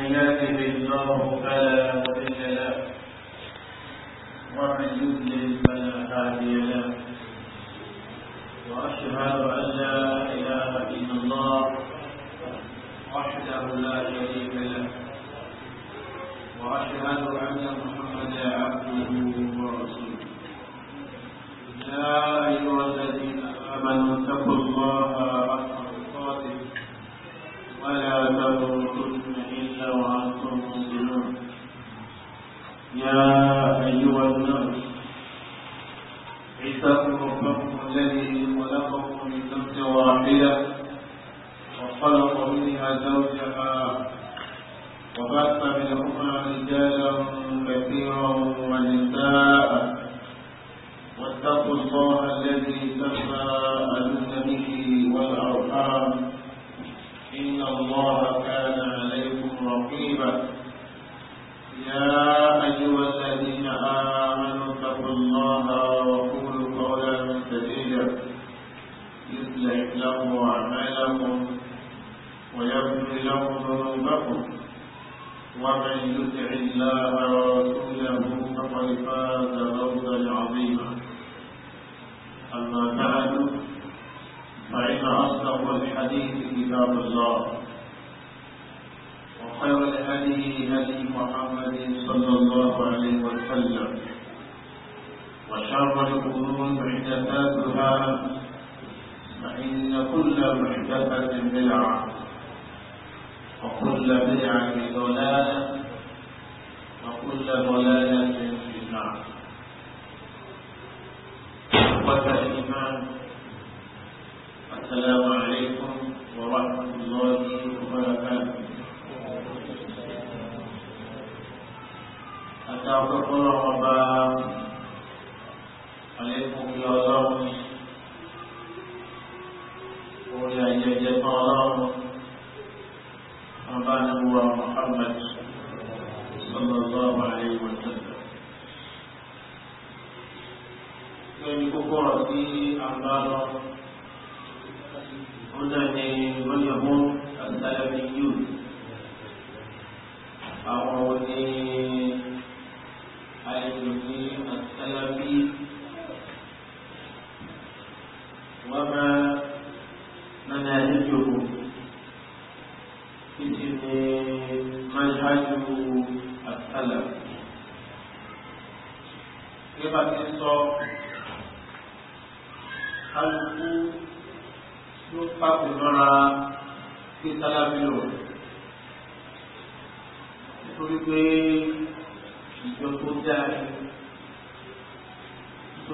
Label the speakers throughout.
Speaker 1: من يهده الله فلا مضل ومن يضلل فلا هادي واشهد ان لا اله الا الله وحده لا شريك له واشهد ان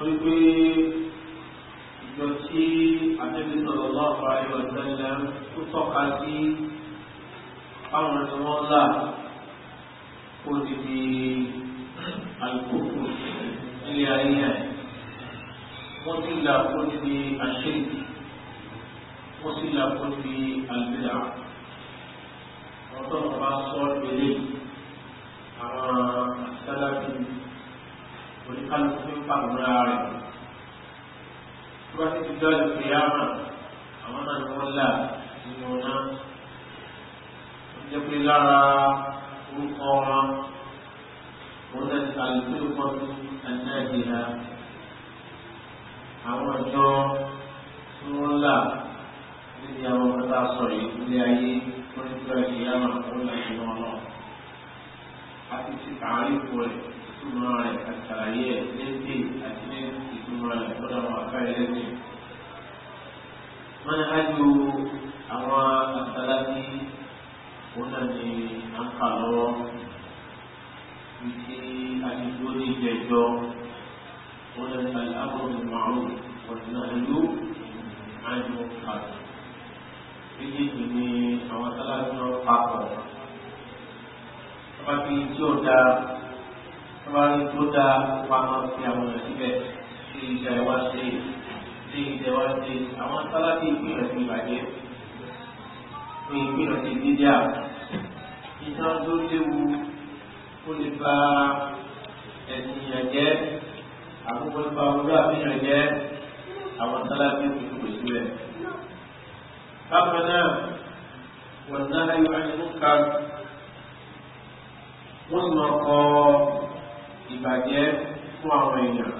Speaker 1: torí pé ìjọ tí àtẹ́bí sọ̀rọ̀ lọ́wọ́ àìwọ̀ ìtẹ́lẹ̀ tó tọ́ka sí báwọn ni wọ́n là kó ti di àlùkòkò nílé ayé ẹ̀ wọ́n ti là kó ti di àṣẹ́yìn wọ́n sì là kó ti di àlùbíyà wọ́n tọ́ ọ̀pá sọ́ọ́ ìrẹ́lẹ̀ àwọn sálábì oníkálùkù fàmúra rẹ̀ tó bá ti ti dọ́ ìpèyàmà àwọn náà ni wọ́n là nínú náà wọ́n jẹ́ pé lára orúkọ wọn wọ́n náà ti àlùkò kan ní ànáàdìyà àwọn ọjọ́ tí wọ́n là níbi àwọn ọmọ tá a sọ yìí nílé ayé wọ́n ti dọ́ ìpèyàmà wọ́n là nínú náà àti ti àárín ìpò rẹ̀ ìtumọ̀ rẹ̀ àtàlàyé ẹ̀ lédè àti ní ìtumọ̀ rẹ̀ lọ́dọ̀ àwọn afẹ́ ẹlẹ́sìn. wọ́n ní ájú àwọn àtàlàyé òun náà ni à ń kà lọ́wọ́ ìdí àdìgbò ní ìjẹ́jọ́ òun náà ni àlàbò ìmọ̀ràn ọ̀dùnà ìlú àjọ kàdùn. méjèèjì ni àwọn àtàlàyé náà papọ̀. wọ́n bá tí ó dáa wọ́n tó da pamọ́ sí àwọn èèyàn síbẹ̀ sí ìjà ìwá ṣe sí ìjà ìwá ṣe àwọn sálábì ìpínlẹ̀ ti ìbàjẹ́ ní ìpínlẹ̀ ti ìdíjà ìtàn tó léwu ó lè ba ẹ̀sìn ìyàn jẹ́ àkókò nípa ọjọ́ ìbàjẹ́ fún àwọn èèyàn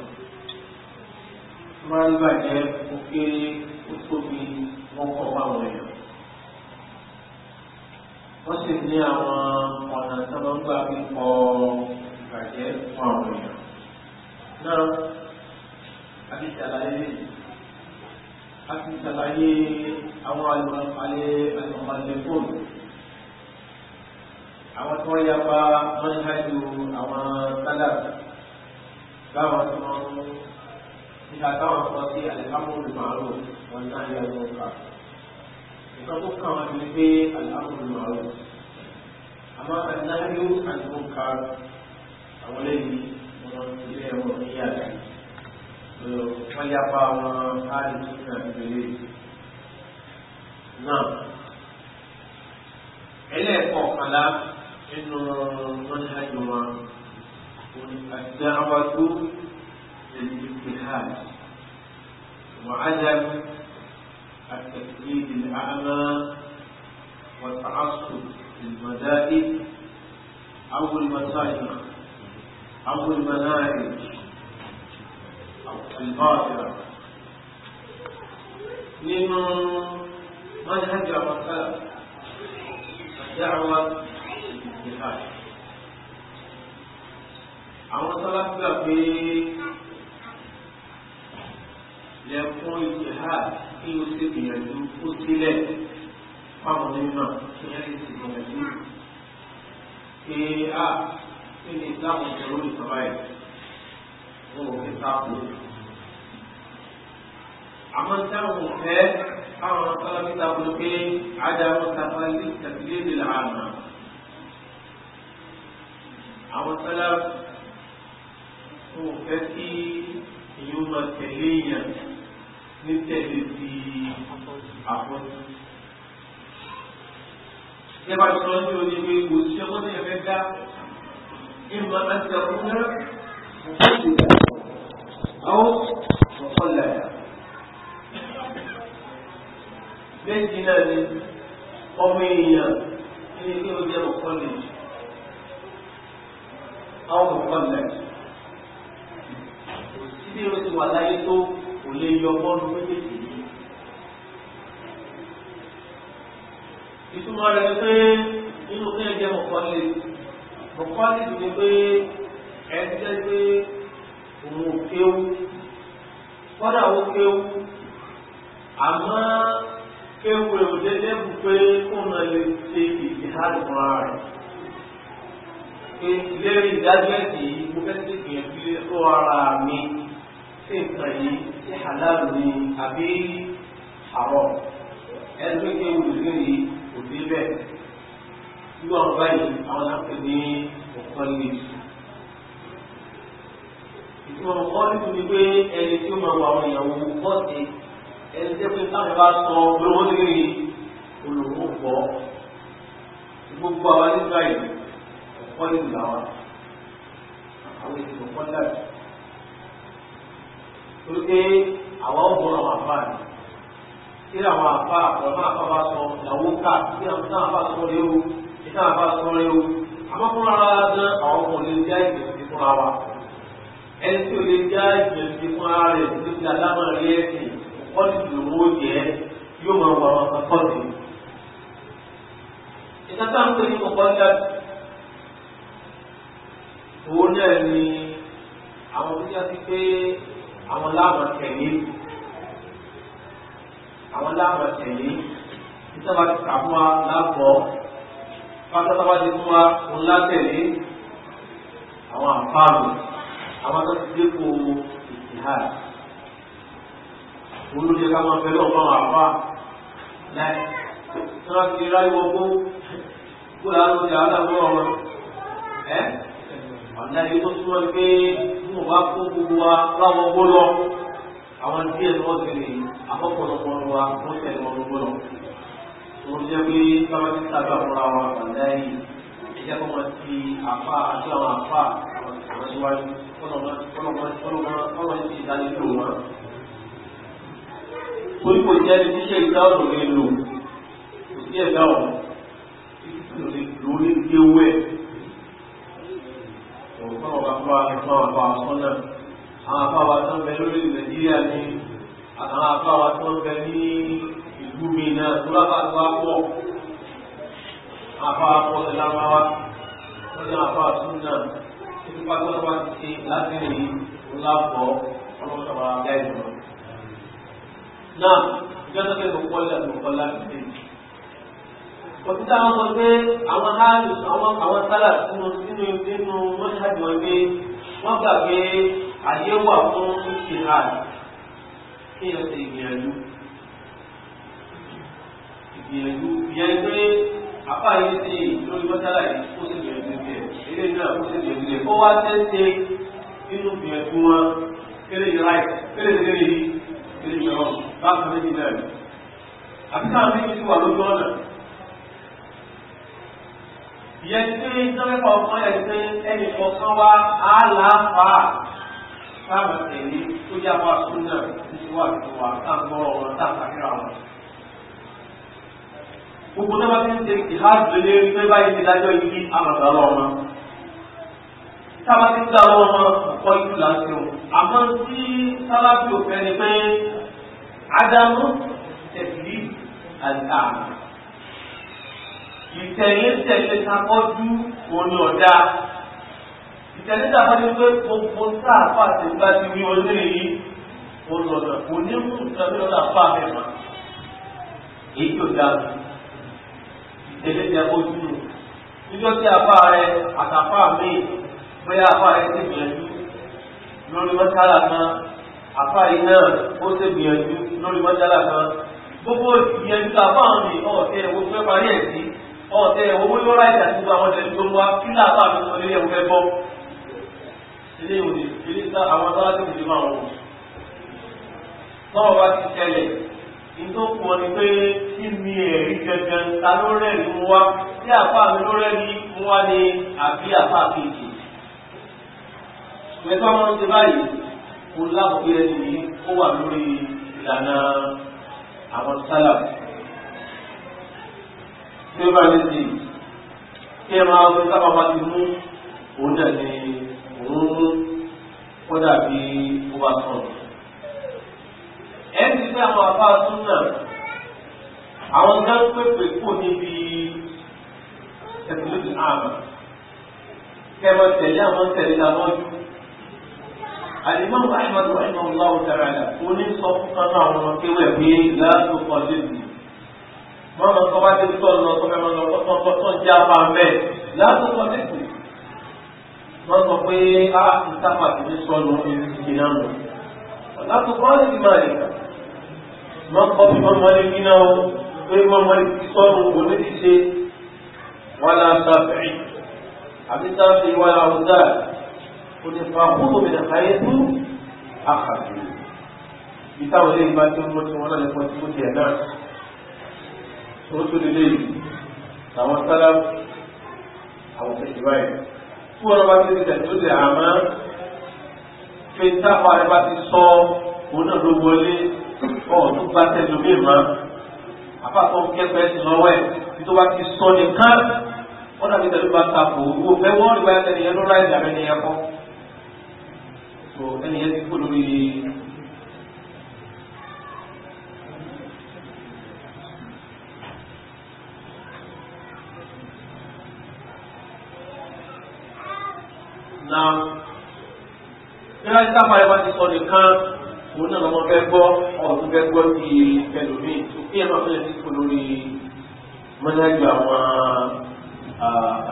Speaker 1: máa ń bàjẹ́ ó kéré ó tóbi wọ́n kọ́ fún àwọn èèyàn wọ́n sì ní àwọn ọ̀nà tí wọ́n gbà fi kọ ìbàjẹ́ fún àwọn èèyàn náà a ti ṣàlàyé a ti ṣàlàyé àwọn àlùmọ̀lẹ́ fóònù àwọn tí wọ́n yapa mọ́níhájú àwọn standard báwọn tí wọ́n nígbà táwọn sọ sí àlẹ́kámọ́lù màálù wọn náà yẹ wọn kà nǹkan tó kàn wọn ni pé àlẹ́kámọ́lù màálù àmọ́ àdáyé àti wọn kà àwọn lẹ́yìn wọn ilé ẹ̀wọ̀n ní yàrá wọ́n yapa wọn láàrin tó kàn ìbéèrè náà ẹlẹ́ẹ̀kọ̀ọ̀kan láti. إنه منهجها الدعوة للاجتهاد وعدم التسديد الأعمى والتعصب للمذاهب أو المساجد أو المناهج أو الباطلة من منهج
Speaker 2: الدعوة
Speaker 1: jihad àwọn sábàgbà pé lẹ́kùn jihad kí o ṣe gbìyànjú kó sílẹ̀ fáwọn onímọ̀ kí wọ́n lè ṣe gbìyànjú pé a kí ni ìsìláàmù ṣe lórí ìsọ̀rọ̀ ẹ̀ wọn ò fi sáàpù. àmọ́ táwọn fẹ́ fáwọn sábàgbà pé àdàrọ̀ tàbí tàbí lè lè àwọn sálá fún fẹ́ kí èyí ó máa tẹ̀lé èèyàn ní tẹ̀lé ti àpọ́jù. Ṣé bá sọ ní oní pé kò sí ọmọ ní ẹ̀fẹ́ dá ìmọ̀ àti àkúnná òkúta àwọn ọ̀kọ́lá. Bẹ́ẹ̀ ni náà ni ọmọ èèyàn ní ilé ọjọ́ ọ̀kọ́lẹ̀jì àwọn mọ̀kànlẹ̀ tí ó ti wà láyé tó kò lè yọ bọ́ọ̀lù méjèèjì yìí. ìtumọ̀ rẹ̀ ni pé nínú kí ẹ jẹ́ mọ̀kànlẹ̀ mọ̀kànlẹ̀ ni pé ẹ jẹ́ pé òun ò kéwu kọ́dà ó kéwu àmọ́ kéwu rẹ̀ ò dédé bù pé kóun náà lè ṣe ìdíhàdùn ara rẹ̀ pé lẹ́rìí ìdájọ́ẹ̀tì yìí mo fẹ́ sí ìgbìyànjú lé ó ara mi sí nǹkan yìí sí halal ni àbí àrọ̀ ẹni tó ké wù lórí òbí bẹ́ẹ̀. Irú àwọn báyìí àwọn àpè ní ọ̀kan lè sùn. Ìtumọ̀ ọ̀kan nínú ni pé ẹni tí ó máa wọ àwọn ìyàwó pọ́ọ̀tì ẹni tí ó pé táwọn bá sọ olówó lórí olùkó Gbogbo àwọn nígbà yìí kọ́lẹ́jì làwọn àwọn ètò kọ́lẹ́jì tó dé àwọn ọgbọ́n àwọn àfáàní tí àwọn àfá àpọ̀lọ́mọ́ àfábá sọ ìyàwó ká tí àwọn náà bá sọ rí o tí náà bá sọ rí o àmọ́ fúnra ara gan àwọn ọmọ lè já ìgbìyànjú fúnra wa ẹni tí ò lè já ìgbìyànjú fúnra rẹ̀ tó ti alámọ̀ rí ẹ̀sìn kọ́lẹ́jì lòun ó jẹ́ yóò máa wà wọn kọ́lẹ́jì. ìtàkà ń pè ní òun náà ni àwọn tó jásí pé àwọn láàmà tẹ̀lé àwọn láàmà tẹ̀lé ìtàbà ti kà fún wa láàbọ̀ pátápátá ti fún wa òun látẹ̀lé àwọn àǹfààní àwọn tó ti dé kó ìtìhà òun ló jẹ ká máa fẹ́ lọ́wọ́ àwọn àfa láì tí ráyé kó ọ̀nà yìí tó túmọ̀ ní pé tí mo bá kó gbogbo wa láwọn gbó lọ àwọn díẹ̀ ni wọ́n ti rìn àkọ́pọ̀lọpọ̀ wa wọ́n tẹ̀lé wọn gbó lọ. mo jẹ́ pé bábá ti sábà fúnra wa ọ̀nà yìí ẹ̀jẹ̀ kọ́ wọn ti àfa àti àwọn àfa àwọn síwájú kọ́lọ́mọ́ ti ìdánilò wọn. torí kò jẹ́ ní ṣíṣe ìdáhùn mi lò kò sí ẹ̀dá ọ̀hún lórí gbé owó ẹ̀ òkú àwọn àpá ẹ̀fọn àpá àsọ́nà àwọn àpá wa tó ń bẹ lórí nàìjíríà ní àwọn àpá wa tó ń bẹ ní ìlú mi náà tó lápá tó wá pọ̀ àpá pọ̀ sí lápáwá wọ́n ní àpá àsúnà tí wọ́n tó wá ti ṣe láti rìn lápọ̀ ọlọ́sọ̀rọ̀ àgbà ìlú náà ìjọ́sọ́kẹ́ tó pọ̀ lẹ́nu ọ̀pọ̀ láti dé kọ̀títà wọn sọ pé àwọn hálù àwọn àwọn sálà sínú sínú nínú mọ́ṣáàjì wọn pé wọ́n gbà pé àyè wà fún fifty hàn kí ẹ ṣe ìgbìyànjú ìgbìyànjú ìyẹn pé apá yìí ti lórí mọ́ṣáàlà yìí kó sì gbìyànjú tiẹ̀ eré náà kó sì gbìyànjú tiẹ̀ ó wá tẹ́sẹ̀ nínú gbìyànjú wọn kéré yìí ráì kéré kéré yìí kéré yìí ọ̀hún bákan méjì náà àbíkà méjì ti wà lójú ọ̀nà ìyẹn pé sọ́kẹ́kọ̀ ọ̀kan yẹn pé ẹnì kọ̀ọ̀kan wá àlàáfà táwọn tẹ̀lé tó yá wa súnà títí wà fún wa táàgbọ́rọ̀ wọn táàkàkìrà wọn. gbogbo tó bá ti ń ṣe ìhádùn lé pé báyìí ti dájọ́ ibi àmàgbà lọ́wọ́ tába ti ń dá ọwọ́ ọmọ ọ̀pọ̀ ìlú láti wọn. àmọ́ tí sálábì òfin ni pé ádámù tẹ̀lé àti àmà ìtẹ̀lẹ́tẹ̀lẹ́ kakọ́jú òní ọ̀dá ìtẹ̀lẹ́tẹ̀ àfẹ́jú pé gbogbo sáàpá àti ìgbà ti rí olè yìí ó lọ́dọ̀ kò ní mú ìtẹ̀lẹ́ lọ́dọ̀ àpá àfẹ́mọ́ èyí tó dáa ìtẹ̀lẹ́tẹ̀ àkójú níjọ́ tí apá rẹ àtàpá mi bóyá apá rẹ ti gbìyànjú lórí mọ́sálà kan apá yìí náà ó ti gbìyànjú lórí mọ́sálà kan gbogbo ìyẹn tó apá mi ọ̀ ẹ̀ wo fẹ́ parí ẹ̀ sí ọ̀tẹ̀ owó lọ́ra ìjà tí gbogbo àwọn ọ̀dẹ̀ tó ń wá kí láàbà mi sọ nílé ẹ̀wọ̀n fẹ́ bọ́. ilé ìwé ilé sá àwọn sáláṣí ìdí máa wọ̀. báwọn bá ti ṣẹlẹ̀ nítorí wọn ni pé kí ni ẹ̀rí gangan ta ló rẹ̀rí mú wá tí àpá mi ló rẹ̀rí mú wá ní àbí àpá kejì. mẹ́tọ́ wọn ti báyìí kó láàbù bí ẹni ó wà lórí ìlànà àwọn sálàmù ṣé bá ní sí kí ẹ máa fẹ́ sábà máa ti mú òun náà ni òun mú kódà bí ó bá sàn. ẹ ti ní àwọn afá súnà àwọn gán pépè kò níbi tẹkùlùkì àmà kẹ máa tẹ̀lé àwọn tẹ̀lé làwọn jù. الإمام أحمد رحمه الله تعالى قل صفقة عمر كوابين لا تقلدني wọn lọ sọ wá dé tọ́ lọ sọ fẹ́ máa lọ tọ́ tọ́ tọ́ jẹ́ apá mẹ́ẹ̀ láti sọ dínkù wọn sọ pé ah, a ìsáfà ti ní sọnù ìdìnnà nù láti kọ́ ní ìmọ̀ rẹ̀ wọn kọ́ bí wọn mọ̀lẹ́ bí náà pé wọn mọ̀lẹ́ ti sọnù òní ti ṣe wọn là ń sáfẹ́ àbí sáfẹ́ wọn là ń dá òní fàkúrò mi nà ayé tó àkàtúntò ìtàwọn ilé ìgbà tí wọn ti wọn lọ lẹkọọ tí ó jẹ náà tó tó lè lè àwọn sálá àwọn tẹ̀síwá yìí tí wọ́n bá ti tẹ̀ tó lè àmọ́ pé táwa rẹ̀ bá ti sọ òun náà ló wọlé ọ̀hún tó bá tẹ̀síwá mí mọ́ àpapọ̀ kẹfẹ́ sí lọ́wọ́ ẹ̀ tí tó bá ti sọ nìkan wọ́n dàbí tẹ̀lé bá ta kò owó fẹ́ wọ́n rí báyà tẹ̀lé yẹn ló ráì dàbẹ́ nìyẹn kọ́ ti kó lórí náà nígbà tí sáfà yẹn bá ti sọ nìkan òun náà lọ́mọ fẹ́ gbọ́ ọ̀tún fẹ́ gbọ́ ti ẹlòmíì kí ẹ máa fẹ́ ti kú lórí mọ́nájú àwọn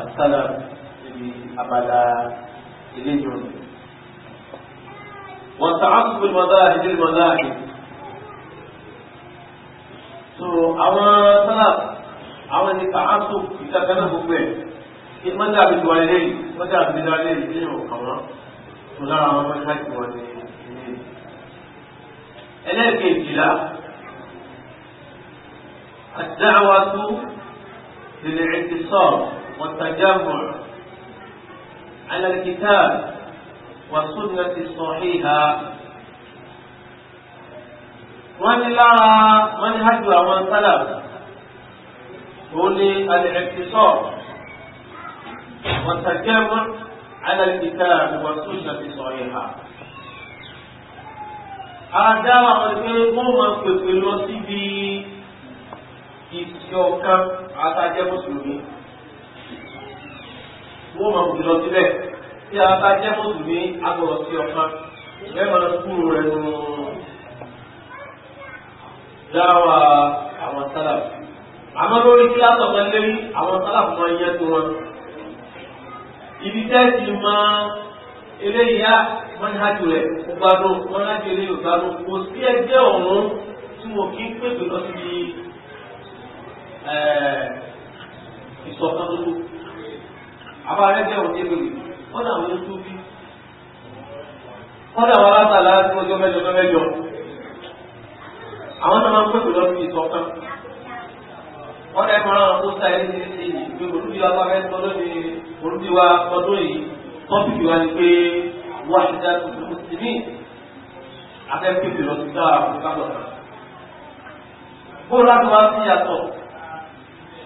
Speaker 1: àtàlà níbi abala ilé ìjọba. wọ́n ta àtúntò mọ́dáàdì dé mọ́dáàdì. so àwọn sálà àwọn ní ta àtúntò ìtàkánná gbogbo ẹ̀ wọ́n dàbí ìwà ilé yìí wọ́n dàbí ìwà ilé yìí nínú ọ̀kànwọ́n tó lára wọn wọ́n ṣáàkì wọn ní ilé yìí. ẹlẹ́ẹ̀kejìlá àdáwàtú lèlè ẹ̀tìsọ́ wọ́tajámọ̀ alẹ́kìtà wàsúnà ti sọ híhá. wọ́n ní lára wọ́n ní hajj àwọn sálà òun ní alẹ́ والتجمع على الكتاب والسنة الصحيحة Àdá àwọn ìpínlẹ̀ wọ́n máa pèsè lọ síbi ìṣẹ́ ọ̀kan àtàjẹ́ Mùsùlùmí. Wọ́n máa pèsè lọ síbẹ̀ tí àtàjẹ́ Mùsùlùmí agbọ̀rọ̀ sí ọ̀kan. Ẹ máa kúrò rẹ̀ nù dáwà àwọn sálàfù. Àmọ́ lórí kí á sọ̀kan lérí àwọn sálàfù máa ń yẹ́ tó wọn ibi tẹ́sí máa eléyà mọ́nájú rẹ̀ ó gbádùn mọ́nájú eléyà ó gbádùn kò sí ẹgbẹ́ ọ̀hún tí mo kí ń pèsè lọ sí ìsọ̀kan tó tó abáyé jẹ́ òun débèrè kọ́dà àwọn oṣù bí kọ́dà àwọn alátàlá tí wọ́n jọ mẹ́jọ mẹ́jọ àwọn náà máa ń pèsè lọ sí ìsọ̀kan wọ́n dẹ́kun ara wọn tó sa ẹni tí ìgbèrò lórí abáfẹ́ sọ lónìí orúkí wa ọdún yìí tọ́pìkì wa ni pé wọ́n ti dá tuntun mùsùlùmí afẹ́pẹ̀pẹ̀ lọ sí sáà àbúkábọ̀tà. bóòlù láti wá sí yàtọ̀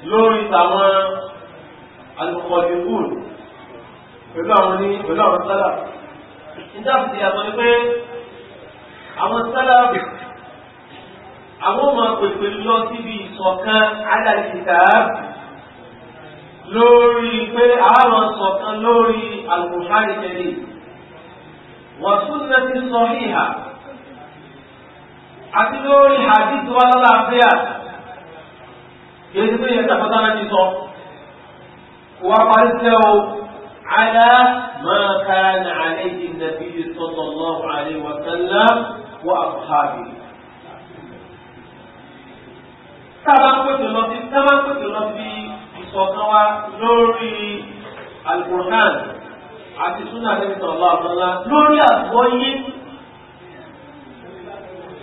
Speaker 1: lórí tàwọn alùpùpọ̀dé wúlù pẹ̀lú àwọn ní pẹ̀lú àwọn sálà. ìdáàbò ti yàtọ̀ ni pé àwọn sálà àwọn ọmọ pèpè lọ síbi ìṣọ̀kan alàìsíkà lórí pé àárọ̀ sọ̀kan lórí al-Qur'an al-Karim wa sunnati sahiha àti lórí hadith wa lálàáfíà yéésù pé yẹn tàbátà náà ti sọ wà parí sẹ́ o ala ma kana alayhi an-nabiy sallallahu alayhi wa sallam wa ashabihi. tábà ń pèsè lọ sí tábà ń pèsè lọ sí kọ̀ọ̀kan wa lórí alukur'an àti sunna níbi sọ̀rọ̀ àfọlá lórí àgbọ́yé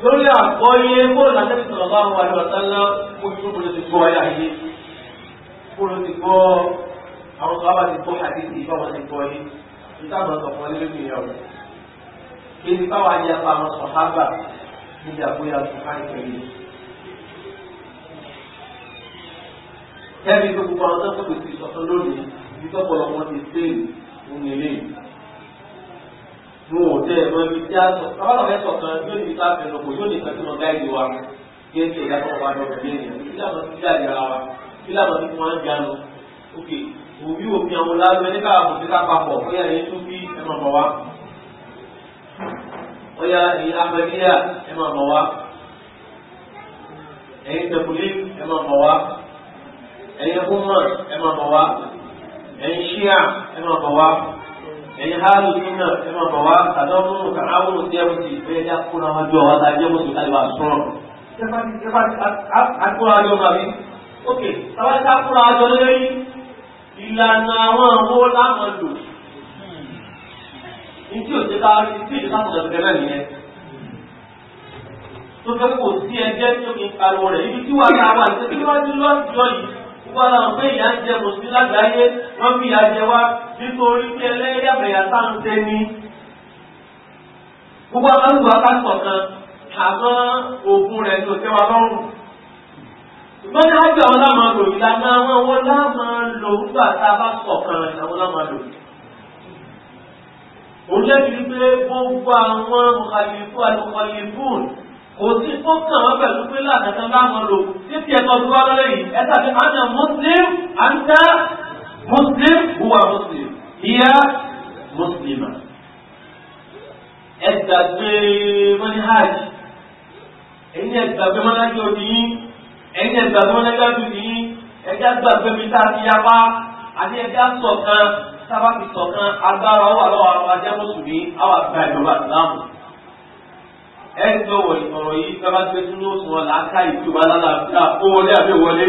Speaker 1: lórí àgbọ́yé bóòlù àtẹ́bí sọ̀rọ̀ bá wà ní ọ̀sánlá ojú bóòlù ti gbọ́ ayé ayé bóòlù ti gbọ́ àwọn sọ̀rọ̀ bá ti gbọ́ àdéhìí báwọn ti gbọ́ yé ìtàbọ̀ sọ̀kan lé lórí ìyàwó kí ni báwa yẹ apá àwọn sọ̀hábà níbi àgbóyà sọ̀hánì pẹ̀lú ẹbí tó gbogbo àwọn tó pèsè ìṣọ̀tún lónìí ibi tó pọ̀ lọ́wọ́ ti sèlú fún ilé mo ò tẹ ẹ̀mọ́ ibi tí a sọ kábàlọ̀ fẹ́ sọ̀kan yóò ní ká fẹ́ lọ́kọ̀ yóò ní ká tí mo gáìdì wa kí ẹ ṣe ìdájọ́ wa lọ́wọ́ bí ènìyàn kí lámà ti jáde ara wa kí lámà ti fún wa ń jánu òkè òbí òfin àwọn lábẹ́ ní káwá kò sí ká papọ̀ bóyá ẹ̀yin tún bí ẹ máa bọ̀ wá bóyá ẹ̀yin amẹ́díyà ẹ máa bọ̀ wá ẹ̀yin tẹ̀kùlé ẹ máa bọ̀ wá ẹ̀yin húmọ̀ ẹ máa bọ̀ wá ẹ̀yin ṣíà ẹ máa bọ̀ wá ẹ̀yin hálù nínà ẹ máa bọ̀ wá àdánwò nǹkan áwòrò tí ẹ mú ti ìfẹ́ ẹ̀dá kúrò àwọn ọjọ́ wa láti ẹ̀mú sùn láti wà sọ̀rọ̀. akúrò àjọ màbí ókè tàbá ti akúrò àjọ lórí ìlànà àwọn àwọ láwọn lò. ìdí òṣèlú àwọn ìdí ìdí tó fẹ́ kò sí ẹjẹ́ tó fi pariwo rẹ̀ ibi tí wàá ta wà ní sẹ́kí wá ní lọ́jọ́ yìí wọ́n làwọn pé ìyá jẹ mùsùlùmí lágbàáyé wọ́n fi ìyá jẹ wá nítorí pé ẹlẹ́yàmẹ̀yà sáńtẹ́ ni. gbogbo aláwùwà pásítọ̀ kan àmọ́ òògùn rẹ̀ tó tẹ́ wa lọ́rùn. ṣùgbọ́n ní ájọ àwọn láwọn lò ìlànà àwọn wọn láwọn lò nígbà tá a bá sọ̀kan ìlànà láwọn lò. òun jẹ́ kí wípé gbogbo àwọn mọ̀kàlìfún àti mọ̀kàlìfún òsì tó kàn wọ́n pẹ̀lú pé láàkàtà bá wọn lò títí ẹ̀tọ́ tó wá lọ́lẹ́ yìí ẹ̀ta fi àná muslim àǹtá muslim huwa muslim hiya muslima. ẹ̀dà pé wọ́n ní hajj ẹ̀yìn ẹ̀dà pé wọ́n lájọ nìyí ẹ̀yìn ẹ̀dà pé wọ́n lájọ nìyí ẹ̀dà gbà pé mi tá fi yapa àti ẹ̀dà sọ̀kan sábà fi sọ̀kan agbára wà lọ́wọ́ àwọn ajá mùsùlùmí àwọn àgbà ìjọba ìsìlámù. ẹni tó wọ ìfọ̀rọ̀ yìí a bá gbé sínú òṣùwọ̀n làákà ìlú wa lálàáfíà ó wọlé àbí wọlé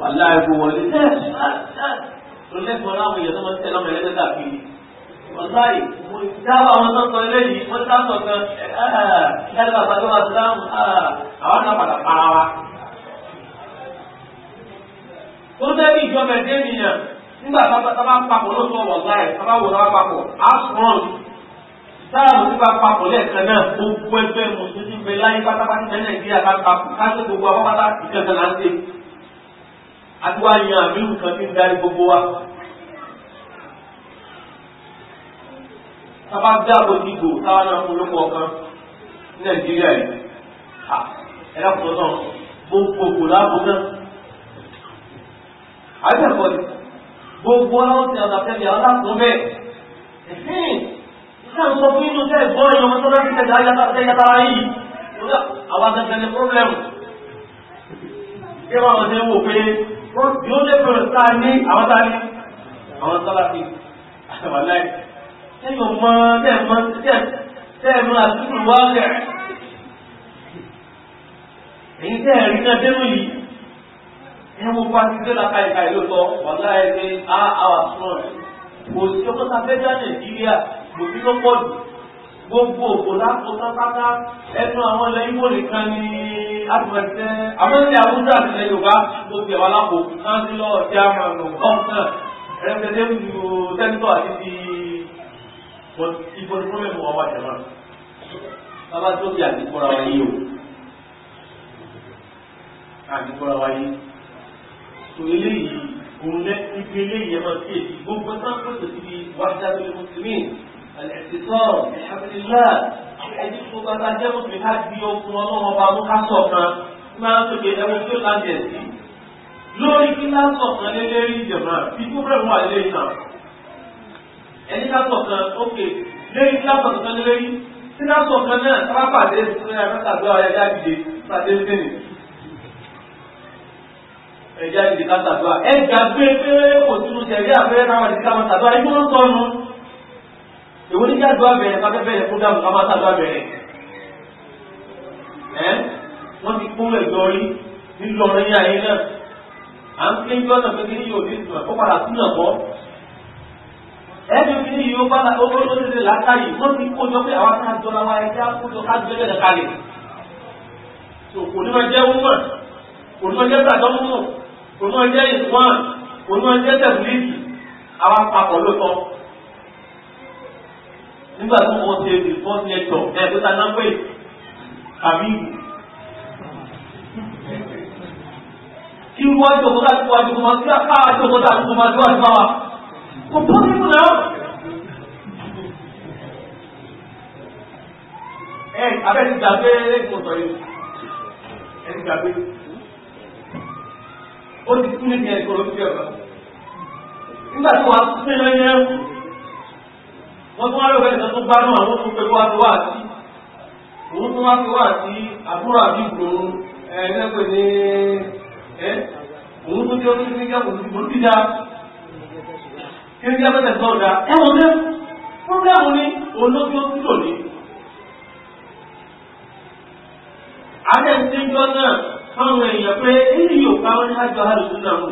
Speaker 1: wàlá ẹ̀kọ́ wọlé lọ́lẹ́kọ̀ọ́ láwọn èèyàn tó máa ń tẹ̀lé ẹlẹ́dẹ́ káàkiri wàlá ìmọ̀ ìdáwà àwọn tó sọ eléyìí wọ́n sá sọ kan ẹ̀ẹ́dẹ́ bàbá tó wà síláàmù àwọn náà padà para wa. tó dẹ́bi ìjọba ẹ̀dẹ́ nìyẹn nígbà tá a bá papọ̀ lóṣù ọ̀wọ̀ láì tá a bá wò sáàmù tí bá papọ̀ lẹ́ẹ̀kan náà gbogbo ẹgbẹ́ mùsùlùmí bẹ láyé pátápátá ní nàìjíríà bá papọ̀ káṣí gbogbo apápátá ìkẹta là ń ṣe àdúrà yan àmírù kan tí ń darí gbogbo wa. sábà dá àbójúgbò táwọn náà fún lóko ọ̀kan ní nàìjíríà yìí ẹ̀rọ pọ̀ náà gbogbo kò láàbò náà. àbẹ̀kọ̀ gbogbo ọlọ́run ti ọ̀nà tẹ́lẹ̀ ọlọ́run bẹ́ẹ̀ táwọn sọ fún inú bẹ́ẹ̀ gbọ́ ìyọmọ tó láti tẹ̀lé ayatara yìí àwọn agbẹ̀gbẹ̀ ní pọ́blẹ́mù kí wọ́n àwọn tẹ́wọ́ pé yóò lẹ́bẹ̀rẹ̀ sáà ní àwọn sáà ní àwọn sọ́láfì àtàwàláì ẹ̀yọ̀ mọ́ tẹ́ẹ̀mọ́ tẹ́ẹ̀mọ́ àtúrù wáṣẹ̀ èyí tẹ́ẹ̀rí náà dẹ́nu yìí ẹ̀wọ̀n pa ti dé lápá ìka ìlú tọ́ wàláì ní àwọn àtúrù kò sí ọkọ̀ tá a fẹ́ dá Nàìjíríà bòbí ló pọ̀ jù gbogbo òkò lápò pátápátá ẹnu àwọn ilẹ̀ ibo nìkan ni àtúntẹ̀ àwọn ilẹ̀ àwùjọ àti ilẹ̀ yorùbá tó ti ẹ̀wà lápò káńsílọ̀ ọ̀tí àmàlò gọ́ọ̀nà ẹ̀rẹ́gbẹ̀dẹ́ nù tẹ́ńtọ̀ àti ti ìbò ní fúnmi mọ̀ wá jẹ̀mọ́. bàbá tó ti àdìpọ̀ra wa yìí o àdìpọ̀ra wa yìí tó eléyìí òun lẹ́ ibi eléyìí ẹ̀ máa fi èsì gbogbo sáńpẹ̀tẹ̀ ti wájú àti الاعتصام بحبل الله ẹni tó bá bá jẹ́ mùsùlùmí ká di okun ọlọ́run ọba mú ká ṣọ̀kan máa ń pèpè ẹ̀wọ̀n tí ó ká jẹ̀ sí. lórí kí ká ṣọ̀kan lélẹ́rí ìjọba bí tó bẹ̀rẹ̀ wà lé ìtàn. ẹni ká ṣọ̀kan ókè lẹ́yìn kí ká ṣọ̀kan lélẹ́rí tí ká ṣọ̀kan náà sábà pàdé ìṣúná ẹ̀ka tàbí ọ̀rẹ́ ẹ̀dá ìdè pàdé sínú. ẹ̀dá ìdè ká tàbí ọ̀rẹ́ ẹ̀dá gbé pé kò tún ṣẹ̀rí àfẹ́ èwo ní jáde abẹ́rẹ́ ká fẹ́ bẹ̀rẹ̀ fúdàmù ká máa sáájú abẹ́rẹ́ ẹ́ wọ́n ti kún ẹ̀jọ́ rí nílò ọ̀rẹ́ yá yín náà à ń pín jọ́nà pé kí ní yóò ní ìtumọ̀ kó padà sínú ọ̀pọ̀ ẹ̀ẹ́dùn kí ní yóò bá ó tó tó tẹ̀lé látàrí wọ́n ti kójọ pé àwọn akájọ làwọn ẹja kójọ kájọ lẹ́lẹ̀ kalẹ̀ kò ní máa jẹ́ wúmọ̀ kò ní máa jẹ́ sàdọ́mù kò ní máa jẹ́ ìsúwọ̀n kò ní máa jẹ́ tẹ̀lé àwọn apapọ̀ ló tọ́ nígbà tí wọ́n ṣe response lecture ẹ̀ tó ta nọ́mbẹ̀ àbíbù. kí wọ́n jọ kó láti wá jọ kó máa kí apá àjọ kó láti kó máa jọ àjọ wa kò bọ́ nínú náà. ẹ abẹ́ ti gbàgbé kò sọ yìí ẹ ti gbàgbé ó ti kú níbi ẹ̀kọ́ ló ti bẹ̀rẹ̀ nígbà tí wàá kú sí ẹ̀yẹ́ wọ́n tún wá lọ́wọ́ ẹ̀sán tó gbádùn àwọn tó ń pẹ̀lú wá tó wà sí òun tó wá tó wà sí àbúrò àbí ìgbòho ẹ̀ẹ́dẹ́gbẹ̀ ní ẹ́ òun tó jẹ́ orí ní ẹ̀kọ́ tó ti dá kí ní ẹgbẹ́ tó dá ẹ̀wọ̀n mẹ́ fúnlẹ́mù ní olóbi ó túnlò ní. adẹ́sẹ́jọ́ náà fáwọn èèyàn pé èyí yóò pa wọn ní àjọ àlùsùn náà mú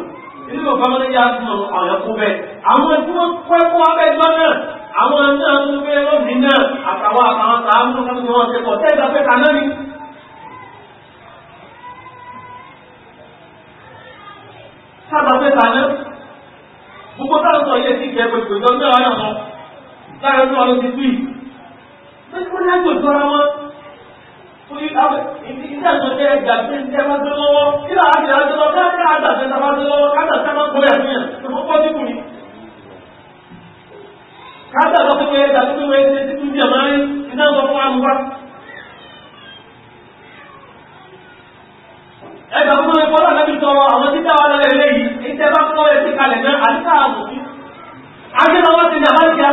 Speaker 1: èyí yóò pa wọn ní yá àtúnmọ̀ àwọn ẹ̀kọ́ bẹ́ẹ̀ àwọn ẹ̀kọ́ pẹ́kọ́ abẹ́jọ́ àwọn náà tún gbé lónìí náà àtàwọn àtàwọn tààmù kọ́kọ́ tí wọ́n ti pọ̀ tẹ́gbà pé kaná ni. sábà pé kaná gbogbo táwọn sọ yẹ sí ìjẹ́ pẹ̀pẹ̀ tó ń bẹ̀rẹ̀ ọ̀yàn wọn láàrin tó ọdún ti tú yìí. bẹ́ẹ̀ ni wọ́n ní àgbò ìtọ́ra wọn. Ìdíjà tó jẹ́ ẹgbà tí ń jẹ́ máa gbé lọ́wọ́, kí làwọn àgbẹ̀ àgbẹ̀ lọ, káàkiri àgbà tó ń jẹ́ máa gbé lọ́wọ́, káàkiri àgbà tó ń jẹ́ máa gbé lọ́wọ́, káàkiri àgbà tó ń jẹ́ máa gbé lọ́wọ́, kájà lọ pípẹ́ dàbí pé wọ́n ṣe títí jẹ̀ máa ń iná lọ fún àmúwá. ẹgbẹ́ fún ọmọ ìfọ́lá lábí tọrọ àwọn títà wà lọ́lẹ̀ eléyìí ìtẹ́ bá kọ́ ẹ sí kalẹ̀ náà àdúgbà àbò agbẹ́lọ́wọ́ ti dàbá ti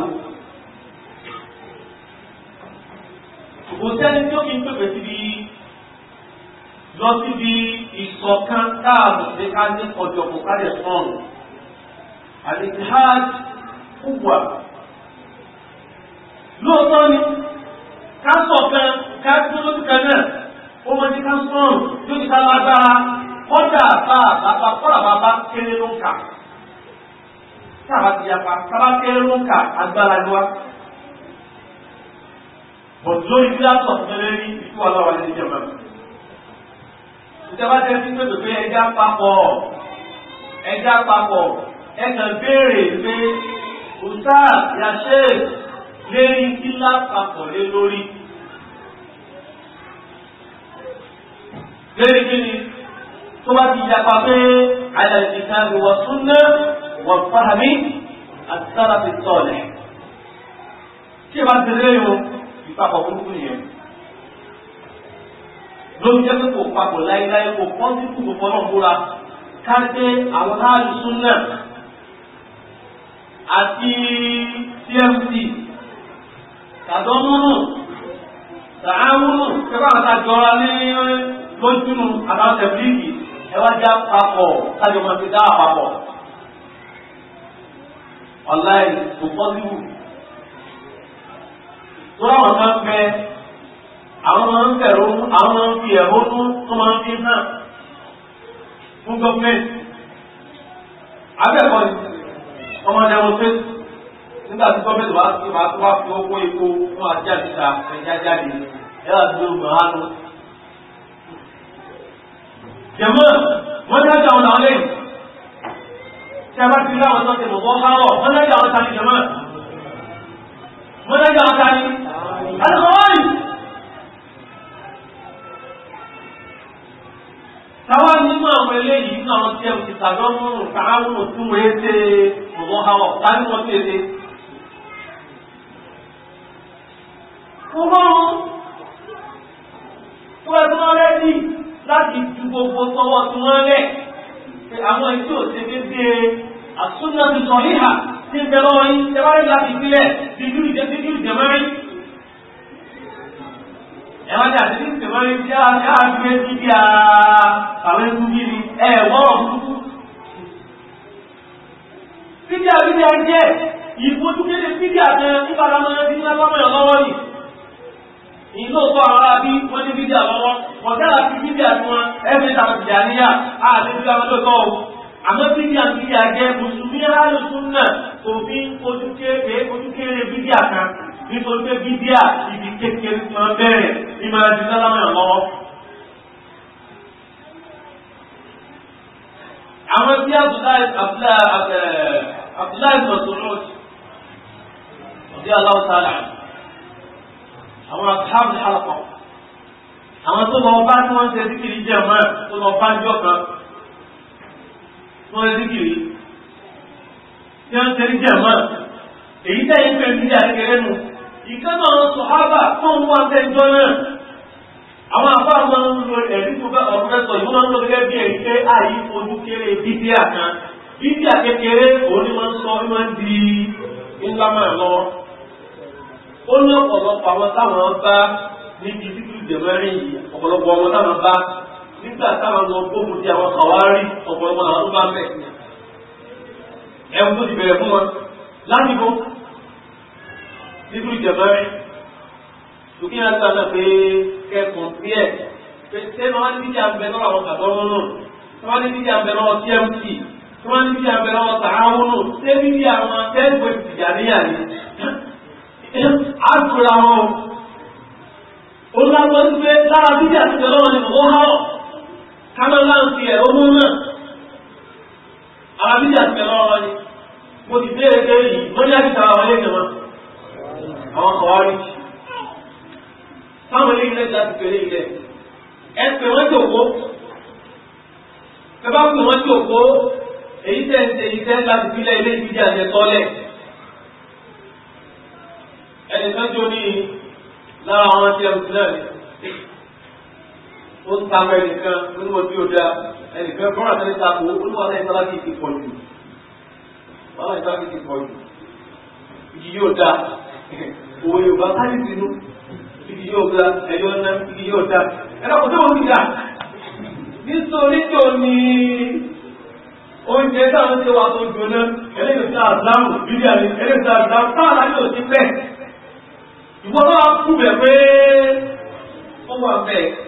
Speaker 1: wa. ṣùgbọ́n sẹ́ni tí ó kí ń pèpè síbi lọ síbi ìṣọ̀kan táàbù pé ká ní ọjọ́ kò ká lè fọ́n àdìsáàj kúwà lóòótọ́ ni ká ṣọ̀kan ká dúró lójú kan náà ó mọ ní ká sọ̀rùn yóò ti ká lágbára kọ́dà bá bàbá kọ́dà bàbá kéré ló ń kà táàbà ti yapa tábà kéré ló ń kà agbára ló wá bọ̀dù lórí pílátọ̀ tẹ́lẹ̀ ní ikú ọlọ́wà ní ìjọba. ìjọba tẹ́ sí pẹ̀lú pé ẹja papọ̀ ẹja papọ̀ ẹ̀kà béèrè pé òsà yàṣẹ́ lérí pílá papọ̀ lé lórí. lérí kí ni tó bá ti yapa pé àyàjìká ìwà súnná wà fáhàmì àti sára fi tọ̀lẹ̀. tí ìbá ti rí o ìpapọ̀ burúkú nìyẹn lórí jẹ́ pé kò papọ̀ láíláí kò pọ́n sí kùkù fọ́nà búra ká dé àwọn aráàlú súnà àti cmc tàdánúnù tàáwúnù kẹfà àti àjọra ní lójúnu àtàwọn tẹ̀blíìkì ẹwà já papọ̀ kájọ máa fi dá àpapọ̀ ọ̀láì kò pọ́n sí kùkù wọ́n àwọn kan bẹ àwọn máa ń bẹ̀rù àwọn máa ń fi ẹ̀hónú tó máa ń fi hàn fún gọ́ọ̀mẹ̀ntì abẹ́ẹ̀kọ́ ọmọdé wọn pé nígbà tí gọ́ọ̀mẹ̀ntì wá sí wàá tó wá fi owó epo fún ajá níta ẹ̀já jáde ẹ̀ wá sí ogun àánú. jẹ̀mọ́ wọ́n dájà wọn làwọn lẹ́yìn tí a bá ti rí àwọn tó ti mọ̀ wọ́n dájà wọn ta jẹ̀mọ́ mọ́nájà ọ̀tá ni alùpàwárì táwa nínú àwọn eléyìí nínú àwọn tí ẹ̀rù ti tàbí ọmọ káwọn tún wọ́n ṣe ọ̀wọ́n hawọ̀ tàbí wọ́n ti ṣe. Fúnmọ́rún tó ẹ tún rẹ́dí láti ju gbogbo sọwọ́ tún rán lẹ̀ àtúnná ti sọ yíha tí ń bẹ lọ́wọ́ yín tẹ́wárí láti sílẹ̀ dídú ìjẹ́ dídú ìjẹ́mẹ́rin. ẹ wá dà dídú ìjẹ́mẹ́rin tí a ká gbé bíbí àwọn ẹkú bí ni ẹ wọ́n kúkú. bíbí àbíbí ẹ jẹ́ ìfojúkéré bíbí àtẹ nípalamọ́ ẹni tí wọ́n mọ̀ lọ́wọ́ ni. ìlú ọ̀pọ̀ àwọn arábí wọ́n ní bíbí àlọ́wọ́ ọ̀dà àti bíbí àti wọn ẹ̀ àmọ́ bídíà bídíà jẹ́ mùsùlùmí alùsùn náà kò fi ojúkéré ojúkéré bídíà kan nítorí pé bídíà ibi kékeré tí wọ́n bẹ̀rẹ̀ ní máa di sálámà lọ́wọ́. àwọn bí abdullahi masoud ọdí aláwọ̀ sálà àwọn akáàbù halakọ̀ àwọn tó lọ bá tí wọ́n ń ṣe síkìrì jẹ́ mọ́ tó lọ bá ń jọ kan. wọ́n lè díkìrì tí wọ́n tẹ́rí jẹ̀mọ́ èyí tẹ́yìn pé ní àkẹrẹ nù ìkánná sọ̀hábà tó ń wá tẹ́jọ́ náà àwọn afá máa ń lo ẹ̀rí tó bá ọ̀rọ̀ mẹ́sọ̀ yìí wọ́n ń lo gẹ́gẹ́ bí ẹ̀rí pé nígbà táwọn lọ gbógun ti àwọn kàwárí ọ̀pọ̀lọpọ̀ àwọn tó bá ń bẹ̀. ẹ̀wọ̀n tó ti bẹ̀rẹ̀ fún wọn ládìgbò nítorí jẹ̀bẹ́rẹ́ tòkí náà ta náà pé kẹ́kọ̀ọ́ sí ẹ̀ pé ṣé máa ní bíjà ń bẹ lọ́wọ́ àwọn kàtọ́ wọn náà ṣé máa ní bíjà ń bẹ lọ́wọ́ tmc ṣé máa ní bíjà ń bẹ lọ́wọ́ tààwọn náà ṣé bíbí àwọn akẹ́kọ̀ọ́ ìtìjà níyàní àtúrà wọn. ó lágbọ́n pé lára bíjà ti bẹ lọ́wọ́ ni mò ń hàn kámẹ́ láǹtì ẹ̀ ó mú náà alábídí àti ẹ̀rọ ọ̀rọ̀ ni mo ti bẹ́ẹ̀ pé yìí wọ́n ní àti tàwa wọlé ìjọba àwọn kan wọ́n rí jì táwọn ilé ilẹ̀ láti pèrè ilẹ̀ ẹ pè wọ́n tó kó ẹ bá pè wọ́n tó kó èyí tẹ̀ ń tẹ̀yí tẹ́ láti bílẹ̀ ilé ìbíjà ó ń takọ ẹnìkan onímọ̀ tí ó da ẹnìkan fọ́nrán àtẹ́lẹ́ takò olúwa náà ìtọ́lá kìí ti pọ̀ jù wàhálà ìtọ́lá kìí ti pọ̀ jù ìdí yóò da òwe yorùbá sáyé sínú ìdí yóò da ẹ̀yọ́ ná ìdí yóò da ẹ̀rọ kò tó wọ́n ti dà nítorí tó ní oúnjẹ táwọn ṣe wà tó jóná ẹlẹ́yìn tí a dáhùn ni ẹlẹ́yìn tí a dáhùn yóò ti pẹ́ ìwọ́n bá kú bẹ̀ pé ó wà bẹ́ẹ̀.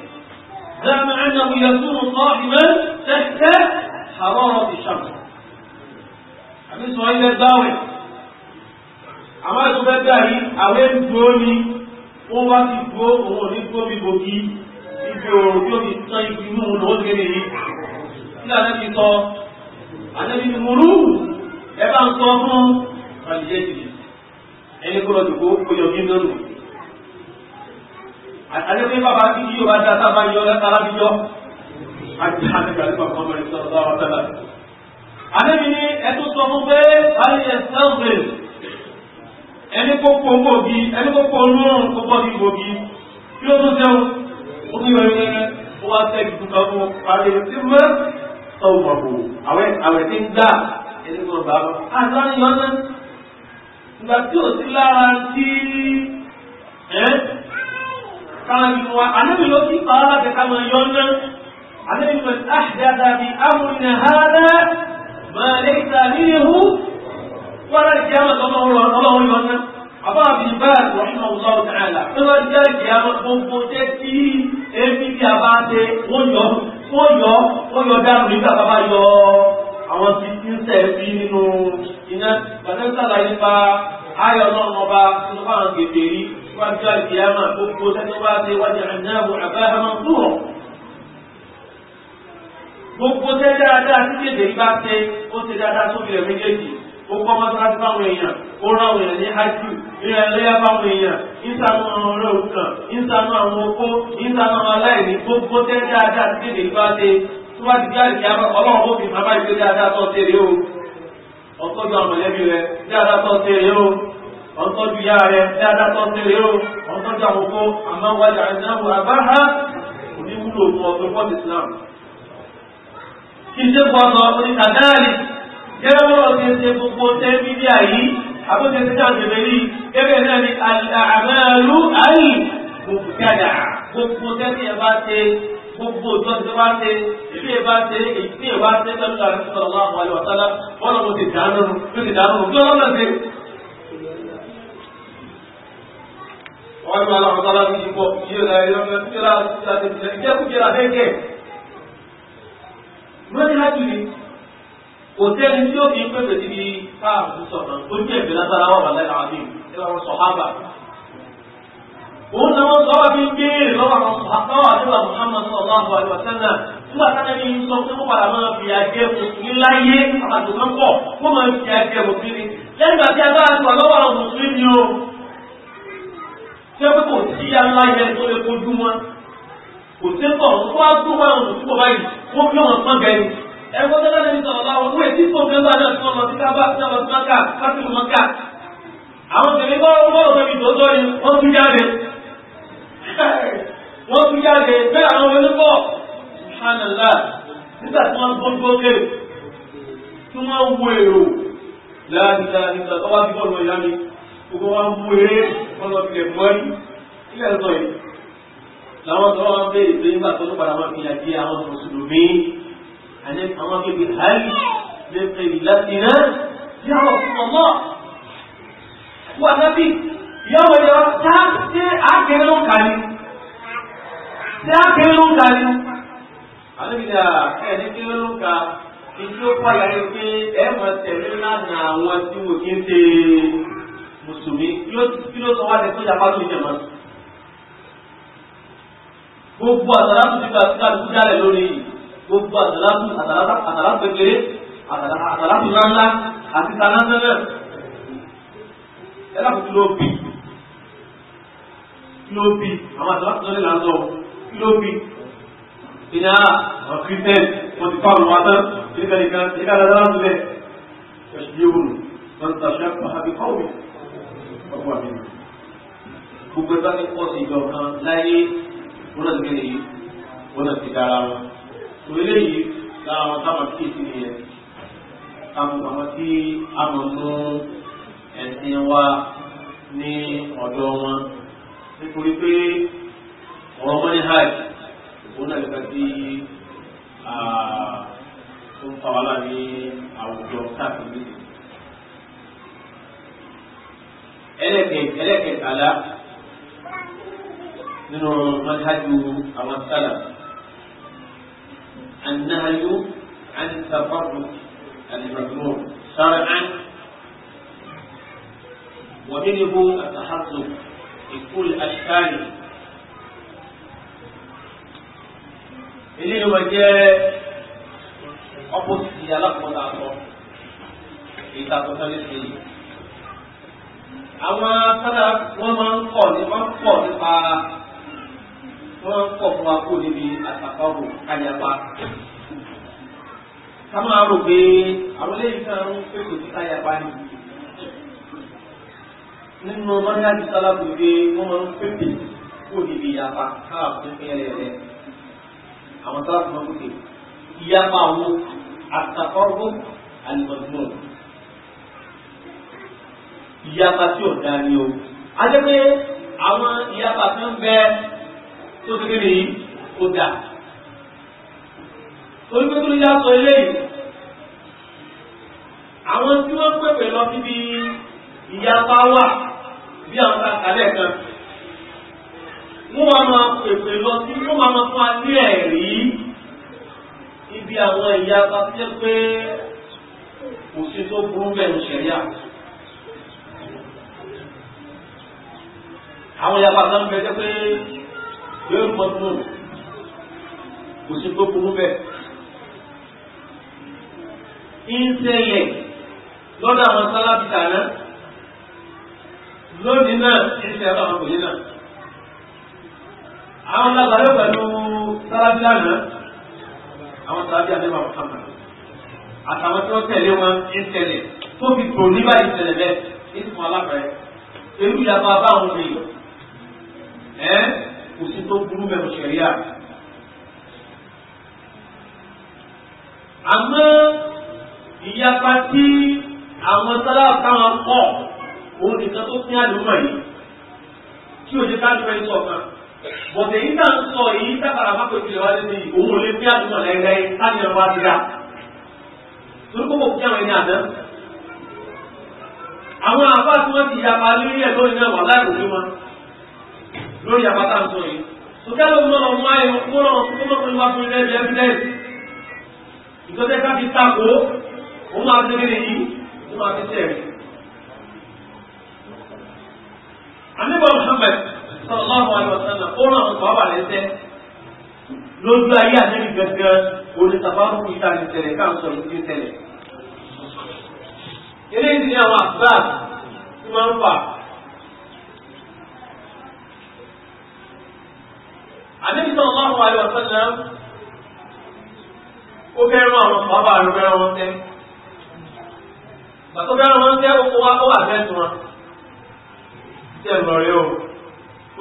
Speaker 1: زعم أنه يكون قائما تحت حرارة الشمس àbí sọ ilẹ̀ gbáwẹ̀ àwọn ẹ̀sùn fẹ́ gbàrí àwẹ́ ìdúró ni wọ́n wá ti dúró òun ní dúró bí bòkí ibi òòrùn tí ó fi tán ibi inú òun lọ́wọ́ gẹ́gẹ́ yìí tí àná ti sọ àná ti múrú ẹ bá ń sọ fún àlìjẹ́ ìdìbò ẹni kó lọ dìbò kó yọ bí nínú àdébí bàbá tí yóò bá dá sábà yọ lẹ́tara bí yọ àti àdébí àdébí bàbá mọ̀lẹ́ sọ̀rọ̀ lọ́wọ́ tẹ́lá. àdébí ni ẹtú sọ fún pé alẹ́ sẹ́ǹsì ẹni kó kó gbòógì ẹni kó kó lóòrùn kó bọ́ sí gbòógì kí ló tún sẹ́wọ́n ó tún yọ ẹni ó wá sẹ́ẹ̀kì tó kàn fún alẹ́ tí mọ́ sọ̀rọ̀ mọ̀ bò àwẹ̀ tí ń dá ẹni kó bàbá àti láti yọ ọ́ náà ìgbà tí ò sí lára tí ẹ́ káàmì wa anábì ló ti pa aláṣẹ ká máa yọ ná anábì ló ti àṣìdáta bí amúnà hádá máa lè ta níhu wọ́n ti jáma tó ọlọ́run yọ ná àbá àbìyí bá rọ̀ṣùn ọ̀sán ọ̀tàlá tó bá jẹ́ ìjàmọ̀ gbogbo jẹ́ kí ebi tí a bá ṣe wọ́n yọ wọ́n yọ wọ́n yọ dànù nígbà bàbá yọ àwọn tí ń sẹ́ẹ̀bí nínú iná pàtẹ́ńtà láyé bá ayọ̀ náà wọn bá tó bá ń gbèdérí ìfàjọ àìsíyàmà gbogbo sẹ́ni wá sí wájà àìnáàbò àbáhà máa ń kúrò. gbogbo sẹ́ dáadáa sí kéde bá ṣe ó ṣe dáadáa sókè rẹ̀ méjèèjì ó kọ́ fáwọn èèyàn ó ráwọn èèyàn ní ájú ìrìn ẹlẹ́yà fáwọn èèyàn ìsànú àwọn ọ̀rẹ́ òkúta ìsànú àwọn okó ìsànú àwọn aláìní gbogbo dáadáa sí kéde ó fi ọ̀n tọ́jú yá rẹ̀ dáadáa tọ́ tẹ̀lé o ọ̀n tọ́jú àwọn kó àmọ́ wájà ìdáàbò àbáhá oníwúlò fún ọ̀pẹ fọ́ Islam. kí ṣe fọ́ sọ ní kàdáàlì gẹ́gẹ́ bọ́ ṣe ṣe gbogbo tẹ́ bíbíà yìí àbóṣe ṣe ṣàṣẹ̀lẹ̀ yìí gẹ́gẹ́ náà ni àmàlú àyì gbogbo kẹ́dà gbogbo tẹ́ bí ẹ bá ṣe gbogbo ọjọ́ tí wá ṣe ìlú ìbá ṣe ìpín ìbá ṣe pẹ̀lú àrùn sọ̀rọ̀ wà wà lọ́tọ́lá wọ́n lọ́ wọ́n máa lọ́wọ́ tọ́lá fi yípo yíra ẹ̀yọ́ tíra láti ìjẹ́ ìjẹ́kùjẹ́ra lẹ́kẹ̀. mọ́ni láti rí kò tẹ́ni tí ó fi ń pèsè síbi káàkiri sọ̀tàn tó jẹ́ ìbí lására wà wàlẹ́ àwọn àbí ẹ̀rọ sọ̀hábà. òun náà wọ́n sọ wá fi ń béèrè lọ́wọ́ àwọn sọ̀hábà nígbà Muhammad sallallahu alaihi wasallam nígbà táwọn ẹni sọ pé wọ́n padà máa fi àjẹ mùsùlùmí láyé àbàtò kan pọ̀ wọ́n máa fi àjẹ mùsùlùmí lẹ́yìn tí wọ́n pẹ́ kò sí aláyẹ tó lè kojú wọn kò sí pọ̀ wọ́n wá tó wá òun tó wáyé wọ́n fi ọ̀nà pọ́n gẹ̀ẹ́ni ẹ̀rọ tó lẹ́nu ní sọ̀rọ̀ láwọn wọ́n èsì fún mẹ́ta náà tí wọ́n lọ sí kábà tí wọ́n lọ sí mọ́kà káfíń mọ́kà àwọn tèmi bọ́ wọ́n òun mi tòótọ́ ni wọ́n tún jáde wọ́n tún jáde bẹ́ẹ̀ àwọn ọmọ ẹni bọ̀ ṣánàlá nígbà tí wọ́n gbọ́n gbókè tí wọ́n wo èrò láàrín láàrín ọwọ́ àti bọ́ọ̀lù ìyá mi gbogbo wa ń mú eré ọlọ́pìlẹ̀ mọ́rí ilé ẹ̀sọ́ yìí làwọn tó wọ́n bẹ́ ìgbé nígbà tó lópa àwọn ìyà jẹ́ àwọn mùsùlùmí àní àwọn bíbí hàlì lè fẹ́ ìlàtì náà sí àwọn ọmọ wà nábì ìyàwó ìyá wa tá ṣe àkẹrẹ ló ń kàní ṣe àkẹrẹ ló ń kàní àlébìdà ẹ̀ ní kí ló ń ka ìdí ó pàyà yìí pé ẹ̀ mọ̀ tẹ̀lé lánàá àwọn tí mo kí ń ṣe mùsùlùmí kí ló sọ wá lẹ tó yàgbá lóyún jẹmọ gbogbo àtàlàkù ti gba síkàlùkù dálẹ lórí gbogbo àtàlàkù àtàlàkù kékeré àtàlàkù ńláńlá àti kanáńtẹ́lẹ̀ ẹ̀dá kò kí ló bì kí ló bì àwọn àtàlàkù tó lè là ń sọ kí ló bì ìyá àwọn kírísítẹ́nì wọ́n ti fáwọn wọn tán nígbà nìkan nígbà dáadáa lọ́sílẹ̀ ẹ̀ṣin yóò wù wọ́n ti tàṣẹ́ àbíkọ́wé ọgbọ́n mi gbogbo ẹgbẹ́ ní pọ̀ sí ìjọ kan láyé wọn náà ti kéde yìí wọn náà ti dára wọn tó eléyìí lára wọn táwọn kíyèsí nìyẹn káwọn àwọn tí a mọ̀ mú ẹ̀sìn wa ní ọ̀dọ̀ wọn nítorí pé ọ̀rọ̀ wọn ní hajj òun náà nípa tí tó ń fa wàhálà ní àwùjọ káàkiri ẹlẹ́kẹ̀ẹ́ ẹlẹ́kẹ̀ẹ́kàlá nínú manhajú àwọn sálà annahayu an tafarru al-mazmur shar'an wa minhu at-tahassub bi kulli ashkali eléyìí wọ́n jẹ́ ọ̀pọ̀sí alákòóso àtọ̀ ìtàkùn sáré sí i. àwọn sábà wọ́n máa ń kọ̀ ní wọ́n pọ̀ nípa wọ́n ń pọ̀ fún wa kó níbi àtàkọ́wò káyapa. ká máa rò pé àwọn eléyìí kan ń pèsè sí káyapa ni. nínú mọ́nyájú sálábù pé wọ́n máa ń pèsè kó níbi ìyapa káà fún fẹ́rẹ̀ rẹ̀. àwọn sálábù máa ń pèsè ìyapa wo àtàkọ́wò àlùmọ̀tìmọ̀ ìyapa tí ò dá ní o ajẹ́ pé àwọn ìyapa tó ń bẹ tó ti kéde yìí ó dà torí pé tó lè yàtọ̀ eléyìí àwọn tí wọ́n pèpè lọ síbi ìyapa wà bí àwọn kàkàlẹ̀ kan wọ́n wá máa pèpè lọ sí wọ́n máa máa fún alẹ́ ẹ̀rí ibi àwọn ìyapa tó jẹ́ pé kò sí tó burú bẹ́ẹ̀ ń ṣẹ̀yà. àwọn ìyàpá kan bẹ jẹ́ pé yóò mọ tó kò sí tó burú bẹ́ẹ̀. ìṣẹ̀lẹ̀ lọ́dọ̀ àwọn sálábìtà náà lónìí náà ìṣẹ̀lẹ̀ àwọn ọkùnrin náà. àwọn lágbàdo pẹ̀lú sálábìtà náà àwọn sálábìtà náà wà fún àmàlà àtàwọn tí wọ́n tẹ̀lé wọn ìṣẹ̀lẹ̀ tó fi tò nígbà ìṣẹ̀lẹ̀ bẹ́ẹ̀ ní ìfún alápẹ̀rẹ̀. èrú ìyàpá báwọn lè ẹ́ kò sí tó burú mẹ́rù ṣẹ̀ríà àmọ́ ìyapa tí àwọn sálàfù táwọn pọ̀ òun nìkan tó pín àdúgbò yìí tí ò ṣe ká ló fẹ́ sọ̀kan bọ̀dẹ̀ yìí náà ń sọ èyí dábàrà má pèsè wá lé ní òun ò lè pín àdúgbò lẹ́gbẹ̀ẹ́ sáni ọba ti rà torí kókò pín àwọn ẹni àná àwọn àbá tí wọ́n ti lórí àbáta ń sọ yìí sọtẹ́lẹ̀ mọ́nà mú ayọ̀ mọ́nà tó mọ́ pẹ̀lú wàásù ilẹ̀ ẹ̀jẹ̀ ẹ̀fílẹ̀ ìtọ́jẹ́ ká fi tako òun máa ti rìn yìí òun máa ti tẹ̀. àníbọ̀ Muhammad sallallahu alaihi wasallam ó ràn ọ̀pọ̀ àbà lẹ́sẹ̀ lójú ayé àdébì gẹ́gẹ́ Ànábì sallallahu alaihi wasallam ó fẹ́ràn àwọn sọ́ọ́bà ló fẹ́ràn wọn tẹ́. Bàtọ́ fẹ́ràn wọn tẹ́ oko wa ó wà fẹ́ẹ̀tù wọn. Tẹ́ ń lọrí o,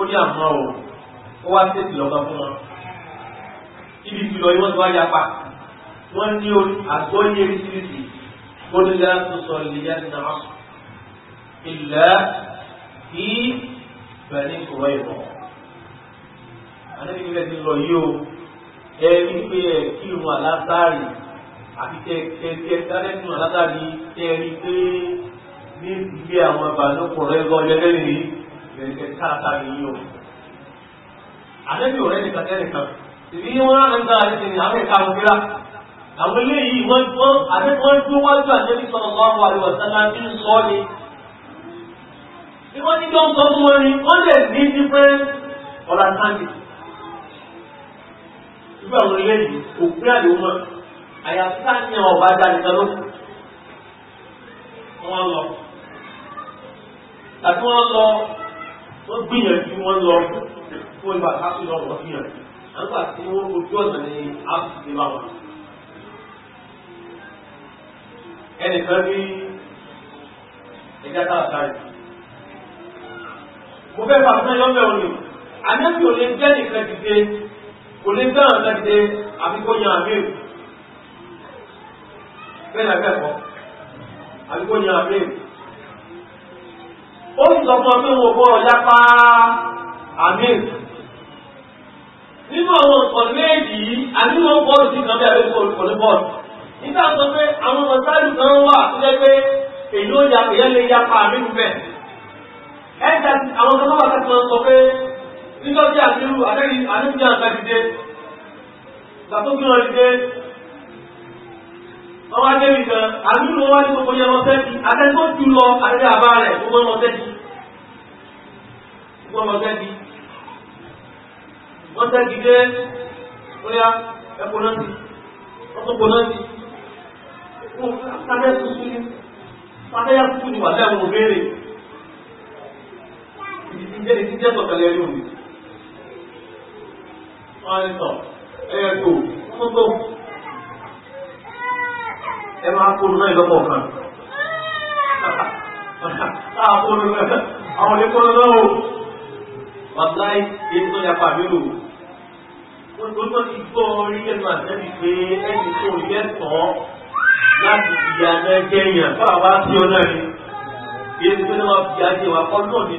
Speaker 1: ó ní àmọ́ o, ó wá tètè lọ́gbà fún wọn. Ibi ìfìlọ yìí wọ́n ti wá yapa. Wọ́n ní àgbọ́yé oríṣiríṣi. Wọ́n ní láti sọ ìlẹ́yà ní Ìlà kí bẹ̀rẹ̀ ní ìṣòro ìbọn ànábì ìbílẹ̀ ti lọ yìí o ẹ rí pé ẹ kírun àlátàrí àti tẹ tẹ tẹ dáadé nínú àlátàrí tẹ rí pé ní ìgbé àwọn ìbànúkọ rẹ lọ yẹ lẹ́yìn yìí bẹ̀rẹ̀ tẹ káàkiri yìí o. ànábì ọ̀rẹ́ nìkan tẹ́ nìkan ìdí wọn á lọ́dọ̀ àti ní àwọn ẹ̀ka àwọn kíra àwọn eléyìí wọ́n wọ́n àti wọ́n dún wájú ànábì sallallahu alaihi wasallam ń sọ ni. ìwọ́n ti jọ ń sọ fún wọn ni wọ́n lè ní different understanding irú àwọn eléyìí òkú àdéhùn mọ́ àyàfi ká ní àwọn ọba dáa nìkan ló kù wọ́n lọ tàbí wọ́n lọ wọ́n gbìyànjú wọ́n lọ fún ìgbà káfí lọ wọ́n gbìyànjú àgbà tí wọ́n ojú ọ̀nà ní áfíìsì bá wọn. ẹnìkan bí ẹja tá sáré mo fẹ́ fà fún ẹyọ́ mẹ́rin ni àná bí lè jẹ́ nìkan dìde kò lè dáhà láti àfikóyan àmìrì bẹ́ẹ̀ lẹ́kẹ̀ẹ́kọ́ àfikóyan àmìrì ó sì sọ fún ọ pé wọn bọ́ yápá àmìrì nínú àwọn nǹkan méjì yìí àníwọ̀n bọ́ọ̀lù sí kan bí abẹ́kọ̀ olùkọ́ ní bọ́ọ̀lù nígbà tó pé àwọn ọmọ sáàlù kan wà tó jẹ́ pé èyí ó yà pé yẹn lè yapa àmìrì bẹ́ẹ̀ ẹ̀ẹ́dà àwọn kan wà tó sọ pé nígbà tí àdéhù àdéhì àdéhùjá àtàdìde gbàtó gbé wọn dìde wọn wá débi kan àdúgbò wọn wá ní gbogbo yẹn wọn sẹ́ẹ̀kì àtẹ́gbó jù lọ àdéhì àbá rẹ̀ gbogbo wọn sẹ́ẹ̀kì gbogbo wọn sẹ́ẹ̀kì wọ́n sẹ́ẹ̀kì dé bóyá ẹ̀kọ́ náà ti wọ́n tó kọ́ náà ti wọ́n sáré tuntun ní sáré yá tuntun ní wàlẹ́ àwọn òbéèrè ìdíjẹ́ ìdíjẹ́ sọ̀tẹ̀lẹ̀ yóò ní wọ́n ní tọ̀ ẹ̀ẹ́dò gbogbo ẹ máa kó lóyún lọ́pọ̀ kan táà ah, kó lóyún àwọn olè kó lọ́wọ́ wàláì èyí tó yà pàmí lò olùkọ́ ti gbọ́ orí ẹnu àtẹ́bí pé ẹni tó yẹ tán láti ìyá náà jẹ́ yàn fún àwa tí ọ náà ni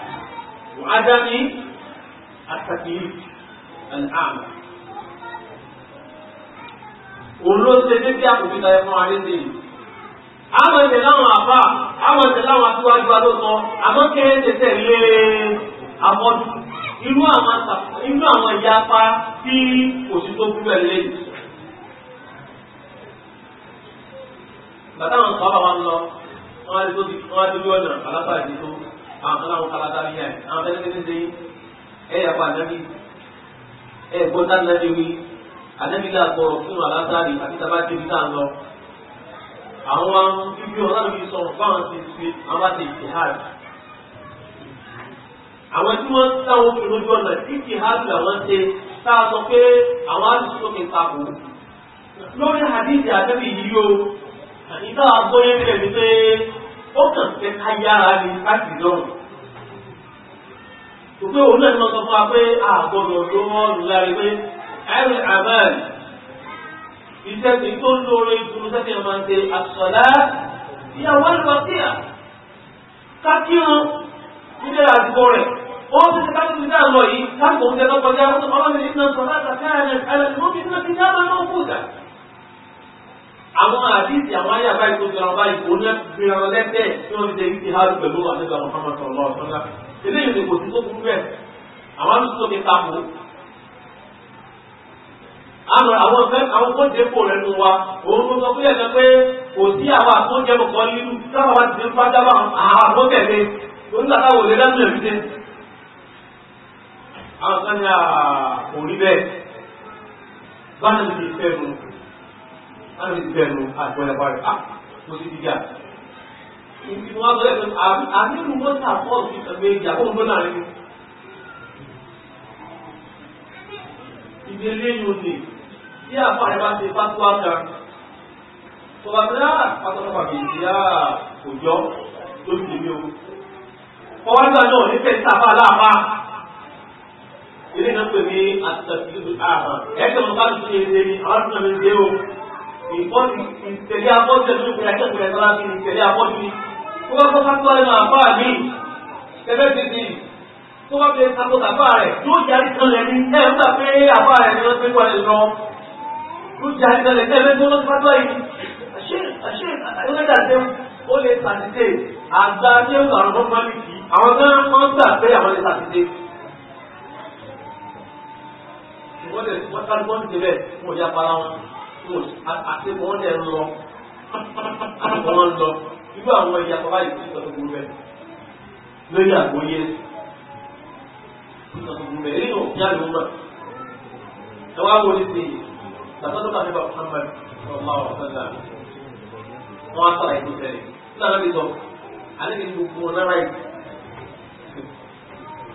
Speaker 1: وعدم التكليف الأعمى olóṣèlú bí àkùnfin tayẹ fún ayé sí i àwọn ẹ̀jẹ̀ láwọn àfà àwọn ẹ̀jẹ̀ láwọn aṣíwájú alóòtọ́ àmọ́ kéèké tẹ̀lé àmọ́dù irú àwọn ẹ̀yà apá tí òsì tó burú ẹ̀ lẹ́yìn. bàtà àwọn sọ́ọ́bà wa ń lọ wọ́n á ti lójú ọ̀nà alábàáyé tó àwọn tó láwọn kala dárí yá yìí àwọn tẹ́lẹ̀ tẹ́lẹ̀ sẹ́yìn ẹ yà pa ànábì ẹ gbọ́ tá ànábì wí ànábì là gbọ́rọ̀ fún wa látàrí àti tàbá débi tá à ń lọ. àwọn bíbí ọlọ́run yìí sọ̀rọ̀ báwọn ti fi àwọn àti ìtìhàd. àwọn tí wọ́n táwọn obìnrin ojú ọ̀nà tí ìtìhàd làwọn ṣe tá a sọ pé àwọn àdìsókè ń takò. lórí àdìsí àtẹ́bí yìí o ó kàn fẹ́ ká yára ní láti lọ́rùn. Òpé òun náà ni wọ́n sọ fún wa pé àgbọ̀dọ̀ ló wọ́n láre pé ẹ̀rù àmàlì iṣẹ́ tí tó ń lóore ìtúrú sẹ́kẹ̀ máa ń ṣe àsọ̀lá ìyàwó àlùbọ́síà kákírun nílé àdúgbò rẹ̀. Ó ti ṣe kájú ti dáa lọ yìí káàkó oúnjẹ lọ́kọjá ọlọ́run ní iná sọ láti àkáyà náà ẹ̀rẹ̀ àwọn àdìsí àwọn ayé àbáyé tó jọra báyìí kò ní fira wọn lẹ́tẹ̀ tí wọ́n fi ṣe ìdí hàrù pẹ̀lú àtẹ́gbà Muhammad sọ̀rọ̀ ọ̀sánlá eléyìí ni kò sí tó burú bẹ́ẹ̀ àwọn àdúgbò mi ta kù. àwọn àwọn fẹ́ àwọn kó dépò rẹ̀ nu wa òun tó sọ pé ẹ̀ka pé kò sí àwọn àkójẹ kọ̀ọ̀kan lílu táwọn bá ti fi ń bá dábàá àwọn àkókẹ́lẹ́ onígbà táwọn òde dáná ẹ̀mí dé. àwọn kan ní láti bẹ̀rù àgbẹ̀lẹ̀pá rẹ̀ á mo ti dìjà. Ibi wọn bẹ̀rẹ̀ pé àmínú ah, ah, mọ́tà pọ̀ sí ẹgbẹ́ ìjà fún ọmọ náà rí. Ibi eléyìí ò ní tí àpá rẹ̀ bá ṣe fásitì ah, wá kan. Tọ́ba bí náà pátápátá mi ti yá òjọ́ lórí èmi o. Fọwọ́n nígbà náà ní tẹ̀sí àpá aláàpá. Ilé náà pè ní àtìsàkìlì àhàn. Ẹ̀ẹ́dẹ̀mọ̀ bá ti ṣe é lé ní àwọn àtúntò mi lé o ìtẹ̀lé abọ́jú ẹ̀ lórí ìpínlẹ̀ akẹ́kọ̀ọ́ ẹ̀ lọ́la fi ìtẹ̀lé abọ́jú ni tó bá kọ́ sákọ́ ẹnu àbá mi gẹ́gẹ́ bí ti tó bá fi sákọ́ àbá rẹ̀ yóò yarí kanlẹ̀ ní ẹ̀ ń gbà pé àbá rẹ̀ ni wọ́n ti wọlé lọ yóò yarí kanlẹ̀ ní ẹ̀mẹ́tí wọ́n ti bá tọ́ yìí àṣẹ àṣẹ ẹ̀rẹ́dàdé ó lè sàtìdé àgbà ní ẹ̀rọ àwọn ọmọ mi kì í àwọn náà wọ́n gbà pé àwọn lè sàtìdé ìwọ́n lè wọ́n sáré wọ́n ti bẹ̀ wọ́n yá para wọn. àti wọ́n lẹ̀ ń lọ wọ́n lọ irú àwọn ẹ̀yà bàbá yìí ti sọ tó burú bẹ́ẹ̀ lórí àgbóyé ti sọ tó burú bẹ́ẹ̀ nínú ìyá ló mọ̀ ẹ wá wọlé sí i làtọ́jọ́ kan ní bàbá Muhammad ọ̀la ọ̀sánlá wọn á sọ̀rọ̀ ìlú sẹ́yìn tí lànà mi alẹ́ mi gbogbo wọn náírà yìí.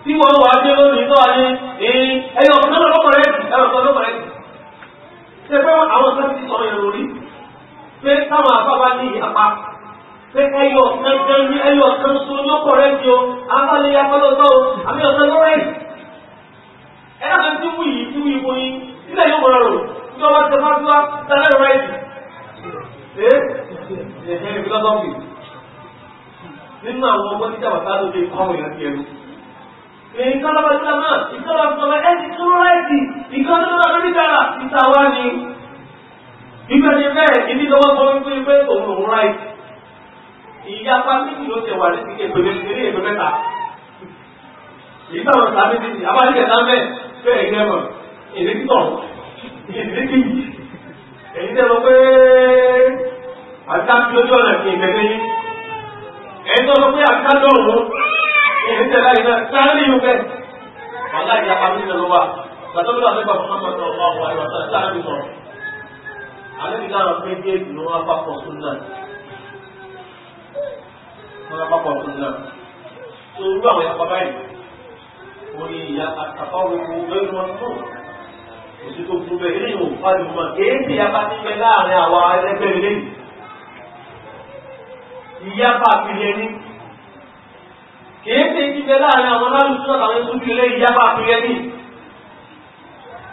Speaker 1: tí wọ́n wà á dé lónìí náà ní ẹ̀yìn ẹ̀yìn ọ̀sán lọ́kọ̀ọ́rẹ́ ẹ̀rọ ṣe pé àwọn kan ti sọ̀rọ̀ yẹn lórí pé táwọn afábá ní ìyapa pé ẹyọ kan gan ní ẹyọ kan so ní ó kọ̀rẹ́ di o afálẹ̀ ya pẹ́ lọ́tọ́ o àbí ọ̀sẹ̀ lọ́rẹ́ ẹ̀ láti ti wù yìí ti wù yìí wọ̀nyí sílẹ̀ yóò mọ̀ lọ́rọ̀ ní ọba ti fà tiwa tẹ́lẹ̀ rẹ̀ ẹ̀ ẹ̀ ẹ̀ ẹ̀ nínú àwọn ọgbọ́n tí jàbàtà ló dé kọ́ ìrántí ẹnu nǹkan lọ́ba ìta náà ìta lọ́ba ìta náà ẹ̀sìn tó rẹ́ẹ̀sì nǹkan tó lọ́ba lórí dára ìta wá ni. ini ni bẹ́ẹ̀ ìdí lọ́wọ́ sọ wípé pé òun òun ráìsì. Ìyapa méjì Ia ti wà níbi ìpele ìpele ìpele mẹ́ta. Èyí táwọn ìta méjì ni àbá Ini náà bẹ́ẹ̀ bẹ́ẹ̀ ìjẹ́ mọ̀ èdè títọ̀ èdè kì ini? Èyí tẹ́ lọ pé àti ká èdè láyé náà sáré ní ìlú bẹ́ẹ̀ wàhálà ìyapa ní ìlú wa gbàdúrà lọ́wọ́ àgbẹ̀bà Muhammad ọ̀hún àwọn àìwàsá sáré mi sọ̀rọ̀ alẹ́ mi lára pé bí èdè wọn apapọ̀ sunna wọn apapọ̀ sunna tó rú àwọn ìyapa báyìí wọn ni ìyá àtàkọ́wé wo lórí wọn tó òsì tó burú bẹ́ẹ̀ eléyìí ò fà lùmọ̀ kéèké ìyapa ti bẹ ní kìí ṣe ti bẹ láàrin àwọn lálùsọ àwọn ìtújú ilé ìjábá àpẹẹrẹ ní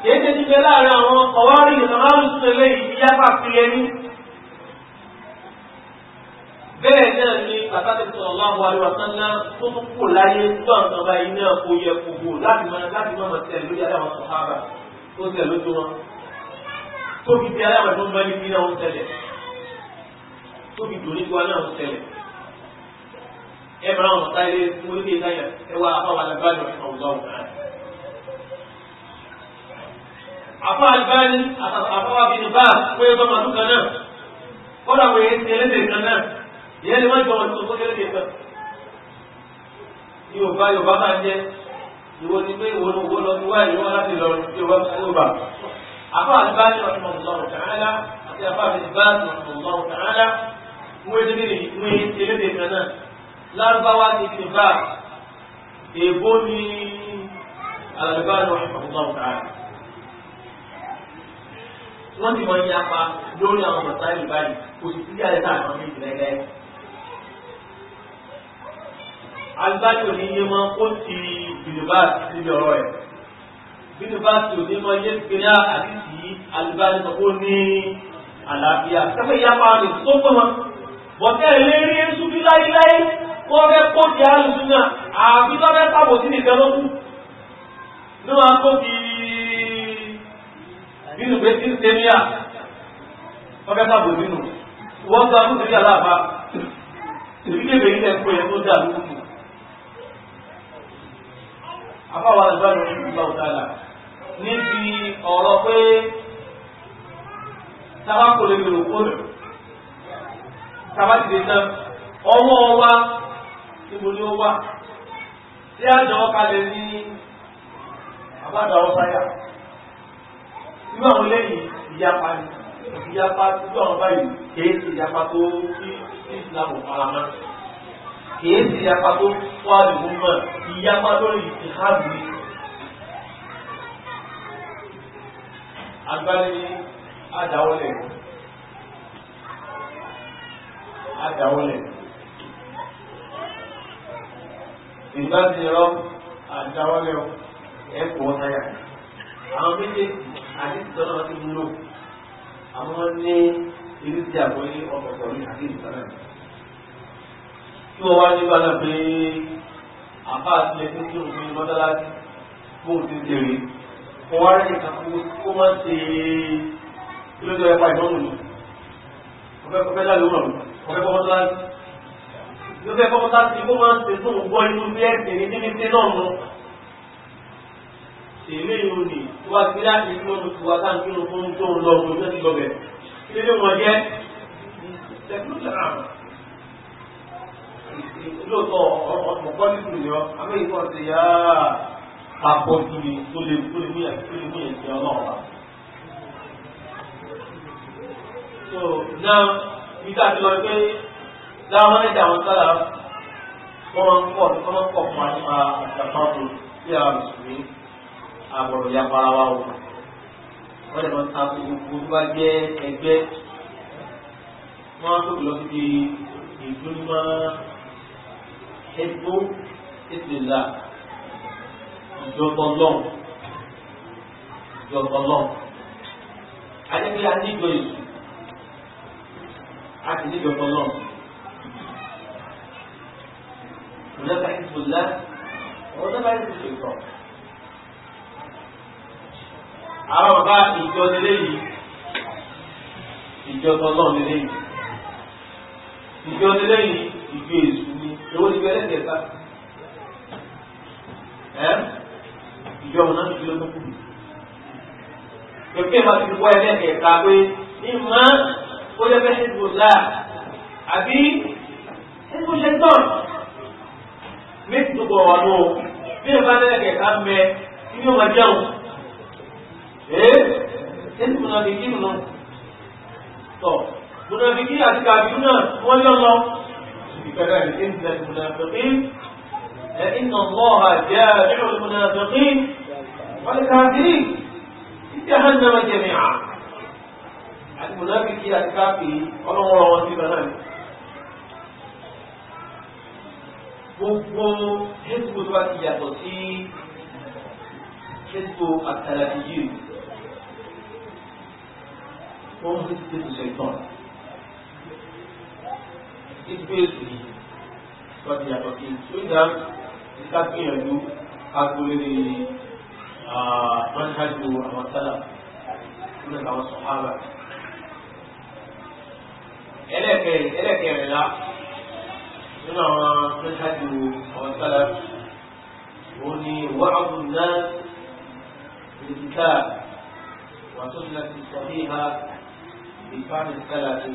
Speaker 1: kìí ṣe ti bẹ láàrin àwọn ọwọ́rìn lálùsọ ilé ìjábá àpẹẹrẹ ní bẹ́ẹ̀ náà ni pàtàkì sọ̀rọ̀ láwọn àríwá sánlá tó tún kò láyé tọ́ǹtàn báyìí náà kò yẹ kògbò láti máa láti máa tẹ̀lé lórí adáwọn sọ̀hábà tó tẹ̀ lójú wọn tó fi di tó ń bá ní bí náà ń tẹ̀lẹ̀ tó fi dòní gbọ́ náà ń tẹ̀lẹ̀ ẹ máa wọn sáré mú ní ìdáyà ẹ wá afọ alábàdàn ọ̀gbọ̀n kan. afọ alibani afọ abinibá wọ́n yẹ bọ́mọ̀ àtúkàn náà kọ́dà wọ́n yẹ tẹ́lẹ̀tẹ̀ kan náà ìyẹn lè má jọ wọn tó tó tẹ́lẹ̀tẹ̀ kan. yorùbá yorùbá máa jẹ ìwọ ni pé ìwọ ló lọ sí wáyé wọn láti lọ yorùbá yorùbá. afọ alibani ọ̀tún àti afọ abinibá ọ̀tún ọ̀tún wọ́n yẹ tẹ́lẹ̀tẹ̀ kan náà lárúbáwá ni tìbá èbó ni alàlùbá lọ ìfọwọ́ ọ̀tàrà wọ́n ti mọ ní apá lórí àwọn ọ̀tá ìlú báyìí kò sì sí àyẹ̀tà àwọn méjì lẹ́lẹ́. agbájọ ní iye mọ ó ti bìlúbáàsì síbi ọ̀rọ̀ ẹ̀ bìlúbáàsì ò ní mọ iye gbéra àdìsí alùbáàsì sọ ó ní àlàáfíà sẹ́fẹ̀ ìyá pa rẹ̀ tó pọ̀ mọ́ bọ̀tẹ́ ẹ̀ lé rí èsù bí láyéláyé wọ́n fẹ́ kó di alùsùn náà àbí tó fẹ́ sábò sí nìkan ló kù ní wọn kó fi nínú pé sí sẹ́míà wọ́n fẹ́ sábò nínú wọ́n sọ fún sí aláàbá ìdílébè yìí lẹ́kọ́ yẹn tó dà lókù afáwọn àgbàdo ìgbà òtàlà níbi ọ̀rọ̀ pé sábà kò lè lò kó lò sábà tán ọwọ́ wa níbo ni ó wà tí a jọ kalẹ̀ ní àbádà ọ̀sáyà nínú àwọn lẹ́yìn ìyapa ni ìyapa tí àwọn báyìí kìí ṣe ìyapa tó kí ìsìlámù farama kìí ṣe ìyapa tó wà lùmú mọ́ ìyapa lórí ìhàbù ni. agbálẹ́ ní àdáwọlẹ̀ àdáwọlẹ̀. ìgbà tí rọ àdáwọlẹ ẹ̀kọ́ ọtáyà àwọn méjèèjì àti ìtọ́nà ti wúlò àwọn ní irú tí a wọlé ọ̀pọ̀tọ̀ ní àti ìtọ́nà kí wọ́n wá nígbà náà pé àbá àtúnyẹ tí kí òfin mọ́tálásí fún òfin tèrè wọ́n wá rẹ̀ nìkan kó má ṣe kí ló jẹ́ ẹ̀pá ìbọn òní ọ̀fẹ́ kọ́fẹ́ láàrin òmùrọ̀ ọ̀fẹ́ kọ́fẹ́ ló fẹ́ kọ́kọ́ láti kó máa ń ṣe tó ń gbọ́ inú bí ẹ̀sìn ní níbi tí náà mọ́. èmi yìí ò ní tó wá sí láti inú ọdún tó wá sáà nínú fún tó ń lọ ọdún tó ti lọ bẹ̀. kí ló mọ jẹ́ lóòótọ́ ọ̀pọ̀ nínú ìyọ́ amẹ́yìn kan ti yá papọ̀ sí mi tó lè tó lè múyàn tó lè múyàn sí so now bí ká ti lọ pé dáhùn ẹ̀dá àwọn sára wọ́n máa ń pọ̀ wọ́n máa ń pọ̀ a wa nípa ìjàpáàbò bí a mùsùlùmí àbọ̀rọ̀ ya para wa o wọ́n lè máa ta sí gbogbo tó bá jẹ́ ẹgbẹ́ wọ́n á tóbi lọ síbi ìdúnmọ́ ẹgbó ìtìlá ìjọba ọlọ́run ìjọba ọlọ́run adébíyá níjọ ìsù a sì níjọba ọlọ́run. هناك حزب الله وهناك حزب الشيطان àwọn ọba ìjọ nílé yìí ìjọ tọ́lọ́ nílé yìí ìjọ nílé yìí ìjọ èṣù ni owó ti bẹ̀rẹ̀ kẹta ẹ́ ìjọ ọ̀nà ti fi lọ́kùnkù pẹ̀pẹ́ máa ti wọ́ ẹlẹ́ kẹta pé ní máa ó lẹ́fẹ́ ṣe tó àbí ẹ kó ṣe tán méjì tó gbọ̀rọ̀ wà lóhùn bí ẹ bá tẹ́lẹ̀ kẹ̀kẹ́ mẹ inú ọmọ jẹun ee ẹni múná bí kí nùnú tọ múná bí kí àti kàbíyú náà wọ́n yọ lọ ìkàrà ní ẹni tẹ́lẹ̀ múná fẹ́kí ẹ iná mọ́ha jẹ́ ẹ̀rọ múná fẹ́kí wọ́n lè kàbíyí ìjà hàn náà jẹ̀mí à àti múná bí kí àti kàbíyí ọlọ́wọ́ wọn ti bẹ̀rẹ̀ náà gbogbo hezbo tó bá ti yàtọ̀ sí hezbo àtàlàfi yìí wọ́n ti ti tẹ̀sọ̀ ìtàn ìgbé èsì tó bá ti yàtọ̀ sí tó ìdá ìta gbìyànjú agbóyè mọ́ṣáájú àwọn sálà nígbà àwọn sọ̀hábà ẹlẹ́kẹ̀ẹ́rìnlá nínú àwọn mẹ́tàdì àwọn sálà òun ni wàhálù náà ìdíkà wà tó tilẹ̀ ti sọ ní ìhà ìfáàní sálà ti.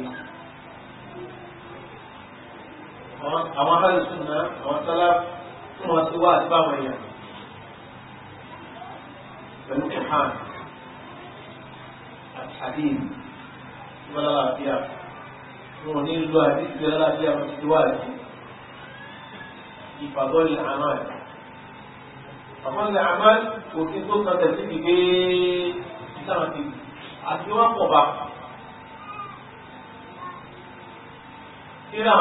Speaker 1: àwọn alùsùn náà àwọn sálà fún wọn ti wá àti báwọn èèyàn pẹ̀lú kẹhàn àti àdéhùn tí wọ́n lára àbíyá wọn ò ní lo àdéhùn tí wọ́n lára àbíyá wọn ti wá àdéhùn ìfàdọ́lì àmàlì àfọ́nlẹ̀ àmàlì kò sí tó kan tẹ̀sí ti gbé ìtàn ti àti wọn pọ̀ bá kíra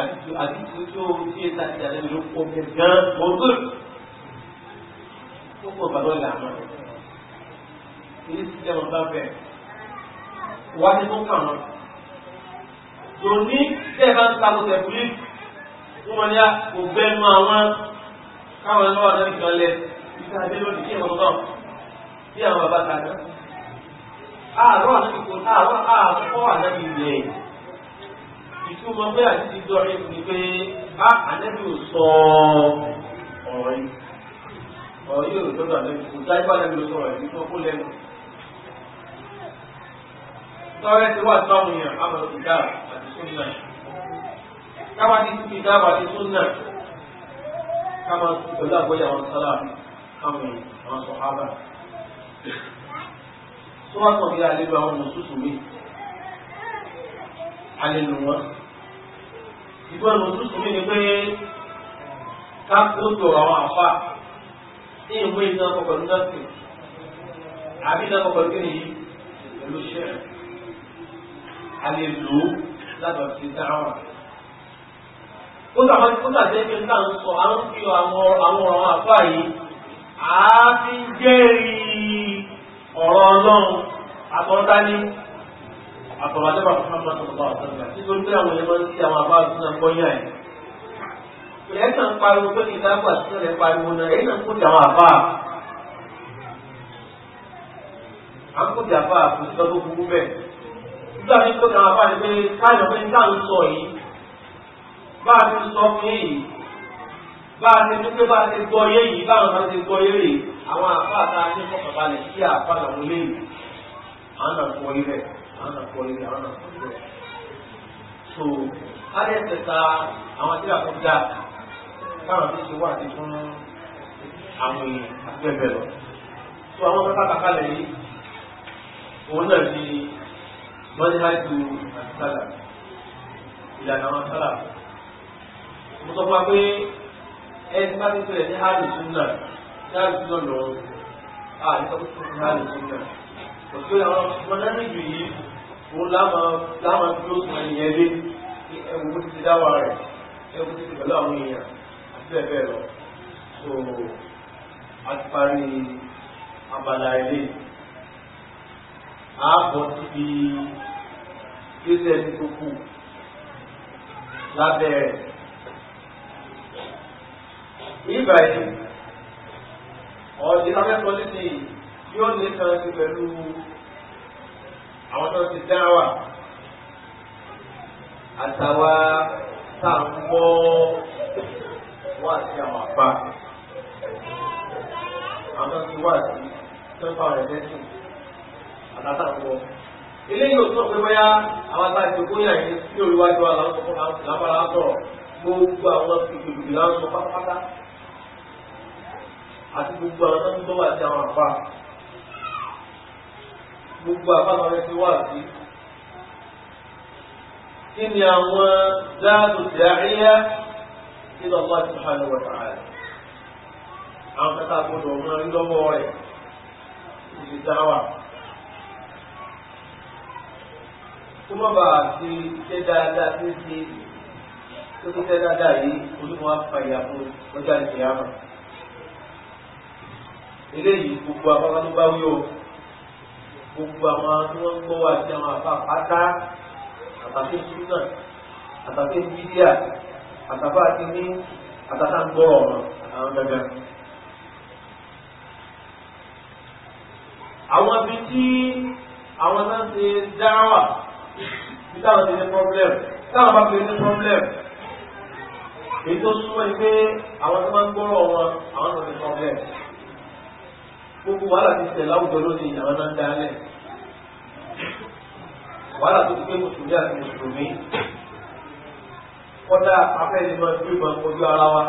Speaker 1: àti àti tó tí ẹ tàbí àlẹ́ ló pọ̀ gẹ́gẹ́ mọ́tò tó pọ̀ ìfàdọ́lì àmàlì èyí ti jẹ́ wọn bá bẹ̀ wá tó kàn wọn. Tòní tẹ́ bá ń ta lọ sẹ́kùlì wọ́n máa ní ah, kò gbẹ́nu àwọn káwọn ẹ̀rọ ọ̀dọ́ nìkan lẹ̀ ìgbà dé lónìí kí ẹ̀rọ náà bí àwọn bàbá ta náà. Ah, àárọ̀ àdébìkò ah, àárọ̀ àkọ́kọ́ àdébì ilẹ̀ ìtumọ̀ pé àti ti dọ̀ ẹ̀kú ni pé bá àdébì ò sọ ọ̀rọ̀ yìí ọ̀rọ̀ yìí ò lọ́dọ̀ àdébì kò dá ibà àdébì ò sọ ọ̀rọ̀ yìí tó kó lẹ́nu tọ́rẹ́ ti wà sáwọn èèyàn àmọ̀ ìdá àti sóńdà yìí káwa ti tún káwa ti tún náà káwa pẹ̀lú àgbọ̀yé àwọn sálà àwọn àwọn sọ̀hábà tó bá kàn bí àlejò àwọn mùsùlùmí mi àlejò wọn ìgbọ́n mùsùlùmí mi ni pé ká kó sọ̀rọ̀ àwọn àfa ní ìwé iná kọ̀ọ̀kan náà sí àbí iná kọ̀ọ̀kan kí nìyí pẹ̀lú ṣẹ́ẹ̀ àlejò lábàá fi dáhùn ó sàmọ́ ó sàjẹ́ pé nǹkan sọ à ń fi àwọn àwọn ọ̀rọ̀ àfáà yìí á fi jẹ́rìí ọ̀rọ̀ ọlọ́run àtọ́tání àtọ̀rọ̀ àjọba Muhammad ọ̀pọ̀ àtọ́gbà tí ó gbé àwọn ẹlẹ́mọ́ sí àwọn àbá àdúrà gbọ́yà ẹ̀. ìyẹn kan pariwo pé kìí dáàbò àti ìṣẹ̀lẹ̀ pariwo náà èyí náà ń kóde àwọn àbá à ń kóde àbá àkójọ tó burú bẹ́ẹ̀. nígbà tí kóde àwọn àbá ni pé káyọ̀ pé ní káà ń sọ yìí bá a ti sọ fún yìí bá a ti dúpẹ́ bá a ti gbọ́ yé yìí báwọn kan ti gbọ́ yé rè àwọn àfa ní fọkànbalẹ̀ sí àfa làwọn léyìí àwọn náà kọ ilẹ̀ àwọn náà kọ ilẹ̀ àwọn náà kọ ilẹ̀ so káyọ̀ tẹ̀ta àwọn tí a kò dáa káwọn tó ti wà ní fún àwọn èèyàn àti bẹ́ẹ̀ bẹ́ẹ̀ lọ so àwọn kan kákàkálẹ̀ yìí òun náà ni mọ́níhàjú àti sálà ìlànà àwọn sálà mo sọ fún wa pé ẹni bá ti pẹ̀lẹ̀ ní hàlì súnà ní hàlì súnà lọ hàlì súnà ní hàlì súnà kò sí àwọn mọ̀lẹ́bí jù yìí òun láwọn tí ó sùn ẹ̀yìn ẹ̀dẹ́ ní ẹ̀wù bó ti ti dáwà rẹ̀ ẹ̀wù ti ti pẹ̀lú àwọn èèyàn àti bẹ́ẹ̀ bẹ́ẹ̀ lọ so a ti parí abala ilé ààbọ̀ síbi gbèsè ẹni tó kù lábẹ́ rẹ̀. níbàyí ọ̀dì amẹ́kọ̀ọ́ títí yóò ní kan sí pẹ̀lú àwọn tó ti dá àtàwà táàmọ́ wà sí àwọn àpá àwọn tó ti wà sí tọ́pá rẹ̀ lẹ́sìn eléyìí ò pé bóyá àwọn tá a ti yìí sí oríwájú aláwọ̀ lábára sọ̀rọ̀ gbogbo àwọn láwọn sọ pátápátá. àti gbogbo àwọn tó ń gbọ́ wà sí àwọn àpá gbogbo àpapọ̀ rẹ̀ ti wà sí. Kí ni àwọn dáàbò tí a rí yá kí lọ bá ti hàn wọ̀ tààrà? Àwọn kẹta gbọdọ̀ máa ń lọ́wọ́ rẹ̀ ìdí dáwà. Kó má bàa ti ṣe dáadáa tí ń ṣe tó ti ṣe dáadáa yìí olúmọ̀ àfàyà fún ọjà ìṣẹ̀yàmọ̀ eléyìí gbogbo àpapọ̀ tó bá wí o gbogbo àwọn tí wọ́n ń gbọ́ wà sí àwọn àpá pátá àtàkùn súnà àtàkùn mídíà àtàkùn àti ní àtàkùn ń gbọ́ ọ̀ràn àwọn gangan. àwọn ibi tí àwọn náà ṣe dáwà bí táwọn ti ní problem táwọn bá fi ní problem èyí tó súnmọ́ ni pé àwọn tó máa ń gbọ́rọ̀ wọn àwọn tó ní problem gbogbo wàhálà ti ṣẹlẹ̀ láwùjọ lónìí àwọn náà ń dálẹ̀ wàhálà tó ti gbé mùsùlùmí àti mùsùlùmí kọ́dà afẹ́ni máa ń gbébọn ojú ara wa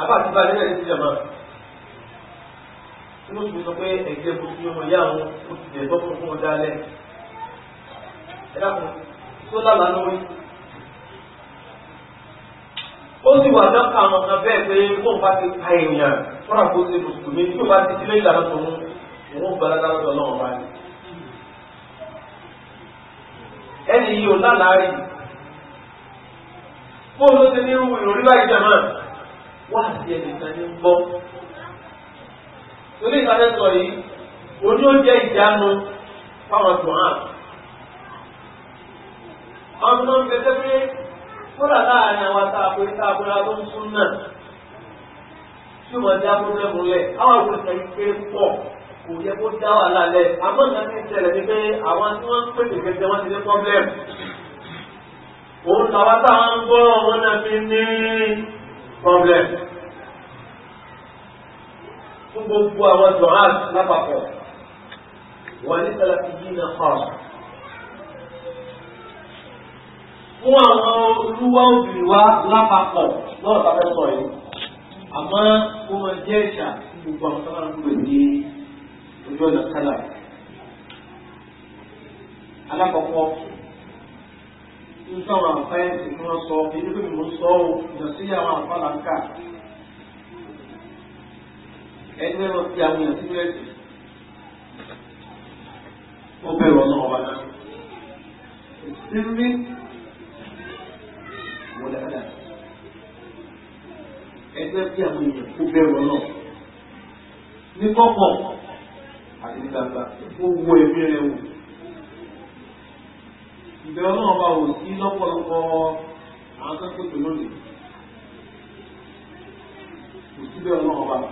Speaker 1: àbá àtúntà nílẹ̀ ti jẹ̀mọ́ tí mùsùlùmí sọ pé ẹ̀jẹ̀ mùsùlùmí ọmọ ìyá àwọn ó ti gbọ́ fún fún wọn dálẹ̀ ẹ̀dá kan tó lálàá lórí ó sì wà dáka àwọn kan bẹ́ẹ̀ pé bóun bá ti ka èèyàn fọ́nà kó ṣe mùsùlùmí tí o bá ti sílé ìlànà tòun òun gbalaga lọ́dọ̀ náà wá ní. ẹni yìí ò lálàárì bóun ló ti ní irú ìròrí báyìí jẹ̀ náà wá sí ẹnìkan ní gbọ́. torí ìtàlẹ́ sọ yìí oní oúnjẹ ìjánu fáwọn tó hàn. àwọn tó ń bẹ sẹ́fẹ́ kódà láàrin àwọn àtàkùn ìtàkùnra tó ń sún náà tí wọ́n dá pọ́blẹ́mù lẹ̀ káwọn olùkọ́ ìpè pọ̀ kò yẹ kó dá wà lálẹ́ àmọ́ ìgbà tí ni pé àwọn tí wọ́n ń pèsè kẹsẹ̀ wọ́n ti ní pọ́blẹ́mù òun làwọn táwọn ń gbọ́ wọn náà fi ní pọ́blẹ́mù fún gbogbo àwọn jọ̀rán lápapọ̀ wọ́n ní sẹ́lẹ̀ fi yí náà kọ́ ọ̀sán. fún àwọn olúwa obìnrin wa lápapọ̀ lọ́rọ̀ tá a fẹ́ sọ yìí àmọ́ ó máa jẹ́ ìṣà gbogbo àwọn tó máa ń gbé ní ojú ọ̀nà sálà. alákọ̀ọ́kọ́ ń sọ̀rọ̀ àǹfààní tí wọ́n sọ èyí pé mo sọ ọ́ ìyànsí àwọn àǹfààní àǹkà ẹni ẹ̀rọ ti àwọn èèyàn sí rẹ̀ ó bẹ̀rù ọ̀nà ọ̀bàdàn. wọlé àlà ẹgbẹ́ bí àwọn èèyàn kó bẹ̀rù ní kọ́kọ́ àti ní ó
Speaker 3: wọ rẹ̀ wò
Speaker 1: ìbẹ̀rù náà bá wò sí lọ́pọ̀lọpọ̀ àwọn tó ń lónìí kò síbẹ̀ ọlọ́run bá wò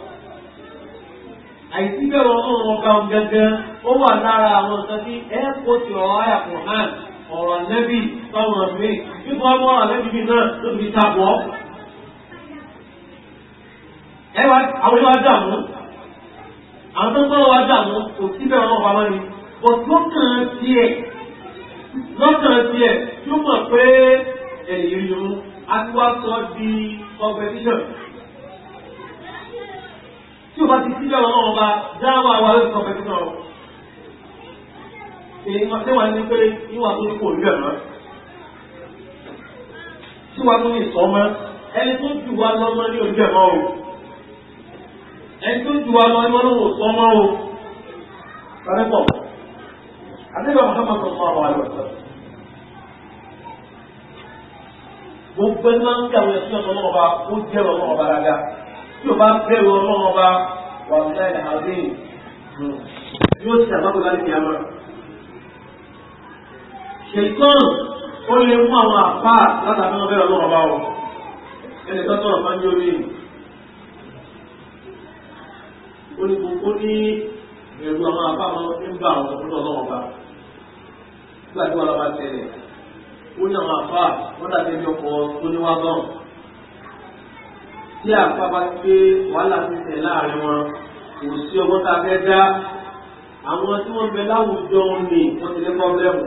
Speaker 1: àìsíbẹ̀rọ ọlọ́run ọba gẹ́gẹ́ ó wà lára àwọn tí ọ̀rọ̀ ọ̀rọ̀ ànẹ́bì sọ́wọ́n mi nípa ọmọ ànẹ́bì mi náà ló fi tapọ̀. ẹ wá àwọn ìwà dààmú àwọn tó ń bọ́ wa dààmú kò síbẹ̀ wọn wà wọ́n ni kò lọ́kàn tiẹ̀ lọ́kàn tiẹ̀ tó mọ̀ pé ẹ̀yìn yòó aṣọ di competition. tí o bá ti síbẹ̀ wọn wọn bá dáwọ́ àwa lórí competition níwọ̀n ní pé níwọ̀n tó ní kò rí ọ̀nà tí wàá tó ní ìsọmọ ẹni tó jù wá lọ́mọ ní ojú ẹ̀mọ́ o ẹni tó jù wá lọ ní wọn lọ́wọ́ sọmọ o sáré pọ̀ àdébà Muhammad sọ̀tún àwọn àlùfẹ́ gbogbo ẹni máa ń kí àwọn ẹ̀sìn ọ̀sán ọba ó jẹ́ ọ̀sán ọba dáadáa tí o bá bẹ̀rù ọlọ́run ọba wà ní àìlè àdéhùn yóò ti àbábọ̀ láti fi àmọ́ ṣètọ́n ó lè mú àwọn àpá látàbí wọn bẹ̀rẹ̀ ọlọ́wọ́ bá wọ ẹni tó tọrọ fún yóò rí olùkókó ní ẹ̀rù àwọn àpá wọn ń bá àwọn ọ̀pọ̀lọpọ̀ ọlọ́wọ́ bá nígbà tí wọn lọ bá tẹ̀lé ó ní àwọn àpá wọn dàbí ẹni ọkọ̀ tó ní wá bọ́n tí àpá bá gbé wàhálà ti tẹ̀ láàrin wọn kò sí ọgbọ́n tá a fẹ́ dá àwọn tí wọ́n bẹ láwùjọ ní wọ́n ti ní pọ́blẹ́mù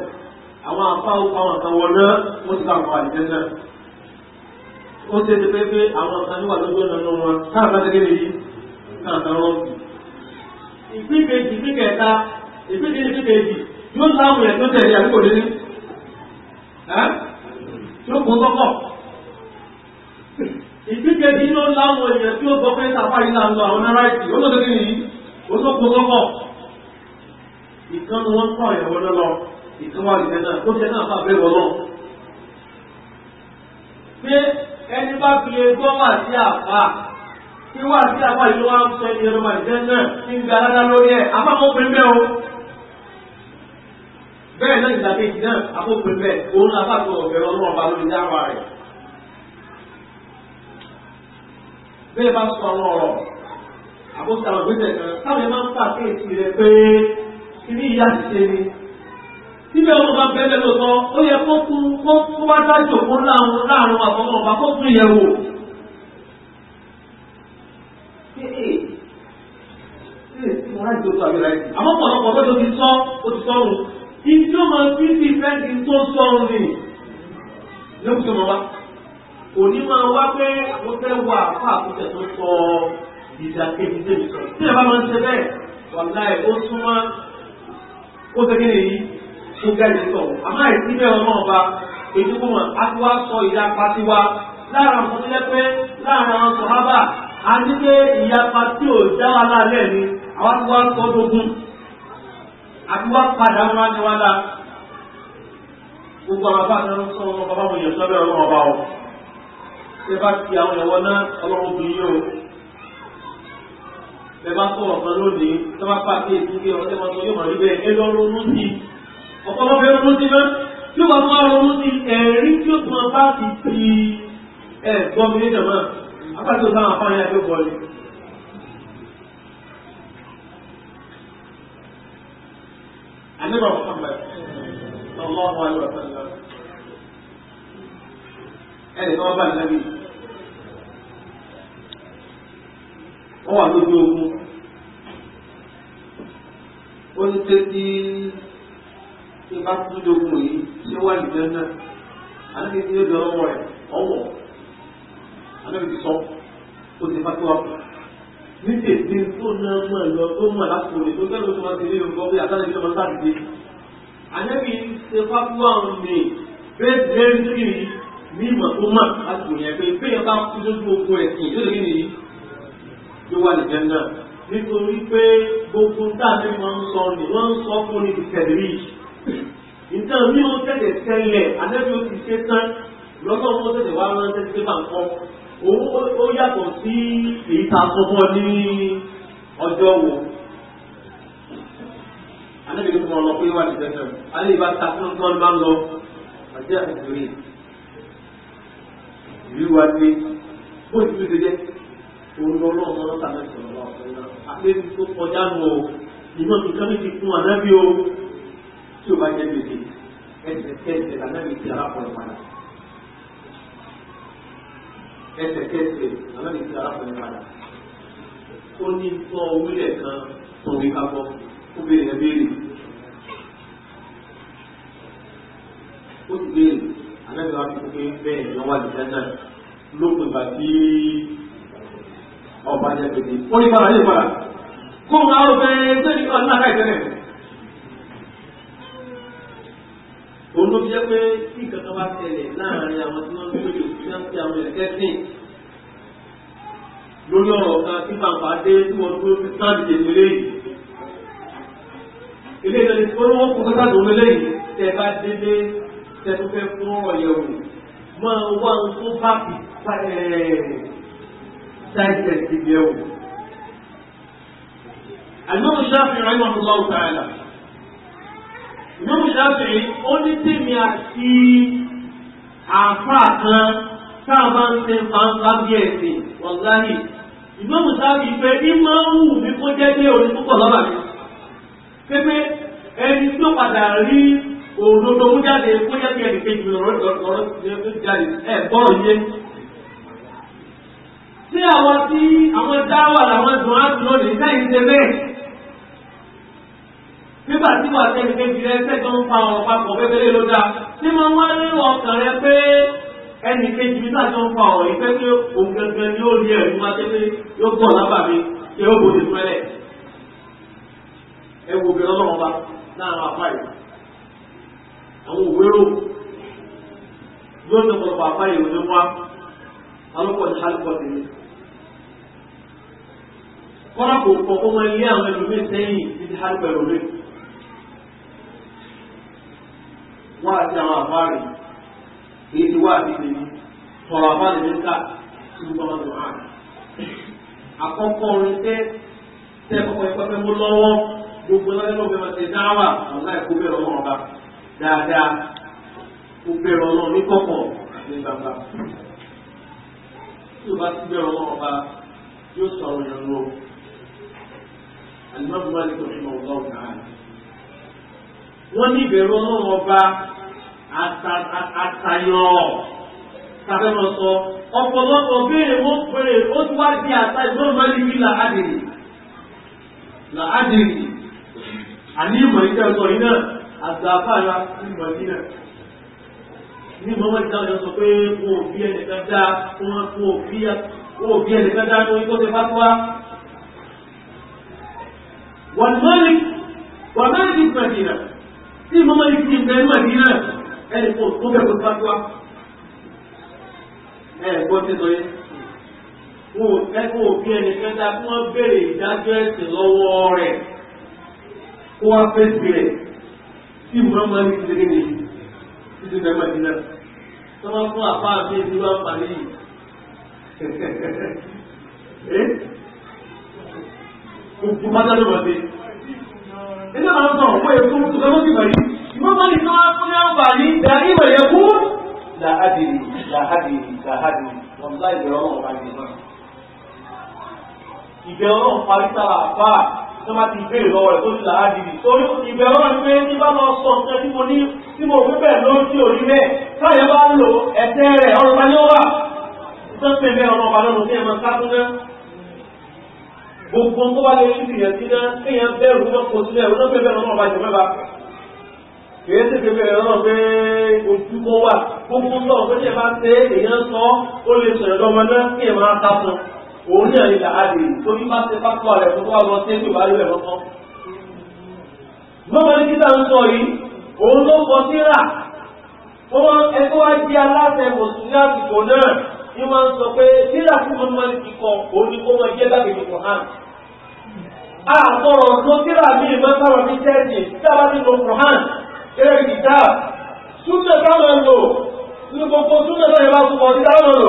Speaker 1: àwọn afáwọ́ àwọn kan wọ̀ náà wọ́n ti ká àwọn àdìjẹ́ náà ó ṣe ti pé pé àwọn kan níwà lójú ọ̀nà náà wọn táà bá tẹ́lẹ̀ yìí náà kan wọ́n fi. ìpín kejì ìpín kẹta ìpín kejì ìpín kejì yóò láwọn ẹ̀ tó tẹ̀lé àdúgbò lé ní. yóò kún tọ́kọ̀. ìpín kejì yóò láwọn èèyàn tí ó gbọ́ pé sàfáì náà lọ àwọn ará ìsìn ó lọ́dọ̀ nínú yìí ó tó kún tọ́kọ̀. ìkànnì wọn kọ̀ ìyàwó ìtumọ̀ àdìsẹ́ náà ó ṣe náà fà bẹ́ẹ̀ wọ́n pé ẹni bá fi lè gbọ́ wà sí àpá tí wà sí àpá yìí ló wá ń sọ ẹni ẹ̀rọ àdìsẹ́ náà ti ń ga dáadáa lórí ẹ̀ àbámọ́ pé bẹ́ẹ̀ o bẹ́ẹ̀ náà ìdàkejì náà àkókò bẹ́ẹ̀ òun náà bá tó ọ̀bẹ̀rẹ̀ ọlọ́run ọba lórí dáhùn rẹ̀ bẹ́ẹ̀ bá sọ àwọn ọ̀rọ̀ àkókò àwọn ìgbésẹ̀ kan táwọn ẹ̀ máa ń pàṣẹ ìsìn rẹ̀ pé kí ní ìyá ti ṣe ni síbẹ̀ wọn bá bẹ́ẹ̀ lọ́tọ́ ó yẹ kó kú kó bá dájò fún láàrún láàrún àtọ́mọ̀ bá kó tún yẹ wò. àmọ́ pọ̀lọpọ̀ bẹ́ẹ̀ ló ti sọ ó ti sọ́run ìjọ máa fi ti fẹ́ǹtì tó sọ́run ni lókè tó wá òní máa wá pé àkókò wà fún àkókò tó sọ ìdàkejì tèmi sọ. tí ẹ bá máa ń ṣe bẹ́ẹ̀ wàláì ó súnmọ́ ó ṣe kí tó jáde tó tọ̀wọ̀ àmọ́ àìsí bẹ́ẹ̀ ọmọ ọba ètò kọ́mọ̀ á ti wá sọ ìyapa ti wa lára àwọn tó lẹ́pẹ́ lára àwọn sọ̀hábà á ní pé ìyapa tí ò já wa lálẹ́ ni àwa ti wá sọ dógún àti wá padà wọn ni wọn la gbogbo àwọn bá náà sọ wọn bàbá wọn yẹn sọ́bẹ̀ ọmọ ọba o ṣé bá ti àwọn ẹ̀wọ̀n náà ọlọ́run bí yín o bẹ́ẹ̀ bá sọ̀rọ̀ kan lónìí tó bá pàṣẹ ìdíje ọ̀sẹ̀ wọn yóò mọ̀ níbẹ̀ ẹ lọ́rùn ní ọ̀pọ̀lọpọ̀ ẹ̀rọ ti mọ́ tí ó bá fún àrùn ti ẹ̀rí tí ó tún apá ti fi ẹ̀ gbọ́mi ní ìjọba apáṣẹ òsán àfáàní àti òkò ọ̀lẹ́. Àníbà Mùsùlùmí ọlọ́run àlùbà sọ́lá ẹnì kan bá ogun ó ń tẹ́tí tí o bá kú lókun yìí ṣé wà ní gbẹ́ndà àti tí o dọ̀ ọwọ́ rẹ̀ ọwọ́ àti ti sọ o ti fàtó wa ní tètè tó náà mọ̀ lọ tó mọ̀ lásìkò rẹ̀ tó fẹ́ràn tó máa ti rí nǹkan bí àtàlẹ́ ìjọba sáàdìdì àyẹ̀bí ṣe fàtó àwọn ní bẹ́ẹ̀ bẹ́ẹ̀ sí ní ìmọ̀ tó mọ̀ lásìkò yẹn pé bẹ́ẹ̀ bá kú lójú ogun ẹ̀sìn yóò rí nìyí tó wà ní gbẹ́ndà nítorí pé gbogbo táàbí wọn ń sọ ni wọ́n ń sọ fún ní ìtẹ̀lẹ́rì nǹkan mi ò tẹ̀lé tẹ́lẹ̀ ànábì ó ti ṣe tán lọ́gbọ́n ó tẹ̀lé wá rántẹ́ sí pépà ńkọ́ owó ó yàtọ̀ sí èyí tá a sọ fún ọ ní ọjọ́ wo ànábì ló fún ọ lọ pé wà ní tẹ́tẹ́ alẹ́ ìbá ta fún ọmọ ọmọ lọ àti àtìkiri ìlú wa dé bó ti fi dédé òun lọ lọ́wọ́ lọ́sàn-án sọ̀rọ̀ lọ́wọ́ àti ẹni tó kọjá nù ìmọ̀ nǹkan mi tí o bá jẹ́ gbèsè ẹsẹ̀kẹsẹ̀ lànàbí ti arákùnrin padà ẹsẹ̀kẹsẹ̀ lànàbí ti arákùnrin padà ó ní sọ wílẹ̀ kan tó wí kakọ́ ó béèrè ẹ béèrè ó ti béèrè ànábì wa fi bẹ́ẹ̀ ni wọ́n wà ní sẹ́ńtà lópin ìgbà tí ọba jẹ́ gbèsè ó ní padà ní ìpadà kó o máa rò pé ṣé ìgbà náà ká ìtẹ́lẹ̀. òun ló fi jẹ́ pé tí nǹkan kan bá tẹ̀lẹ̀ láàrin àwọn tí wọ́n ń gbé yòókù tí wọ́n ń pe àwọn ẹ̀kẹ́ sìn lórí ọ̀rọ̀ kan tí pàǹpà dé tí wọ́n tó fi sáàdì tètè léyìí. ilé ìjọba ti wọ́n wọ́n kó kọ́tà tó léyìí tẹ bá délé tẹ tó fẹ́ fún ọ̀rọ̀ yẹ̀wò máa wá ń tó bá ṣáìsẹ̀ ti yẹ̀wò. àlùmọ́ọ̀mù ṣáfihàn ìwọ̀n lọ́wọ́ tààlà ìmọ̀mù ṣáfìrí ó ní tèmi àti àfà kan tá a máa ń ṣe pàǹpá bí ẹ̀sìn wọ̀gáyì ìmọ̀mù ṣáfìrí pé ní máa ń wù mí kó jẹ́ pé orin púpọ̀ lọ́ba mi pé pé ẹni tó padà rí òdodo mú jáde kó jẹ́ pé ẹnì kejì ọ̀rọ̀ ọ̀rọ̀ ti jáde ẹ̀ gbọ́rọ̀ yé tí àwọn tí àwọn dáwà làwọn dùn á dùn lónìí táyì ń ṣe bẹ́ẹ̀ nígbà tí wàá tẹ́ni kejì rẹ sẹ́jọ́ ń pa ọ̀rọ̀ papọ̀ bẹ́bẹ́lẹ́ ló dáa tí wọ́n wá nínú ọkàn rẹ pé ẹnì kejì mi sáà jọ ń pa ọ̀rọ̀ yìí pé pé òun gẹ́gẹ́ ni ó rí ẹ̀rí wá tẹ́lẹ̀ yóò gbọ́ lábà mi ṣé ó bòde pẹ́lẹ̀ ẹ wo obìnrin ọlọ́run bá láàrin apá yìí àwọn òwérò yóò ní ọ̀pọ̀lọpọ̀ apá yìí òní wá alọ́pọ̀ ní alùpọ̀ tèmi kọ́lá kò kọ́ ọmọ ilé àwọn ẹlòmíì sẹ́yìn títí alùpọ̀ ẹlòmíì wọn àti àwọn àfáàrí èyí ti wá àdìsí ni tọrọ àfáàrí ní ká tí wọn bá tó hàn. àkọ́kọ́ orin tẹ́ tẹ́ kọ́kọ́ ipá fẹ́ mú lọ́wọ́ gbogbo náà lọ́wọ́ fẹ́ máa ṣe dáwà ọ̀la ẹ̀kọ́ bẹ̀rẹ̀ ọlọ́run ọba dáadáa kó bẹ̀rẹ̀ ọlọ́run ní kọ̀kọ̀ àti gbangba. tí o bá ti bẹ̀rẹ̀ ọlọ́run ọba yóò sọ àwọn àlùmọ́ bí wọ́n á wọ́n ní ìbẹ̀rù ọlọ́run ọba àtàyọ̀ tàbẹ́mọ̀ sọ ọ̀pọ̀lọpọ̀ béèrè wọ́n pèrè ó ti wá di àtà ìgbọ́n máa ní bí làádìrì làádìrì àní ìmọ̀ ìjẹ́ ọ̀sọ̀ yìí náà àgbàfàrà ìmọ̀ yìí náà ní ìmọ̀mọ́ ìdáhùn yọ sọ pé kó o bí ẹnìkan dá kó o bí ẹnìkan dá lórí tó ti fásuwá wọ́n mọ́lì wọ́n mọ́lì ti gbẹ̀dì náà tí mo máa ń fi ìgbẹ́ ní màdínà ẹni kò tó bẹ̀rù fatuwa ẹ gbọ́ tí sọ yẹn wọn ò ẹkọ òbí ẹni kẹta kí wọ́n béèrè ìdájọ́ ẹ̀sìn lọ́wọ́ rẹ̀ kó wá fèsì rẹ̀ tí mo máa ń fi ìgbẹ́ ní títí bẹ̀rù màdínà tó wọ́n fún àpá àti ìdí wọn pàdé yìí. Eh? Gbogbo pátá ló wà sí nínú àwọn ọmọ òun èkó tó sọ lókè bàrí ìmọ̀ bá ní sọ́wọ́ fún ní àwọn bàrí dàrí ìbẹ̀rẹ̀ kú. làhádìrì làhádìrì làhádìrì wọn bá ìbẹ̀rẹ̀ ọmọ ọ̀pá ní ìbọn. ìbẹ̀rẹ̀ ọmọ parí sára àpá tó bá ti béèrè lọ́wọ́ rẹ̀ tó ti làhádìrì. torí ìbẹ̀rẹ̀ ọmọ pé tí bá lọ sọ nǹkan tí mo ní tí mo fẹ́ bẹ̀rẹ̀ lórí orí rẹ̀ káyẹ bá ń lo ẹ̀tẹ́ rẹ̀ ọ̀rọ̀ gbogbo tó bá lè ṣíkì yẹn sí náà kéèyàn bẹ̀rù wọn kò sílẹ̀ wọn náà fẹ́ bẹ̀rù wọn bá jẹ mẹ́ba kìí ṣe pé bẹ̀rẹ̀ náà pé ojú kó wà gbogbo náà tó ṣe bá ṣe èèyàn sọ ó lè sọ̀rọ̀ lọ́mọ náà kéèyàn máa ta fún òun náà ní làádì tó bí bá ṣe pápá rẹ̀ tó wà lọ sí ètò ìbálò ẹ̀ lọ́tọ́. lọ́mọ ní kíta ń sọ yìí òun ló kọ síra ó wọn ẹgbẹ́ wá jẹ́ aláṣẹ mùsùlùmí àsìkò náà ni wọ́n sọ pé síra tí mo máa ń kíkọ òun ni kó máa jẹ́ lágbègbè kọ̀ọ̀hán àtọ̀rọ̀ tó kíra mi mọ́sára ní tẹ́ẹ̀tì tábà ti lo Quran eré ìdá súnmọ̀ táwọn lò ní gbogbo súnmọ̀ náà yẹba fún ọdí táwọn ní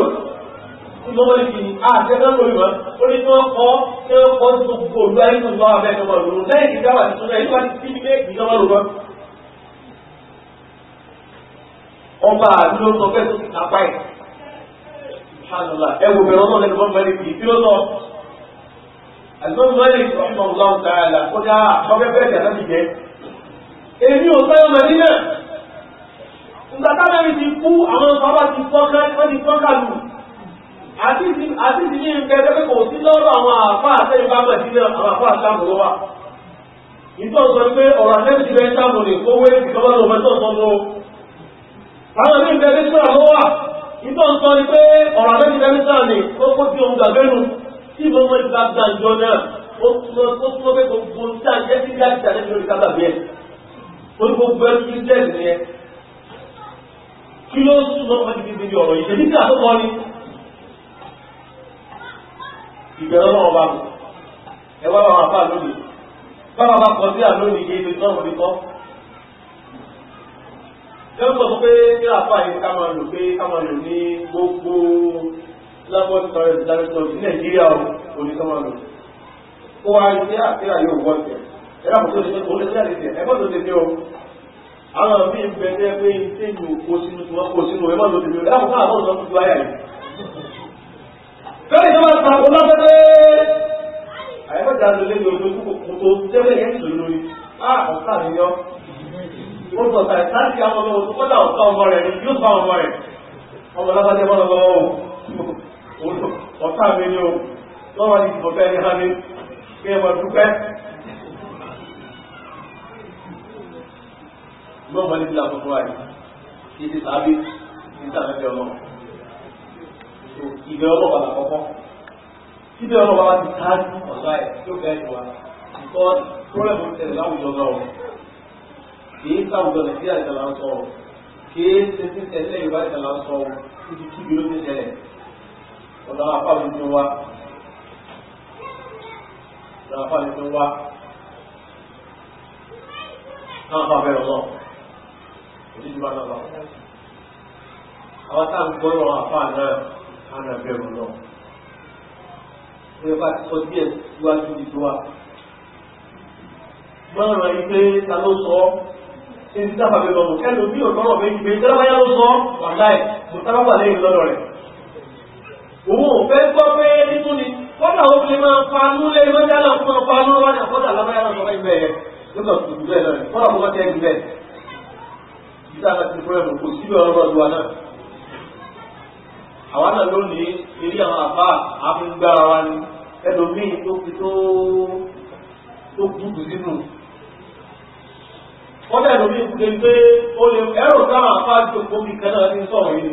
Speaker 1: gbogbo olú ayé tó lọ́wọ́ abẹ́ ìjọba lòrò lẹ́yìn ìdá wà àlùmọ́ mọ́lẹ̀ ìfọ̀mọ́ ọlọ́run tààlà ó dá ọgbẹ́fẹ́ ìjàdá mi jẹ́ èmi ò fẹ́ ọmọ nínà nígbà tábẹ́rì ti kú àwọn bàbá ti fọ́nká wọ́n ti fọ́nká lù àti ìdí ní nǹkan ẹgbẹ́ kò sí lọ́rọ̀ àwọn àfa àtẹ́yìn bá mọ̀ sílẹ̀ àwọn àfa àtàmùlò wa ìtọ́ sọ pé ọ̀rọ̀ àtẹ́yìn ti bẹ́ẹ̀ sàmùlò ìkówó ìkọ́wọ́ lọ́wọ́ tó sọ lọ́wọ́ àwọn ilé ìgbẹ́ bí sọ̀rọ̀ lọ́wọ́ ìtọ́ sọ ni pé ọ̀rọ̀ àtẹ́yìn ti bẹ́ẹ̀ sàmùlò ó kó sí ohun gbàgbẹ́nu tí mo mọ ìgbà gbàǹjọ náà ó túnmọ́ pé gbogbo tí a jẹ́ sí láti tàbí lórí sábà bí ẹ̀ orí gbogbo ẹ̀ kí lẹ́ nìyẹn kí ló túnmọ́ pé kí níbi ọ̀rọ̀ yìí ṣe nígbà tó kọ́ ni
Speaker 3: ìbẹ̀rẹ̀ náà wà
Speaker 1: mú ẹ wá bàbá bá lónìí bàbá bá kọ sí àlónìí yé ibi tọ́rùn mi kọ́ lọ́wọ́ sọ pé kí àfáà yìí ká máa lò pé ká máa lò ní gbogbo lábọ́ ti sọ̀rọ̀ islamic law ní nàìjíríà oníkọ́mọ́ mi ó wá ní àtìrà yóò wọ́n tẹ̀ ẹ̀rọ àpótò ìṣẹ́ tó lé sẹ́lẹ̀ tẹ̀ ẹ̀mọ́ tó ti fi o àwọn mí ń bẹ tẹ́ pé ṣé mi ò kó sínú tí wọ́n kó sínú ẹ̀mọ́ tó ti fi o ẹ̀rọ àpótò àwọn ọ̀sán tuntun ayà yìí.
Speaker 3: lórí ìjọba ìpàkó
Speaker 1: lọ́pẹ́pẹ́ àyẹ̀fẹ́ta ló lé ní ojú kòkòtò tẹ́lẹ̀ yẹn tó lórí á ọ̀sá mi yọ ó sọ sáì láti àwọn ọmọ ọmọ rẹ̀ yóò sọ àwọn ọmọ rẹ̀ ọmọ lábájẹ́ mọ́ lọ́wọ́ ọ̀tá mi ni o lọ́wọ́ ní ìfọ̀fẹ́ ní hami kí ẹ mọ̀ dúpẹ́ lọ́wọ́ mọ̀ ní ìlà fún wa yìí kí ti tàbí ní tàbí ọmọ ìbẹ̀ ọmọ wà lákọ́kọ́ síbẹ̀ ọmọ wa ti tàbí ọ̀sá ẹ̀ tí ó bẹ́ẹ̀ wà ìkọ́ pọ́lẹ̀mù tẹ̀lé láwùjọ náà kìí sáwùjọ nàìjíríà ìtàlá ń sọ kìí ṣe sí tẹ̀lé ìbá ìtàlá ń sọ ibi kíbi ló ọ̀dọ̀ àwọn afáàlì tí ó wá ọ̀dọ̀ àwọn afáàlì tí ó wá náà bá bẹ̀rẹ̀ lọ òní ti bá náà bá àwọn táà ń gbọ́rọ̀ àfáà náà á nà bẹ̀rẹ̀ lọ wọ́n bá òun ò fẹ́ gbọ́ pé nínú ni kọ́dà ó fi máa panú lé mọ́jálà fún ọ panú wá ní àkọ́dà lábáyà náà sọ́kọ́ ibẹ̀ yẹn lọ́dọ̀ tó dùn bẹ́ẹ̀ lọ́rẹ̀ kọ́dà mo bá tẹ́ ẹni bẹ́ẹ̀ títà náà ti fúnra kò síbi ọ̀rọ̀ ọ̀dọ̀ wa náà. àwa náà lónìí eré àwọn àbá àfíngbára wa ni ẹlòmíì tó fi tó tó gbùdù sínú. kọ́dà ẹlòmíì kúndé pé ó lè ẹrù táwọn àbá jòkó mi kan náà ti sọ̀rọ̀ yìí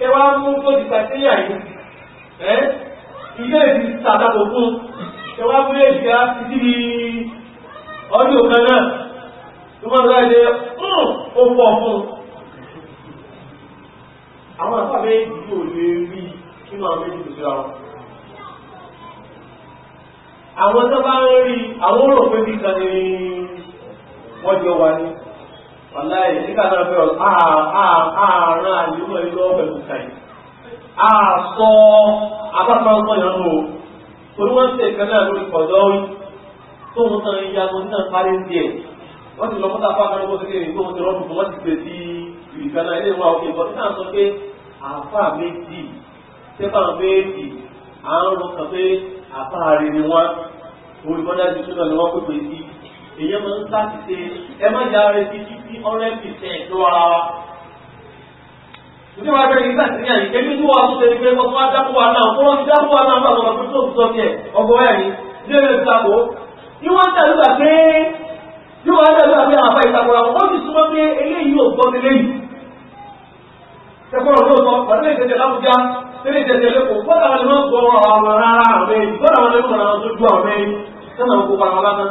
Speaker 1: ẹ wá mú tó ti gbàtíríà yìí ẹ ilé ìdí sàtàkò fún ẹ wá mú èyí ká títí di ọdún kan náà tó máa lọ ẹ̀dẹ̀ hmm, ó pọ̀ fún àwọn àfàbẹ́ ìdílé ò lè rí nínú àwọn méjì tó síra wọn àwọn tó bá ń rí àwọn òrò pé bí kan ni wọ́n jọ wà ní wàláyé nígbà náà fẹ́ ààrùn àdìmọ̀ ìlú ọ̀fẹ́ kùkà yìí àsọ abáfà ọgbọ́n yẹn lò torí wọ́n ṣe ìkan náà lórí kọ̀dọ́ yìí tó ń tan ìyá tó ń tàn parí díẹ̀ wọ́n ti lọ fún tàfà kan lọ́wọ́ kékeré tó ń tọrọ fún wọ́n ti pè sí ìkan náà ilé ìwà òkè ìbọn náà sọ pé àfà méjì sẹ́fà méjì àrùn kan pé àfà rẹ̀ ni wọ́n olùkọ́dá ti tún ni wọ́n pè pè sí èèyàn máa ń sáti ṣe ẹ má jà rẹ sí fifty hundred percent lọ ara wa. Ìdí wa bẹ̀rẹ̀ nígbà tí ní àyè kẹ́mí tó wà tó ṣe pé ọkọ̀ wa dákú wa náà kó wọ́n ti dákú wa náà bá lọ́wọ́ pé tó sọ ní ẹ̀ ọgbọ̀n ẹ̀ ní ilé ẹ̀rọ ìtakò. Ní wọ́n ń tẹ̀lé gbà pé ní wọ́n ń tẹ̀lé gbà pé àwọn àbá ìtakò ra wọ́n ti súnmọ́ pé eléyìí ò gbọ́ níléyìí. Ṣẹ̀kọ́ ọ̀rọ̀ ló sọ, pàdé lè tẹ̀tẹ̀ lábújá, tẹ̀lé tẹ̀tẹ̀ lẹ́kọ̀ọ́, gbọ́dọ̀ àwọn ẹni máa ń gbọ́ ọ̀rọ̀ àwọn ará àwọn ẹni, gbọ́dọ̀ àwọn ẹni máa ń tọ́jú àwọn ẹni, sẹ́nà ń kópa àwọn lásán.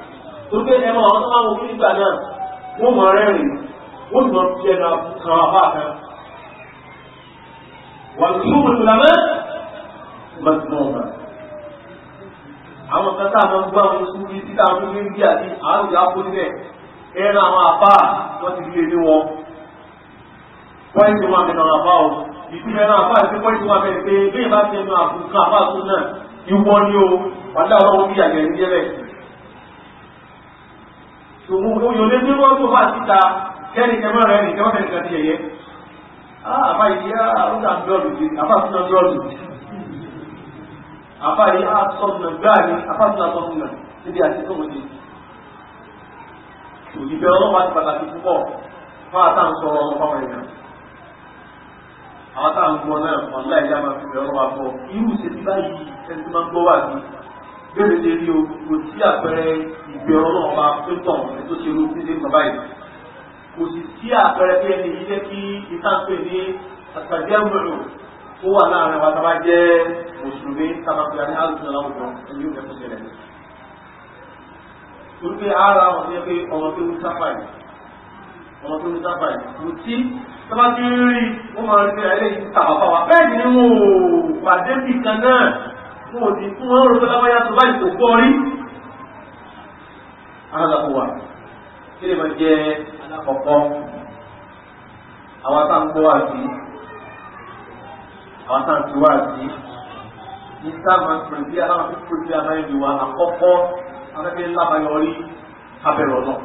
Speaker 1: torí pé ẹmọ àwọn tó máa wọ nígbà náà wọ́n mọ rẹ́rìn wọ́n mọ fi ẹnu kan apá kan wà ní ìlú mùsùlùmí mọ̀tìmọ̀mọ̀ àwọn kan tá a máa ń gbọ́ àwọn oṣù bíi títà àwọn oṣù bíi àti àrùn àpò níbẹ̀ ẹran àwọn apá wọn ti lé ní wọn pọ́ìntì wọn àmì náà apá o ìpínlẹ̀ náà apá àti pọ́ìntì wọn àmì pé bí ìbá ti ẹnu àbùkù ni o òun òun lè ní wọ́n tó wà síta kẹ́ni kẹmọ́ rẹ̀ nìkan mọ́fẹ́ nìkan ti yẹyẹ ah, àbá yìí á rúdà dọ́ọ̀lù sí àbá súná dọ́ọ̀lù àbá yìí á sọ́ọ̀nà gbáà ní àbá súná sọ́ọ̀nà níbi àti sọ́mọdé ìbẹ̀ ọlọ́pàá ti pàtàkì púpọ̀ fún àtàn sọ ọmọ fáwọn èèyàn àwọn táwọn gbọ́ náà ọ̀nà ìyá máa fi ọlọ́pàá bọ̀ irú ìṣèlú báyìí ẹni tó máa gbọ́ wà ní bẹ́ẹ̀ lè rí o kò sí àpẹẹrẹ ìgbẹ́ ọlọ́run máa tó tàn ẹni tó ṣe irú títí kan báyìí kò sì sí àpẹẹrẹ pé ẹni yìí jẹ́ kí ìtànpẹ̀ ní àtàjẹ́ mọ̀lò ó wà láàrin wa tá bá jẹ́ mùsùlùmí tàbàkìlá ní àlùfẹ́ aláwùjọ ẹni yóò fẹ́ ṣẹlẹ̀ torí pé ara wọn ní pé ọ̀rọ̀ tó ń sáfà yìí ọ̀rọ̀ tó ń sáfà yìí kò sí tó bá ti rí wọ́n máa rí pé ẹlẹ́yìn tàbàfà bẹ́ẹ̀ ni wọn pàdé wọn ò ní fún wọn rò lọ́wọ́ yàtọ̀ báyìí kò gbọ́ rí. alákòó wa kí lè máa jẹ alákọ̀ọ́kọ́ àwọn tá à ń gbọ́ àti àwọn tá à ń ti wá àti ní sáàmà pèsè aláwọ̀ tó pèsè aláwọ̀ ìwà àkọ́kọ́ alábẹ́ lábàyọrí abẹ́rọ̀ náà.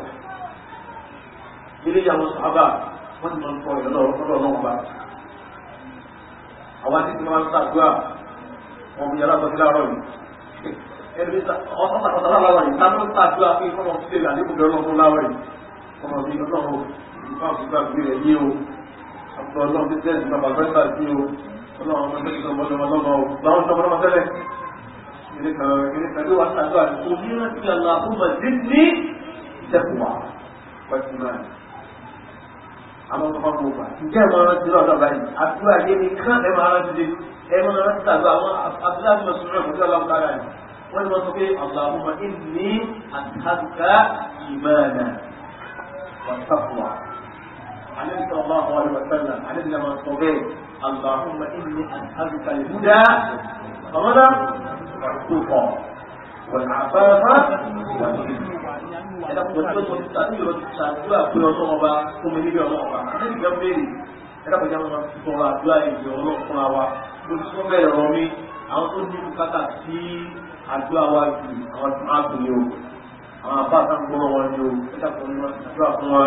Speaker 1: ilé ìyàwó sábà wọ́n ti máa ń kọ́ ìrọ̀lọ́ ọlọ́ọ̀lọ́wọ́ bá. àwọn àti tí wọ́n máa ń ṣàdúrà wọn fi yàrá sọ sí láàárọ̀ yìí ẹni ọ̀sán takọ̀tà láwọ̀ yìí tá ló ń tàdúrà pé kọ́nà sílẹ̀ làdébù bẹ́ẹ̀ lọ́dún láwọ̀ yìí kọ́nà sí ọlọ́run ìfà òṣìṣẹ́ àgbé rẹ̀ yé o àpò ọlọ́run ti tẹ́ẹ̀sì bàbá bẹ́ẹ̀ta sí o ọlọ́run ọmọ tẹ́ẹ̀sì ọmọ ọlọ́run ọlọ́run ọlọ́run ọmọ àwọn tó máa ń gbà ǹjẹ́ ẹ̀ máa rántí lọ́dọ̀ báyìí àdúrà yẹn ni kán ẹ̀ máa rántí ẹ̀ máa rántí tàbí àwọn abúlé àti ọ̀sùn rẹ̀ kọjá lọ́wọ́ kára ni wọ́n ní wọ́n sọ pé Allahumma inni àtàkà ìmáàna wàtàkùwà. Àlejò sọ ọba àwọn ọ̀rẹ́ wàtàkùwà àlejò náà máa sọ bẹ́ẹ̀ Allahumma inni àtàkà ìmúdá ọmọdé wọ̀nàfáfá ẹ̀dàkùnrin tó ti ṣàtúnyọ̀ ṣàdúrà pé ọjọ́ ọba tó mi níbi ọmọ ọba àtẹ́bí kan béèrè ẹ̀dàkùnrin tó máa fi tọrọ àdúrà ìjọ ọlọ́run fún wa mo ti tún bẹ̀rẹ̀ rọ mi àwọn tó ní bùkátà sí àdúrà wa ju àwọn tó máa gbìn o àwọn àbá àtàkùnrin wọn ni o ẹ̀dàkùnrin wọn ṣàdúrà fún wa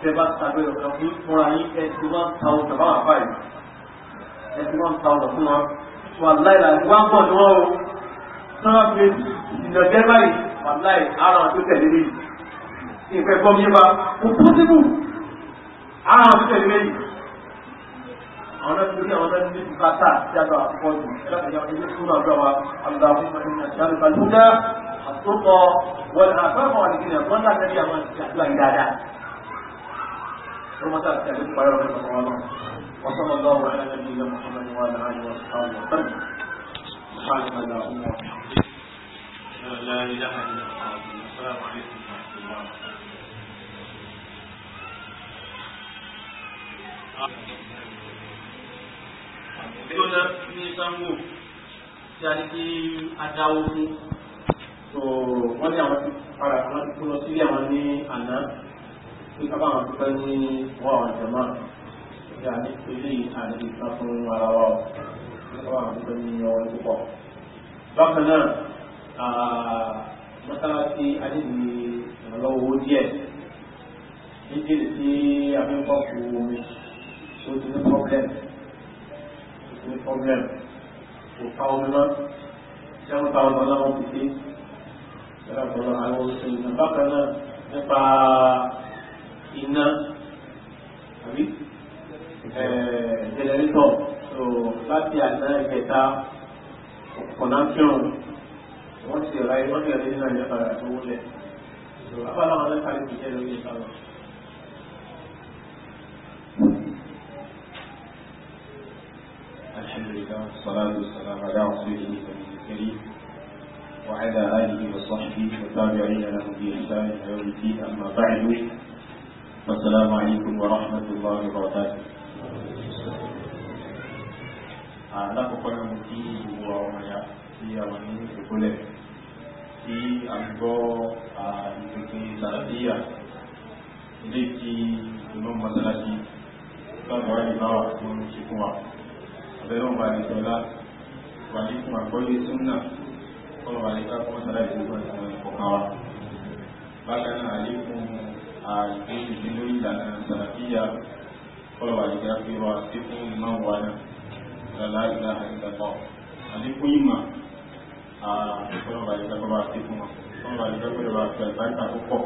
Speaker 1: tẹ́ bá ṣàdúrà kan fún fúnra yín ẹ̀ tó máa ń bọ̀ ní wọn o sọ́nà pé ìjọjẹ́ báyìí wàláì ara tó tẹ̀lé lé yìí ìfẹ́ gbọ́ mi bá kò pọ́sibú ara tó tẹ̀lé lé yìí àwọn náà torí àwọn náà ní bàtà tí a lọ àkọ́kọ́ jù ẹlẹ́kọ̀ọ́ ilé súnmọ́ ọ̀dọ́ wa àlùdàbọ̀ ìmọ̀ ìṣàlù balùwẹ̀ àtúntọ̀ wọn àfẹ́fọ̀ àdìgbìyàn wọn náà tẹ̀lé àwọn ìṣàlù àyídáadáa. ثم تأتي بالطيرة من الله وصلى الله على نبينا محمد وعلى آله وصحبه وسلم سبحانك اللهم وبحمدك لا اله الا انت ní Wọ́n àwọn ti para àwọn ti kó lọ sílé àwọn ní àná kí ká bá àwọn ti pẹ́ ní ilé ìtàn ìta fún ara wa o ọwọ́ àdúgbò ní ọwọ́ púpọ̀. bákan náà mọ́sálásí adébí ìrànlọ́wọ́ owó díẹ̀ nítorí tí abẹ́ńkọ́ kú omi tó ti ní pọ́blẹ́m tó ti ní pọ́blẹ́m kò ká omi mọ́ seven thousand náà wọ́n ti dé seven thousand tó láti àná ìgbẹ̀ta kọ̀nàfíọ̀n wọ́n ti ra ẹgbẹ́ ọ̀dẹ̀ nínú ẹ̀yẹ́ padà tó wúlẹ̀ tó abala wọn lẹ́ka lè jẹ́ lórí ìta lọ. الحمد لله والصلاة والسلام على رسوله النبي الكريم وعلى آله وصحبه وتابعين له بإحسان إلى يوم الدين أما بعد فالسلام عليكم ورحمة الله وبركاته alákọ̀ọ́kọ́ náà mo kí gbogbo àwọn ọ̀yà tí a wà ní ìpínlẹ̀ tí a ń gbọ́ ìpínpín sàlàdíyà ilé tí ìlú mọ́sálásí láwọn àyè bá wà tó ń ṣe fún wa abẹ́rẹ́ ọ̀bà ìṣọ́lá wà ní fún àgbọ́lé súnà ọ̀rọ̀ wà ní ká fún mọ́sálásí gbogbo àwọn ìkọ̀ọ̀kan wa bákan náà àyè fún àìpé ìdílé ìlànà sàlàdíyà ọ̀rọ̀ wà ní ká fi sí fún ìmọ̀ wa náà ko ba ba ti la ìlà láìlà ìlẹ̀kọ́ àdínkù ìmọ̀ ìfọ́nàbà ìjẹ́kọ̀ọ́bà sí fún wọn fọ́nàbà ìjẹ́kọ̀ọ́bà sí àgbáríkà tó pọ̀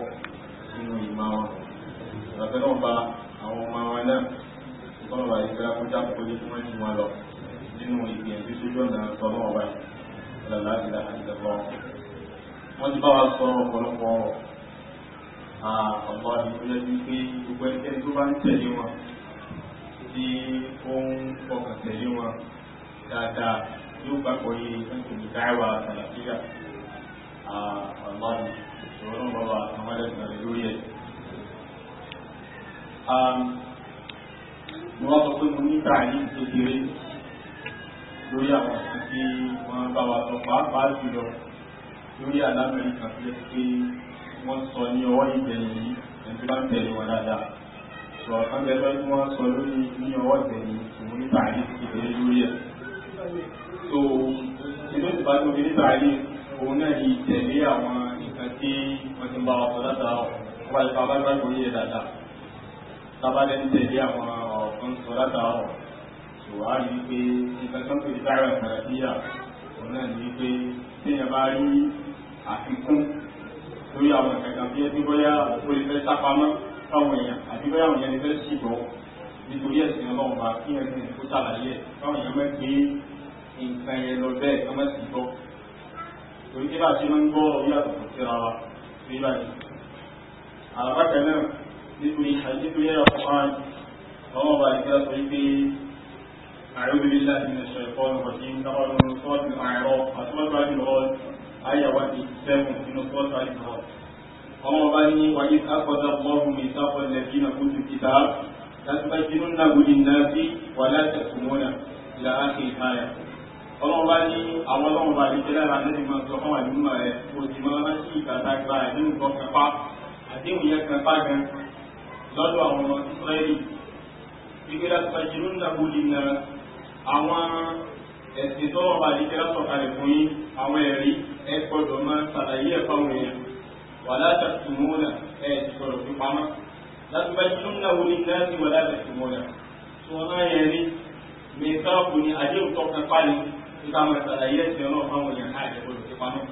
Speaker 1: nínú ìmọ̀ wọn ìrọ̀tẹ́lọ́ba àwọn ọmọ wọn náà ìfọ́nàbà ìjẹ́ akọ́jà kókó lé fún ẹ̀sìn wọn lọ nínú ìgbìyànjú sójú ọ̀nà tọ́lọ́wọ́ báyìí ìlà láìlà ìlẹ̀kọ́ wọ́n ti bá wa sọ ọ̀pọ̀lọpọ̀ ọ̀gbọ́n ìfúnlẹ̀ tí ó ń fọkàn tẹ̀lé wọn dáadáa yóò gbàgbọ́ yé ẹ̀sùn ní dáìwà àlàáfíà àlọ́dún ìṣòro náà bọ́wọ́ àmọ́lẹ́sìn rẹ̀ lórí ẹ̀. mo wá sọ pé mo ní tààlí kékeré lórí àwọn ọ̀sán tí wọ́n bá wa sọ pàápàá jùlọ lórí àlámẹ́rin kan tó yẹ pé wọ́n sọ ní ọwọ́ ìbẹ̀yìn yìí ẹni bá ń tẹ̀lé wọn dáadáa sọ ọ̀sánbẹ́ lọ́yí wọ́n sọ lórí ní ọwọ́ ìgbẹ̀yìn òun nípa àyè ìbẹ̀rẹ̀ lórí ẹ̀ so ìlú ìbá tó fi nípa àyè òun náà ni tẹ̀lé àwọn nǹkan tí wọ́n ti ń bá ọkọ̀ látara wà lè bàbá bá lórí ẹ̀ dáadáa tábàdé ń tẹ̀lé àwọn ọ̀kan sọ látara ọ̀ so a rí pé nǹkan tó ń pè ní dára ìpàdàbíyà òun náà ni pé téèyàn bá rí àfikún lórí àwọn ìkẹ̀kẹ̀ bí ẹ fáwọn èèyàn àti bóyá àwọn èèyàn lè fẹ́ sí nítorí ẹ̀sìn ọlọ́run bá kí ẹ̀sìn kó ṣàlàyé ẹ̀ èèyàn mẹ́ gbé nǹkan yẹn lọ bẹ́ẹ̀ kọ́ mẹ́ sì gbọ́ torí kí bá ṣe ń gbọ́ orí àtọ̀tọ̀ síra wa sí báyìí àlàbákẹ́ náà nítorí àìsíkúrí ẹ̀rọ kan ọmọ bá ìgbà sọ pé أعوذ بالله من الشيطان الرجيم نرى من صوت الأعراف أسود الرجل آية 1 ọmọ bá ní wàyí sáfọ́dá mọ́rùn mi sáfọ́dá bí na kúrò kìtà látàkínú na gudin náà sí wà láti àtúmọ́nà ìlà ákè ìmáyà ọmọ bá ní àwọn ọmọ bá ní tẹ́lá rà nẹ́bí máa sọ fáwọn àdúgbò rẹ̀ kò máa rán sí ìgbàta gba àdéhùn kan kápá àdéhùn yẹn kan gan lọ́dọ̀ àwọn ọmọ Ísírẹ́lì ìgbé látàkínú na gudin náà àwọn ẹ̀sìn tọ́lọ́ bá ní sọ̀kalẹ̀ fún yín àwọn ẹ̀rí ẹ wàlá tàkùmọ́nà ẹ̀ sọ̀rọ̀ fi pamọ́ látúbẹ̀túnnà wòlí náàtì wàlá tàkùmọ́nà tí wọ́n náà yẹn rí mẹ́tàkù ni àdéhùn tọ́kàn pálí nípa àwọn ìsàlàyé ẹ̀sìn ọlọ́run fáwọn èèyàn náà ẹ̀ sọ̀rọ̀ fi pamọ́.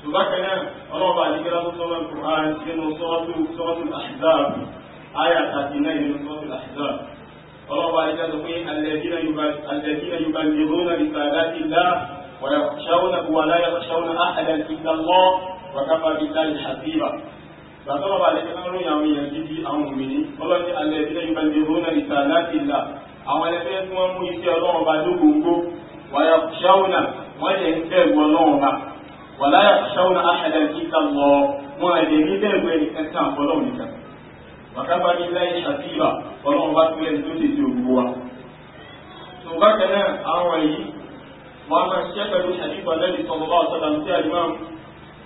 Speaker 1: ṣùgbọ́n kẹ́lẹ́ ọlọ́ba àdìgbẹ́lá tó sọ́wọ́n kò á sínú sọ́ọ́tù sọ́ọ́tù àṣìdáàbù áyà tàbí náà nínú sọ́ọ́tù àṣìdáàbù ọlọ́ba àdìgbẹ́ sọ pé alẹ́dínà yorùbá lè rọ́nà ìsàlá ìlà wàlá ṣàwọn àbúwàlá yàtọ̀ ṣàwọn àhàlẹ̀ ìgbàlọ́ wàkàfà bíi láì hasiba gbàtọ́rọ̀ bá lẹ́kẹ́ náà ròyìn àwọn èèyàn gidi àwọn òmìnir ọlọ́run ní alẹ́ ìdílé yìí balẹ̀ ìhó náà ìta láti ìlà àwọn ẹlẹ́fẹ́ tí wọ́n mú iṣẹ́ ọlọ́run bá lógóńgó wàyà ṣáwùnà wọ́n lè ń bẹ̀rù ọlọ́run bá wàláyà ṣáwùnà àṣàdà kíkà lọ wọn ẹ̀dẹ̀ ní bẹ̀rù ẹni kẹta ọlọ́run nìkan wàkàfà bíi láì ṣàfihàn ọlọ́run bá tún ẹni tó lè di ògbó wa. ṣùgbọ́n kẹ́lẹ́ àwọn yìí wọ́n máa ṣiṣẹ́ pẹ̀lú ṣàfihàn lẹ́yìn sọ̀rọ̀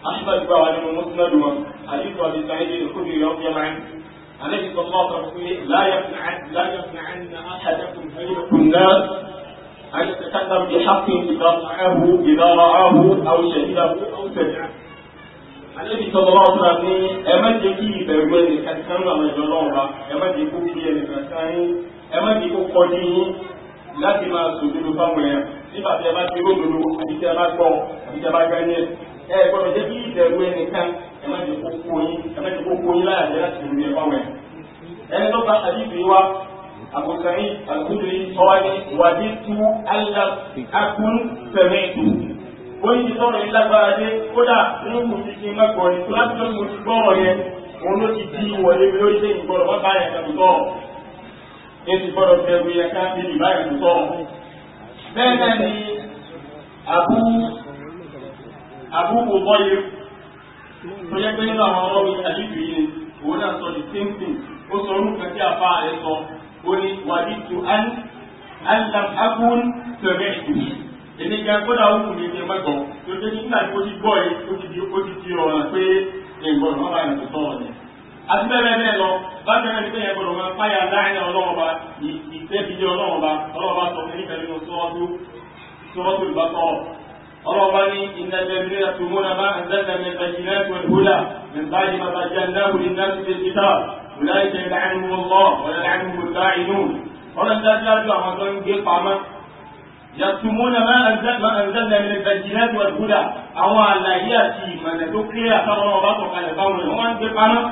Speaker 1: أحمد بن مسند حديث أبي سعيد الخدري رضي الله عنه النبي صلى الله عليه وسلم لا يمنع لا يمنعن أحدكم أن الناس أن يتكلم بحق إذا رآه إذا رآه أو شهده أو سمعه alẹ́bi sọ̀rọ̀ wa ọ̀sán ní ẹ má jẹ́ kí ìbẹ̀rù ẹnì kankan lọ́wọ́ ìjọ náà wá ẹ má jẹ́ kó kí ẹnì kankan yín ẹ má láti máa sòdodo fáwọn èèyàn nígbà tí a bá ti ródodo àti tí a bá gbọ́ àti tí a bá gbáyé ẹ gbọ́dọ̀ jẹ́ kí ìdẹ̀rù ẹnìkan ẹ má ti kókó yín ẹ má ti kókó yín láàyè láti rìn ẹ fáwọn èèyàn. ẹni tó bá àdìsí wa àbùkàrí àgùdìrí sọ́wádìí wàdí tú àlá akún fẹ̀mẹ́tù oyin ti sọ̀rọ̀ yìí lágbára dé kódà nínú kò ti fi má gbọ́ ni tó láti tó ti gbọ́ ọ̀rọ̀ yẹn òun ló ti di ìwọlé lórí ṣé ìgbọ́dọ̀ bá bá yẹn tàbí ètò gbọ́dọ̀ bẹ̀rù yẹ ká bí ìbáyìí tó sọ̀rọ̀. bẹ́ẹ̀ náà ni abu, àbúkù bọ́yé tó yẹ pé nínú àwọn ọmọ ìtàlíbì yìí ni òun náà sọ the same thing ó sọ orúkọ tí àfa rẹ̀ sọ ó ní wàdí tu an an lam akun tẹ̀lé ìlú èmi ga gbọ́dọ̀ àwọn òkùnrin ẹgbẹ́ mẹ́gbọ̀n tó dé nígbà tí ó ti gbọ́ yìí ó ti di ọ̀ràn pé ẹ̀gbọ́n ọ̀rọ̀ máa ń sọ̀rọ̀ àti bẹ́ẹ̀ bẹ́ẹ̀ lọ bákan náà ní pé yẹn gbọdọ̀ máa páyà láàrin ọlọ́wọ́ba ìtẹ́bíjẹ́ ọlọ́wọ́ba ọlọ́wọ́ba sọ fún nípa nínú sọ́ọ́dún sọ́ọ́dún ìbátọ́ ọlọ́wọ́ba ní ìnàjẹ́bí àtúmọ́nà bá ń zẹ́lẹ̀ mẹ́ta jìnnà pẹ̀lúhùlà mẹ́ta yìí bàbá jẹ́ndà wùlí náà ti kíta wùlá ìjẹ́ ìdáhìn yàtúmọ́nà máa ń zẹ́lẹ̀ mẹ́ta jìnnà pẹ̀lúhùlà àwọn àlàyé àti ìmọ̀lẹ̀ tó kílẹ̀ àtàwọn ọba sọ̀kalẹ̀ báwọn ẹ̀ wọ́n ń gbé pamọ́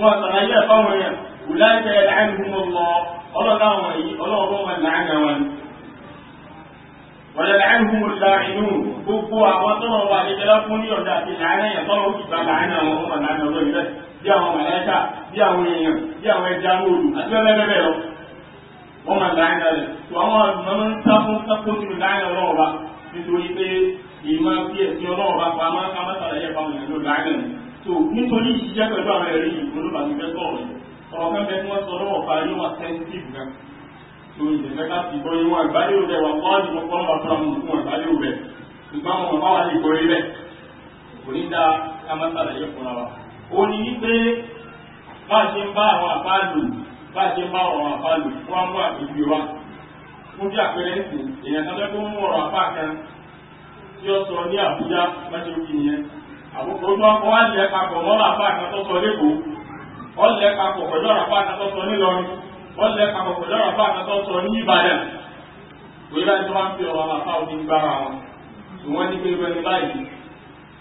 Speaker 1: wọn àtàlàyé àfáwọn èèyàn kò láìpẹ́ láàrínhùn ọlọ ọlọ́dá àwọn èyí ọlọ́ọ̀bọ̀ wọn láàrín wọn wọ́n láàrínhùn láàrínú gbogbo àwọn tó wọn wà nígbẹ́lá fún ní ọ̀dà àti láàrín yẹn tọ́lọ́ òkè bá láàrín àwọn ọmọ láàrín ọlọ́ ilẹ̀ bí àwọn màláíkà bí àwọn èèyàn bí àwọn ẹja lóòlù àti bẹ́ẹ̀ lọ wọ́n máa láàrín rẹ̀ tó àwọn ọmọ ń sá fún sápótì tó nítorí ìṣiṣẹ́ pẹ̀lú àwọn ẹ̀rí olùbàdìfẹ́
Speaker 3: sọ̀rọ̀ ọ̀rọ̀ kan bẹ tí wọ́n sọ lọ́wọ́ pa yóò wà sensitive gan tó ìjẹ̀fẹ́ ká ti bọ́ ìwọ̀n àgbáyé rẹ̀ wà fún àdìmọ́ fún ọmọ fún ọmọ fún àgbáyé rẹ̀ ṣùgbọ́n àwọn ọmọ wa lè borí
Speaker 1: rẹ̀ kò ní da ká má sàlàyé wa. ó ní wípé bá a ṣe ń bá àwọn àfáàlù bá a ṣe ń bá àwọn àfáàlù fún àwọn àpèjì wa fún bí àpẹẹrẹ ìsìn èèyàn tó fẹ́ kó mú ọ̀rọ̀ àpá kan tí ó sọ ní Àbújá bá ṣe kí nìyẹn àkókò tó ń kọ́ wá lẹ́ papọ̀ lọ́rọ̀ àpá kan tó sọ lẹ́kọ̀ọ́ wọ́n lẹ́ papọ̀ pẹ̀lú ọ̀rọ̀ àpá kan tó sọ nílọrin wọ́n lẹ́ papọ̀ pẹ̀lú ọ̀rọ̀ àpá kan tó sọ ní ìbàdàn
Speaker 3: kò yẹ láti wọ́n fi ọ̀rọ̀ àpá òní gbára wọn ṣùgbọ́n ní pé irú ẹni báyìí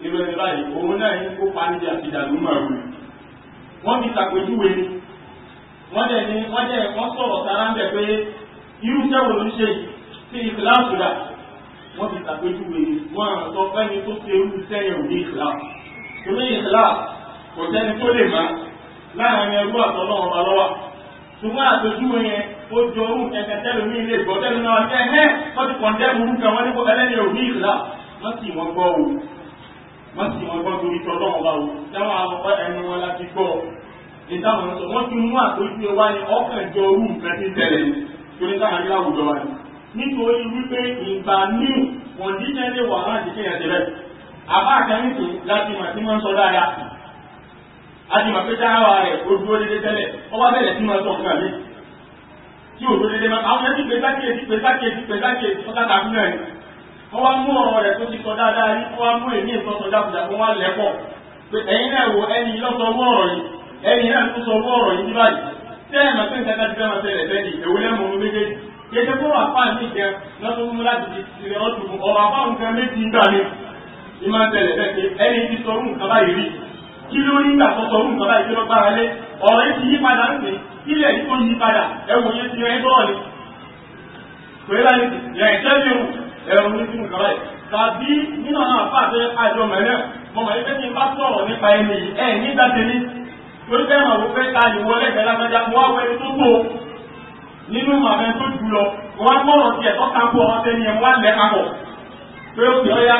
Speaker 3: irú ẹni báyìí òun náà ń kópa níbi àfidà lùmọ̀ọ́rù wọ́n fi
Speaker 1: ṣàpèjúwe wọ́n dẹ̀ ní wọ́n dẹ̀ wọ́n sọ̀rọ̀ sára ń bẹ̀ wọ́n ti tàgbéjúwe wọ́n àwọn sọ fẹ́ni tó ṣe irú sẹ́yìn òní ìlà torí ìlà kò sẹ́ni tó lè má láàrin ẹrú àtọ́nà ọba lọ́wọ́ ṣùgbọ́n àtọ́júwe yẹn ó jọ orú kẹkẹ tẹ́lu mí lè gbọ́ tẹ́lu náà ṣe ẹ́ wọ́n ti kàn dẹ́nu orúkọ wọn nípa ẹlẹ́ni òní ìlà wọ́n sì wọ́n gbọ́ o wọ́n sì wọ́n gbọ́ torí tọ́lọ́ ọba o táwọn àwọn ẹnu wọn láti gbọ́ ìtàwọn sọ wọ́n ti mú àtọ́jú wa ní ọkàn jọ orú nǹkan tí tẹ̀lé torí táwọn ilé àwùjọ wa ni. nítorí wípé ìgbà míì kọ̀ǹdíṣẹ́ lè wà láti fi hàn àbá àkànníṣe láti mà sí máa ń sọ dáadáa láti mà pé dáhàwá rẹ̀ ó dúró tẹ́lẹ̀ ó bẹ̀rẹ̀ sí máa sọ nǹkan mi. tí ò dúró máa àwọn ẹni wọ́n wá mú ọ̀rọ̀ rẹ̀ tó ti sọ dáadáa yìí wọ́n wá mú èmi ìtọ́sọ sọ ọ̀rọ̀ yìí yẹtẹ kó wà fáà ní ìjẹ lọ́dún mú láti di ìrẹ̀ ọdún ọ̀rọ̀ àfáà nǹkan méjì ń gbà ní ìmọ̀ tẹ̀lẹ̀ tẹ̀lẹ̀ ẹni tí sọrú nǹkan báyìí rí kí ló ní ìgbà tó sọrú nǹkan báyìí tí wọ́n gbára lé ọ̀rọ̀ yìí ti yí padà ń sìn ilẹ̀ yìí tó yí padà ẹ̀wò yẹn ti rẹ̀ bọ́ọ̀ ni pé láti yẹ ẹ̀jẹ̀ mi rù ẹ̀rù ní sínú nǹkan báyìí tàbí nínú àwọn àfáà tó yẹ kájọ mẹ́rẹ̀ mo mọ̀ pé kí n bá sọ̀rọ̀ nípa ẹni yìí ẹ̀ nígbà tẹ́lẹ̀ lórí nínú màmá tó jù lọ wọn gbọ́dọ̀ tiẹ̀ tọ́ka kú ọmọ tẹ́ni ẹ̀ wọ́n lẹ́ akọ̀ pé ó fi ọya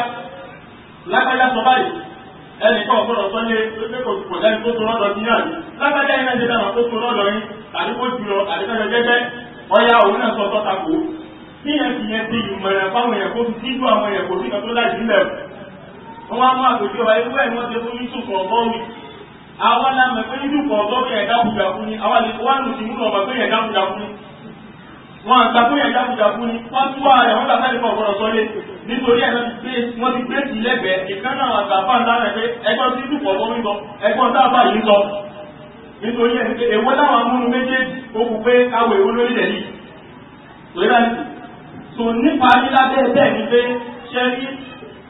Speaker 1: lágbájá sọ báyìí ẹnì kan gbọ́dọ̀ sọ lé pé kò kò lẹ́nu tó tó lọ́dọ̀ yín náà lágbájá yín náà ṣe dáná tó tó lọ́dọ̀ yín àdúgbò jù lọ àdúgbò jẹ́jẹ́ ọya òun náà sọ tọ́ka kú
Speaker 3: níyẹn ti yẹn ti ìmọ̀ràn fáwọn èèyàn kó fi síjú àwọn èèyàn kò sí kan tó láì nílẹ̀ wọn wá mú àgbèjì ọba ewu ẹ̀ wọ́n ti fún yusuf ọgọ́rin àwa la mọ̀ pé yusuf
Speaker 1: ọgọ́rin ẹ̀dá bujà fún ni àwa lè wá lùsì nínú ọmọ ẹ̀dá bujà fún ni wọn àgbà fún yẹn jákujáku ni wọn tún wà rẹ wọn gbà sáré fún ọgbọdọ sọlé nítorí ẹ wọn ti gbé sí lẹ́gbẹ̀ẹ́ ìkan náà àgbà fún àǹdá rẹ pé ẹgbọn tí dùn pọ̀ fún sọ ẹgbọn tá a bá yìí sọ nítorí ẹ èwo láwọn amúnu méjèèjì ó kù pé káwọ èwo lórí rẹ yìí lórí rẹ tò nípa nílábẹ́ bẹ́ẹ̀ ni pé ṣẹ́rí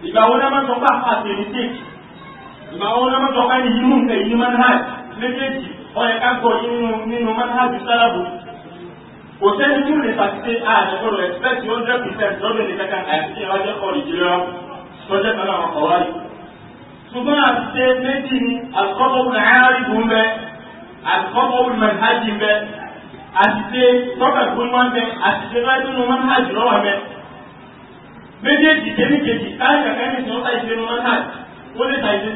Speaker 1: ìgbà wo náà máa sọ pé àtẹ̀lé tèkì ìgbà wo náà máa sọ pé ẹni yìí mú nǹkan èyí máa ń hà méjèèjì ọ̀ kò sẹ́ni tí ó lè pàṣẹ àdìgbòrò expect hundred percent lọ́dọ̀ ní kankan àti tí ìwájú ẹ̀kọ́ ìjìlá sọ́jọ́ kan àwọn ọ̀wá yìí. ṣùgbọ́n àṣìṣe méjì ni àkọ́kọ́ òun àárígun ń bẹ àkọ́kọ́ òun mẹ́hàjì ń bẹ àṣìṣe tọ́kà tó ń wá ń bẹ àṣìṣe láti nù mẹ́hàjì lọ́wọ́ bẹ. méjèèjì kéríkèjì káyọ̀ kẹ́mi tí wọ́n ta ìṣe nù mẹ́hàjì ó lè ta ìṣe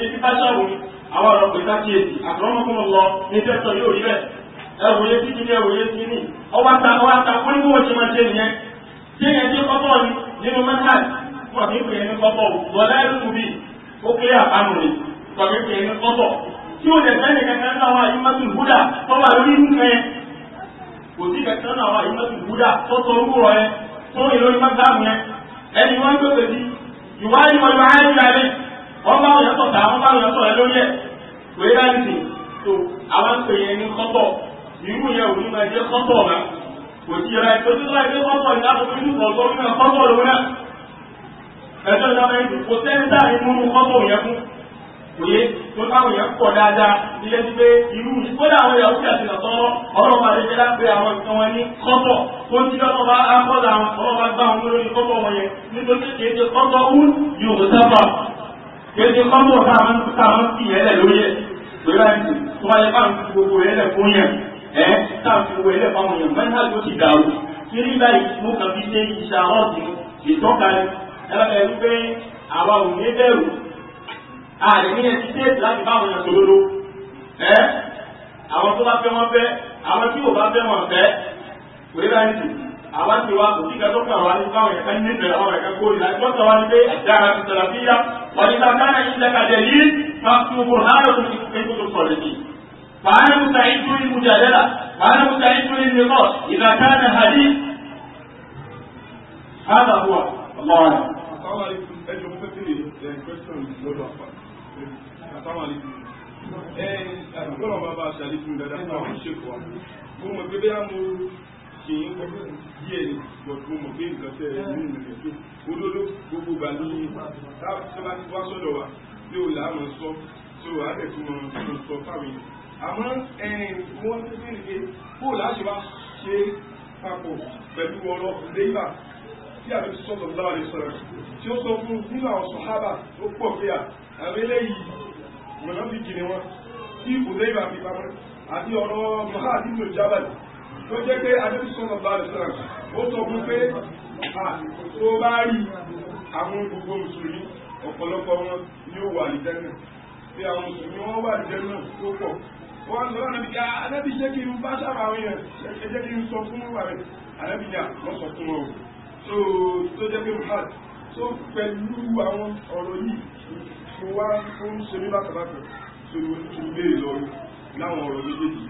Speaker 1: ẹwòye títí ní ẹwòye tí ní ọwọ́ ta ọwọ́ ta ó ní bóun ṣe máa ṣe nìyẹn tí yẹn ti kọ́kọ́ ni nínú manhaj wọn kì í pè é ní kọ́kọ́ wọlé ẹlùmù bíi ó kéré àpamọ́ ni wọn kì í pè é ní kọ́kọ́ tí ó lè fẹ́ni kankan náà wà yí mọ́tò búdà tó wà lórí nǹkan yẹn kò sí kankan náà wà yí mọ́tò búdà tó tó orúkọ yẹn tó ń lórí mọ́tàmù yẹn ẹni wọ́n ń gbèsè sí ìwádìí wọn máa ń yára wọn bá wọn yàtọ̀ tà wọn irú yẹn òní máa jẹ́ kọ́tọ̀ náà kò sí yẹra ètò tí wọ́n ẹgbẹ́ kọ́tọ̀ ní àkókò inú kọ̀ọ̀tọ̀ ní kọ́tọ̀ lówó náà ẹjọ́ ìjọba yìí kò sẹ́ńtà nínú kọ́tọ̀ yẹn fún òye tó táwọn yẹn pọ̀ dáadáa ilé ti pé irú yìí kódà àwọn ìyàwó ti àti ìlọ̀tọ́rọ́ ọ̀rọ̀ máa lè jẹ́lá pé àwọn nǹkan wọn ní kọ́tọ̀ tó ti dọ́tọ̀ bá akọ́lá àwọn ọ̀rọ̀ máa gbá àwọn olórí kọ́tọ̀ wọn yẹn nítorí kìí ṣe kọ́tọ̀ ń yòó sábà kìí ṣe kọ́tọ̀ táwọn ń fi yẹn lẹ̀ lóye tó yára ti tó wáyé bá ń fi gbogbo yẹn lẹ̀ fún yẹn ẹ táwọn fi wọ ilé fáwọn èèyàn mẹ́ta ló ti dàrú kiri báyìí mo kàn fi ṣe iṣẹ́ àwọn ọ̀sìn ìtọ́ka ni ẹ rí pé àwa ò ní bẹ̀rù ààrẹ ní ẹtí déètì láti bá àwọn èèyàn sòdodo ẹ
Speaker 3: àwọn tó bá fẹ́ wọn fẹ́ àwọn tí ò bá fẹ́ wọn fẹ́ kò ní báyìí àwa ti wá kò sí ká tó kàn wá ní báwọn ẹ̀ka ní nífẹ̀ẹ́ àwọn ẹ̀ka kórìí láti wọ́n sọ ní pé àjára ti sọ̀rọ̀ bí yá wọ́n ti ta معنى
Speaker 1: مستعد للمجادلة معنى مستعد للنقاش إذا كان حديث هذا هو الله أعلم
Speaker 3: السلام عليكم ẹjọ mo fẹ́ kí ni eh, question lọ́dọ̀ àpá àtàwọn àlejò ẹ àgbọ̀nà bàbá àṣàlejò dáadáa fún àwọn ìṣèkọ wa mo mọ̀ pé bí a mo ṣe ń kọ́ díẹ̀ ni mo mọ̀ pé nǹkan tẹ̀ ẹ̀ ní ìrìnlẹ̀ tó olólo gbogbo gbà ní sábà tí wá sọ́dọ̀ wa bí o là á mọ̀ sọ tó àárẹ̀ tó mọ̀ sọ fáwọn èèyàn àmọ́ ẹ̀yìn wọ́n ti fi nìké bó láti wá ṣe papọ̀ pẹ̀lú ọ̀rọ̀ lẹ́yìnbà tí a lè sọ́tọ̀ láàrin sọ̀rọ̀ tí ó sọ fún nínú àwọn sọ̀hábà ó pọ̀ pé à àwọn eléyìí mọ̀nà fi jìnnì wọn tí kò lẹ́yìnbà fi pamọ́ àti ọ̀rọ̀ mọ̀há àti ìlú ìjábà tó jẹ́ pé a lè sọ́tọ̀ láàrin sọ̀rọ̀ ó sọ fún pé à tó bá rí àwọn gbogbo mùsùlùmí ọ̀pọ̀lọpọ̀ wọn ni ó wà ní jẹ́nà tí àwọn mùsùlùmí wọn wà ní jẹ́nà tó pọ̀ wọ́n sọ lọ́nà bí i anábì kí n bá sábà àwọn èèyàn jẹ́ kí n sọ fún wà rẹ̀ anábì yà ah, wọ́n sọ fún wọn so tó jẹ́ pé mohad so pẹ̀lú àwọn ọ̀rọ̀ yìí mo wá fún sẹ́mi bákàbákà so mo ti béèrè lọ láwọn ọ̀rọ̀ méjèèjì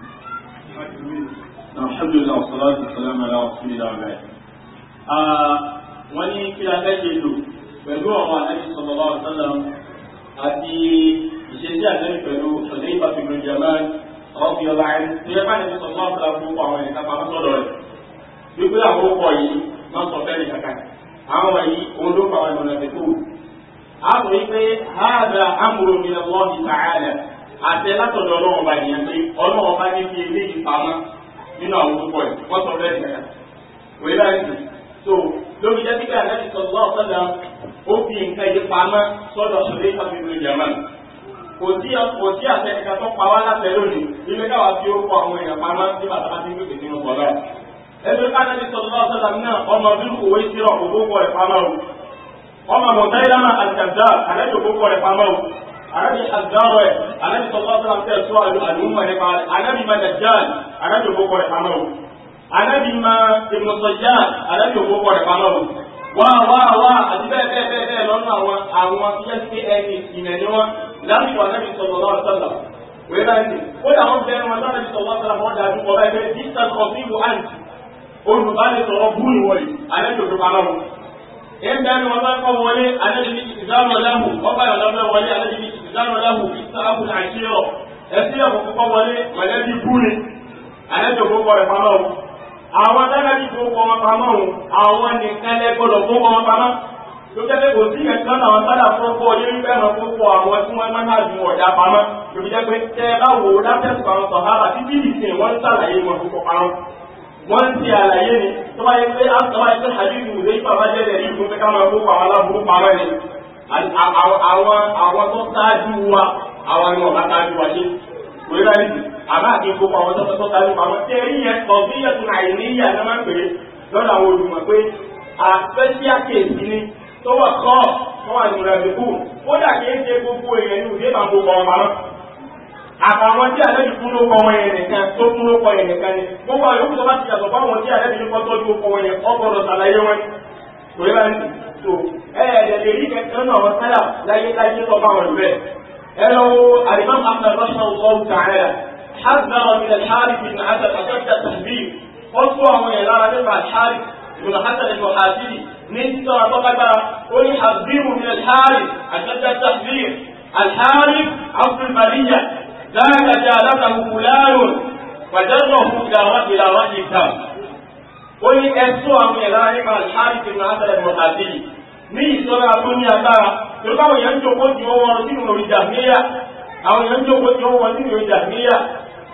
Speaker 3: láti mú alhamdulillah wassalatu wassalamu ala rasulillah
Speaker 1: ah, wọ́n ní kí adájẹ́ lò pẹ̀lú ọ̀rọ̀ anábì sallallahu alaihi wasallam àti ìṣesí anábì pẹ̀lú ọ̀sẹ̀ ìbáfẹ́ ọ̀bí ọba ẹni tó yẹ báyìí sọ náà fúnra fún ọkọ àwọn ẹ̀ka pamọ́ sọ́dọ̀ rẹ̀ wípé àwọn ọkọ yìí máa sọ fẹ́ẹ́ nìkankan àwọn yìí òun ló fa àwọn ìmọ̀lẹ̀ tètè wù. a sọ wípé hàdà amúrò mi lọ wọ́n ti sàárẹ̀ àtẹ látọ̀dọ̀ ọlọ́wọ́n bá yẹn pé ọlọ́wọ́n bá ní fi eléyìí pamọ́ nínú àwọn orúkọ yìí wọ́n sọ fẹ́ẹ́ nìkankan. wèé láì so lórí jẹ́ pípẹ́ àlẹ́ ìsọ̀tún náà sọ́dọ̀ ó fi nǹkan yìí pamọ́ sọ́dọ̀ kò sí kò sí àtẹnika tó pa wá láti lónìí ilé káwá tí ó kọ àwọn èèyàn pamọ́ tí bàtà bá ti ń pèpè nínú bọlọ. ẹbí káná ní sọlọ́ọ̀ sọ́dà náà ọmọ bílù òwe ti rọ òkókó rẹ̀ pamọ́ o. ọmọ mọ̀tá ìlànà àtàgbà àrẹ́bí òkókó rẹ̀ pamọ́ o. àrẹ́bí àgbàrọ̀ ẹ̀ àrẹ́bí sọlọ́ọ̀ sọ́dà tẹ̀ tó àlù àlùmọ̀ nípa àrẹ́bí mẹ́tẹ̀jáàl àrẹ́bí òkókó rẹ̀ pamọ́ o. àrẹ́bí wá wá wá àti bẹ́ẹ̀ bẹ́ẹ̀ bẹ́ẹ̀ bẹ́ẹ̀ lọ́nà àwọn àwọn tó yẹ kí ẹni ìnà ni wọn lásìkò àtẹ́bí sọ̀rọ̀ lọ́wọ́ sọ̀rọ̀ wẹ́ẹ́ bá ní ó yà wọ́n bẹ́ẹ̀ wọn lọ́nà ìsọ̀rọ̀ sọ̀rọ̀ wọn dàbí ọ̀rọ̀ ẹgbẹ́ distance of evil and olùbánisọ̀rọ̀ búrú wọ̀nyí àlejò tó pa lọ́wọ́ ẹnbẹ́ni wọn bá kọ́ wọlé alẹ́bí ìdáná lẹ́hùn ọba ìlọ́mẹ́ wọlé alẹ́bí ìdáná lẹ́hùn ìsáàbù àwọn dáadáa tó kọ́ wọn pamọ́ òun àwọn nìkan lẹ́gbọ́dọ̀ tó kọ́ wọn pamọ́ ló jẹ́ pé kò sí ẹ̀sán àwọn sádà fún ọkọ̀ yé wípé ẹ̀rọ tó kọ àwọn tí wọ́n máa ju ọ̀dà pamọ́ ló fi jẹ́ pé tẹ́ ẹ bá wo látẹ̀sù àwọn sọ̀hárà títí ìsìn wọ́n ń sàlàyé wọn tó kọ parọ́ wọ́n ń ti àlàyé ni tó bá yẹ pé àtàwọn ẹgbẹ́ àdéhùn ìwé ìpàmọ́ jẹ́ lẹ́rí ìlú pé ká máa kó àwọn aláburú pamọ́ ni àwọn tó ṣáájú wa àwọn ni wọ́n bá ṣáájú wa ṣe kò àbá àti gbogbo àwọn tó tọ́ tàbí pamọ́ tí ẹ̀rí yẹn kọ̀ bí yẹn tún àìní yà ló máa ń pè é lọ́dọ̀ àwọn olùmọ̀ pé àfẹ́síà kéèsì ni tó wà kọ́ wọ́n wà nínú rẹ̀ kú kódà kìí ṣe gbogbo èèyàn ní òde máa ń gbogbo ọmọ pamọ́ àtàwọn tí àlejò fún ló kọ wọn yẹn nìkan tó fún ló kọ yẹn nìkan ni gbogbo àwọn yòókù tó bá ti yàtọ̀ fáwọn tí àlejò kọ́ tọ́jú حذر من الحارث بن حسن أشد التحذير وصوى من يلعب مع الحارث بن حسن المحاسبي نسر فقد قل حذروا من الحارث أشد التحذير الحارث عبد المالية ذاك جالته فلان فجره إلى رأي الدم قل أسوى من يلعب مع الحارث بن حسن المحاسبي ní ìsọ́ra tó ní agbára tó báwọn èèyàn jókòó tí wọ́n wọ́n sínú orí jàmíyà àwọn èèyàn jókòó tí wọ́n wọ́n sínú orí jàmíyà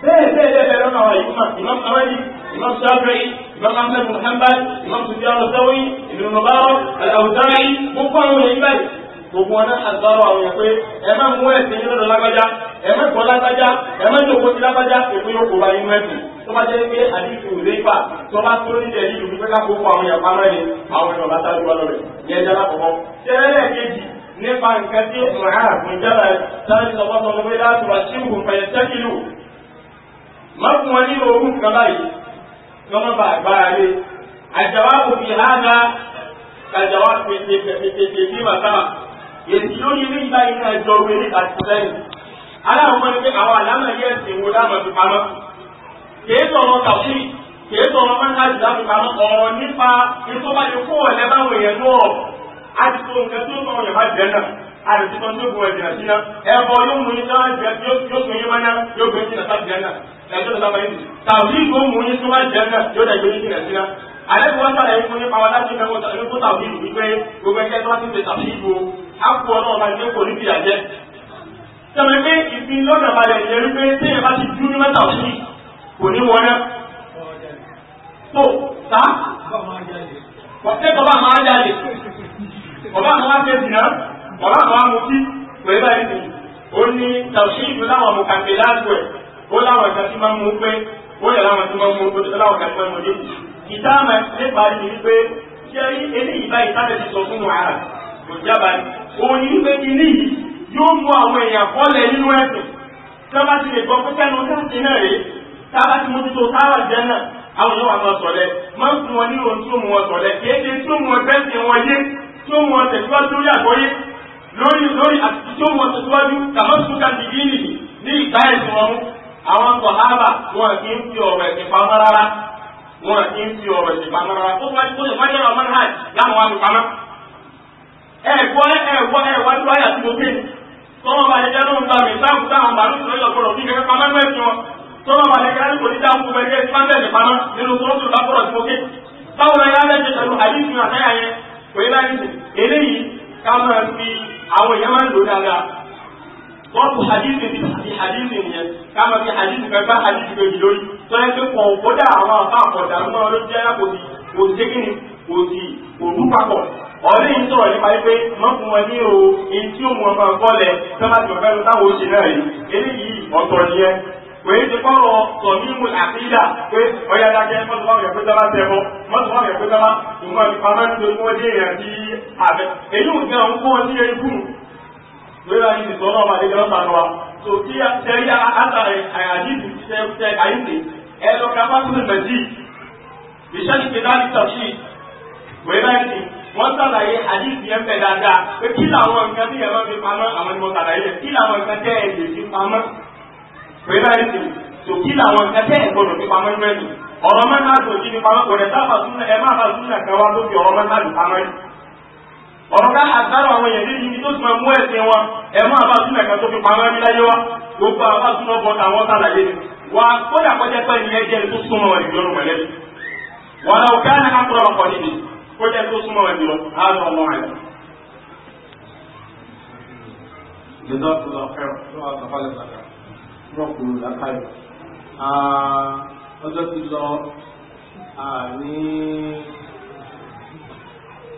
Speaker 1: bẹ́ẹ̀ bẹ́ẹ̀ bẹ́ẹ̀ bẹ́ẹ̀ lọ́nà àwọn ìmọ̀ imam amadi imam shafi'i imam ahmed muhammad imam sufyan al-sawi ibn mubarak al-awza'i gbogbo àwọn èèyàn báyìí gbogbo wọn náà àgbàrọ̀ àwọn èèyàn pé ẹ má mú ẹ̀sìn yín lọ́dọ̀ lágbájá ẹ má gbọ́ lágbájá ẹ má jòkó sí lágbájá èpè yóò kó ba inú ẹ̀sìn tó bá jẹ́ pé àdìsí òde ìfà tó bá tó nílẹ̀ yìí lùdú pé ká gbogbo àwọn èèyàn pamọ́ ni àwọn èèyàn bá sáájú wọn lọ́rẹ̀ ní ẹja lákọ̀ọ́kọ́ tẹ́lẹ̀ kejì nípa nǹkan tí mọ̀hárà fún jábàá sáré sọ́kọ́ sọ́kọ́ pé láti wá síbùkún pẹ̀lẹ́ sẹ́kìlù má fún wọn nínú ogún kan báyìí kí wọ́n bá agbára lé àjàwábù fi hánà kàjàwá pèpèpèpè bí màtàmà èsì lórí ilé ìgbà yìí náà jọ wẹlé àti lẹ́yìn aláwọ̀ mọ́ni pé àwọn àlámà yẹ ẹ̀sìn wo láàmà fi pamọ́ kèé sọ̀rọ̀ kàwé kèé sọ̀rọ̀ mọ́nàjì láti pamọ́ ọ̀rọ̀ nípa ètò bá yẹ kó ọ̀lẹ́ báwọn èèyàn náà àti tó nǹkan tó sọ̀rọ̀ yẹn bá jẹ́ náà àti tó tó gbọ́ ẹ̀jẹ̀ náà ẹ̀bọ yóò mú yín náà yóò gbé yín náà yóò gbé yín náà sábìyàn náà ẹjọ́ tó sábà yìí tàbí ìgbó mú ní tó bá jẹ́ náà yóò dẹ̀ gbé ní jìnà síná àlẹ́kùn wọn sàlàyé fún nípa wa láti fẹ́ kó tàbí ìlú wípé gbogbo ẹgbẹ́ tó bá ti fẹ́ tàbí ìgbó àpò ọ̀nà ọ̀nà ìgbé kò ní fi àjẹ́ sọmi pé ìfin lọ́nà balẹ̀ ìyẹn wípé tí ẹ bá ti dún ní mẹ́ta òsì kò ní wọlé tó tá ọ̀sẹ̀ kọ́ bá máa jáde ọba àwọn wá fẹ́ dìnnà ọba àwọn amúkí pẹ̀lú àìsàn ó ní tàbí ìlú láwọn mọ̀kànlélá ó láwọn ìgbà tí máa ń mú pé ó lè láwọn tí máa mú pé ó láwọn ìgbà tí máa ń mú dé. ìdáàmà ni wípé
Speaker 3: ṣé eléyìí báyìí sábẹ́ sọ fún wa rà kò jábà ní. òun ní pé ilé yìí yóò mú àwọn èèyàn kọ́lẹ̀ nínú ẹ̀sìn tí wọ́n bá ti lè gbọ́ pé kẹ́nu káàkiri náà rèé tá a bá ti mójútó táwà jẹ́ náà àwọn yóò wà máa sọ̀lẹ̀ máa ń fún wọn ní ohun tí ó mú wọn sọ̀lẹ̀ kéèké tí ó mú wọn bẹ́sẹ̀ wọn yé tí ó mú wọn tẹ̀síwájú lórí àgbọ́yé lórí lórí àti
Speaker 1: tí mú wọn tẹ̀síwájú tàbí tó kà ní ìgbà ẹ̀sìn wọn àwọn sọ̀hábà wọn kì í fi ọ̀rọ̀ ẹ̀sìn pamọ́ rárá wọn kì í fi ọ̀rọ̀ ẹ̀sìn pamọ́ rárá ó wájú kóso wájú ọ̀rọ̀ ọmọdé hajj láwọn wá fi pamọ́. ẹ gbọ́ ẹ gbọ́ ẹ wájú wáyà tó gbé tọ́wọ́ bá lè jẹ́ lóun gbà mí táwọn táwọn màálù tó lọ́yọ̀ gbọ́dọ̀ fún kẹ́kẹ́ pamọ́ mẹ́sìn wọn tọ́wọ́ bá lè jẹ́ lóun kò ní dáhùn fún ẹgbẹ́ ìfáńtẹ̀sì pamọ́ nínú kóso bá gbọ́dọ̀ tó gbé báwo la yára lẹ́jọ́ pẹ̀lú àdéhùn àtẹ́yà yẹn kò yẹ láyé eléyìí ká máa fi àwọn èèyàn máa ń lò dáadáa wọ́n bu hadithi bi àti hadithi yẹn káma fi hadithi kan bá hadithi kan bi
Speaker 3: lórí tọ́lá pé kàn kódà àwọn àbá àkọ́dà ń bọ́ra lójú ẹ̀yà kò sí kò sí kékeré kò sí òru papọ̀ ọ̀rẹ́ yìí sọ̀rọ̀ nípa pé mọ́kùn wọn ní o èyí tí òun ọmọ kọ́lẹ̀ tọ́lá ti bàbá ẹnu táwọn oṣù náà yìí eléyìí ọ̀tọ̀ nìyẹn pèé ti kọ́rọ̀ tọ̀mímù àkídà pé ọ̀yá dájẹ́ mọ́tò báwọn yẹ̀pẹ́ sábà tẹ̀bọ̀ mọ́tò báwọn yẹ̀pẹ́ sábà nǹkan ìpamọ́ nítorí wọ́n dé èèyàn sí àbẹ̀ èyí ò gbà ń kọ́ sí eégún
Speaker 1: lórí ayé ìsìnkú ọlọ́run máa déjọ́ sànù wa tó kí sẹ́rí àtàrí àyàdìsì ṣe ṣe àyíṣe ẹ lọ ka fásitì mẹ́jì ìṣẹ́ni pé láti tọ̀sí wẹ́rẹ́sì wọ́n sàlàyé àdìsì ẹ̀ ń bẹ̀ dáadáa pé kí làwọn nǹkan tí ẹ̀rọ fi pamọ́ àwọn ni mo sàlàyé kí làwọn nǹkan tẹ́ ẹ̀ lè fi pamọ́ wẹ́rẹ́sì tó kí làwọn nǹkan tẹ́ ẹ̀ gbọ́dọ̀ fi pamọ́ nínú ẹ̀ ọ̀rọ̀ mẹ́ta tó yí ni pamọ́ kò rẹ̀ sábà súnmọ́ ẹ má bá súnmọ́ ẹ̀ka wá lókè ọ̀rọ̀ mẹ́ta lù pamọ́ yìí ọ̀rọ̀ ká àgbàrọ̀ àwọn èèyàn níbi ibi tó ti máa mú ẹ̀sìn wọn ẹ̀mọ́ àbáṣúná ẹ̀ka tó fi pamọ́ ní láyé wa gbogbo àbáṣúná bọ̀ táwọn sàlàyé ni wà kódà
Speaker 3: kọjá pé ní ẹjẹ́ tó súnmọ́ wọn ìjọ́rù mọ̀lẹ́ wà láwù ká ní akọ̀rọ̀ ọkọ̀ níbi kọjá tó súnmọ́ wọn ìjọ́rù àánú ọmọ àyà.
Speaker 1: jẹ́dọ́kùnrin ọ̀fẹ́ ọ̀rọ̀ àtàkọ́lẹ̀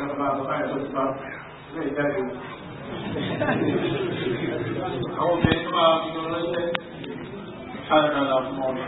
Speaker 1: ìjọba àbúrò àìsàn ti bá ilé ìjáde o. àwọn obìnrin máa ń lọ lọ́sẹ̀ ṣáàdàlà fún ọ̀nà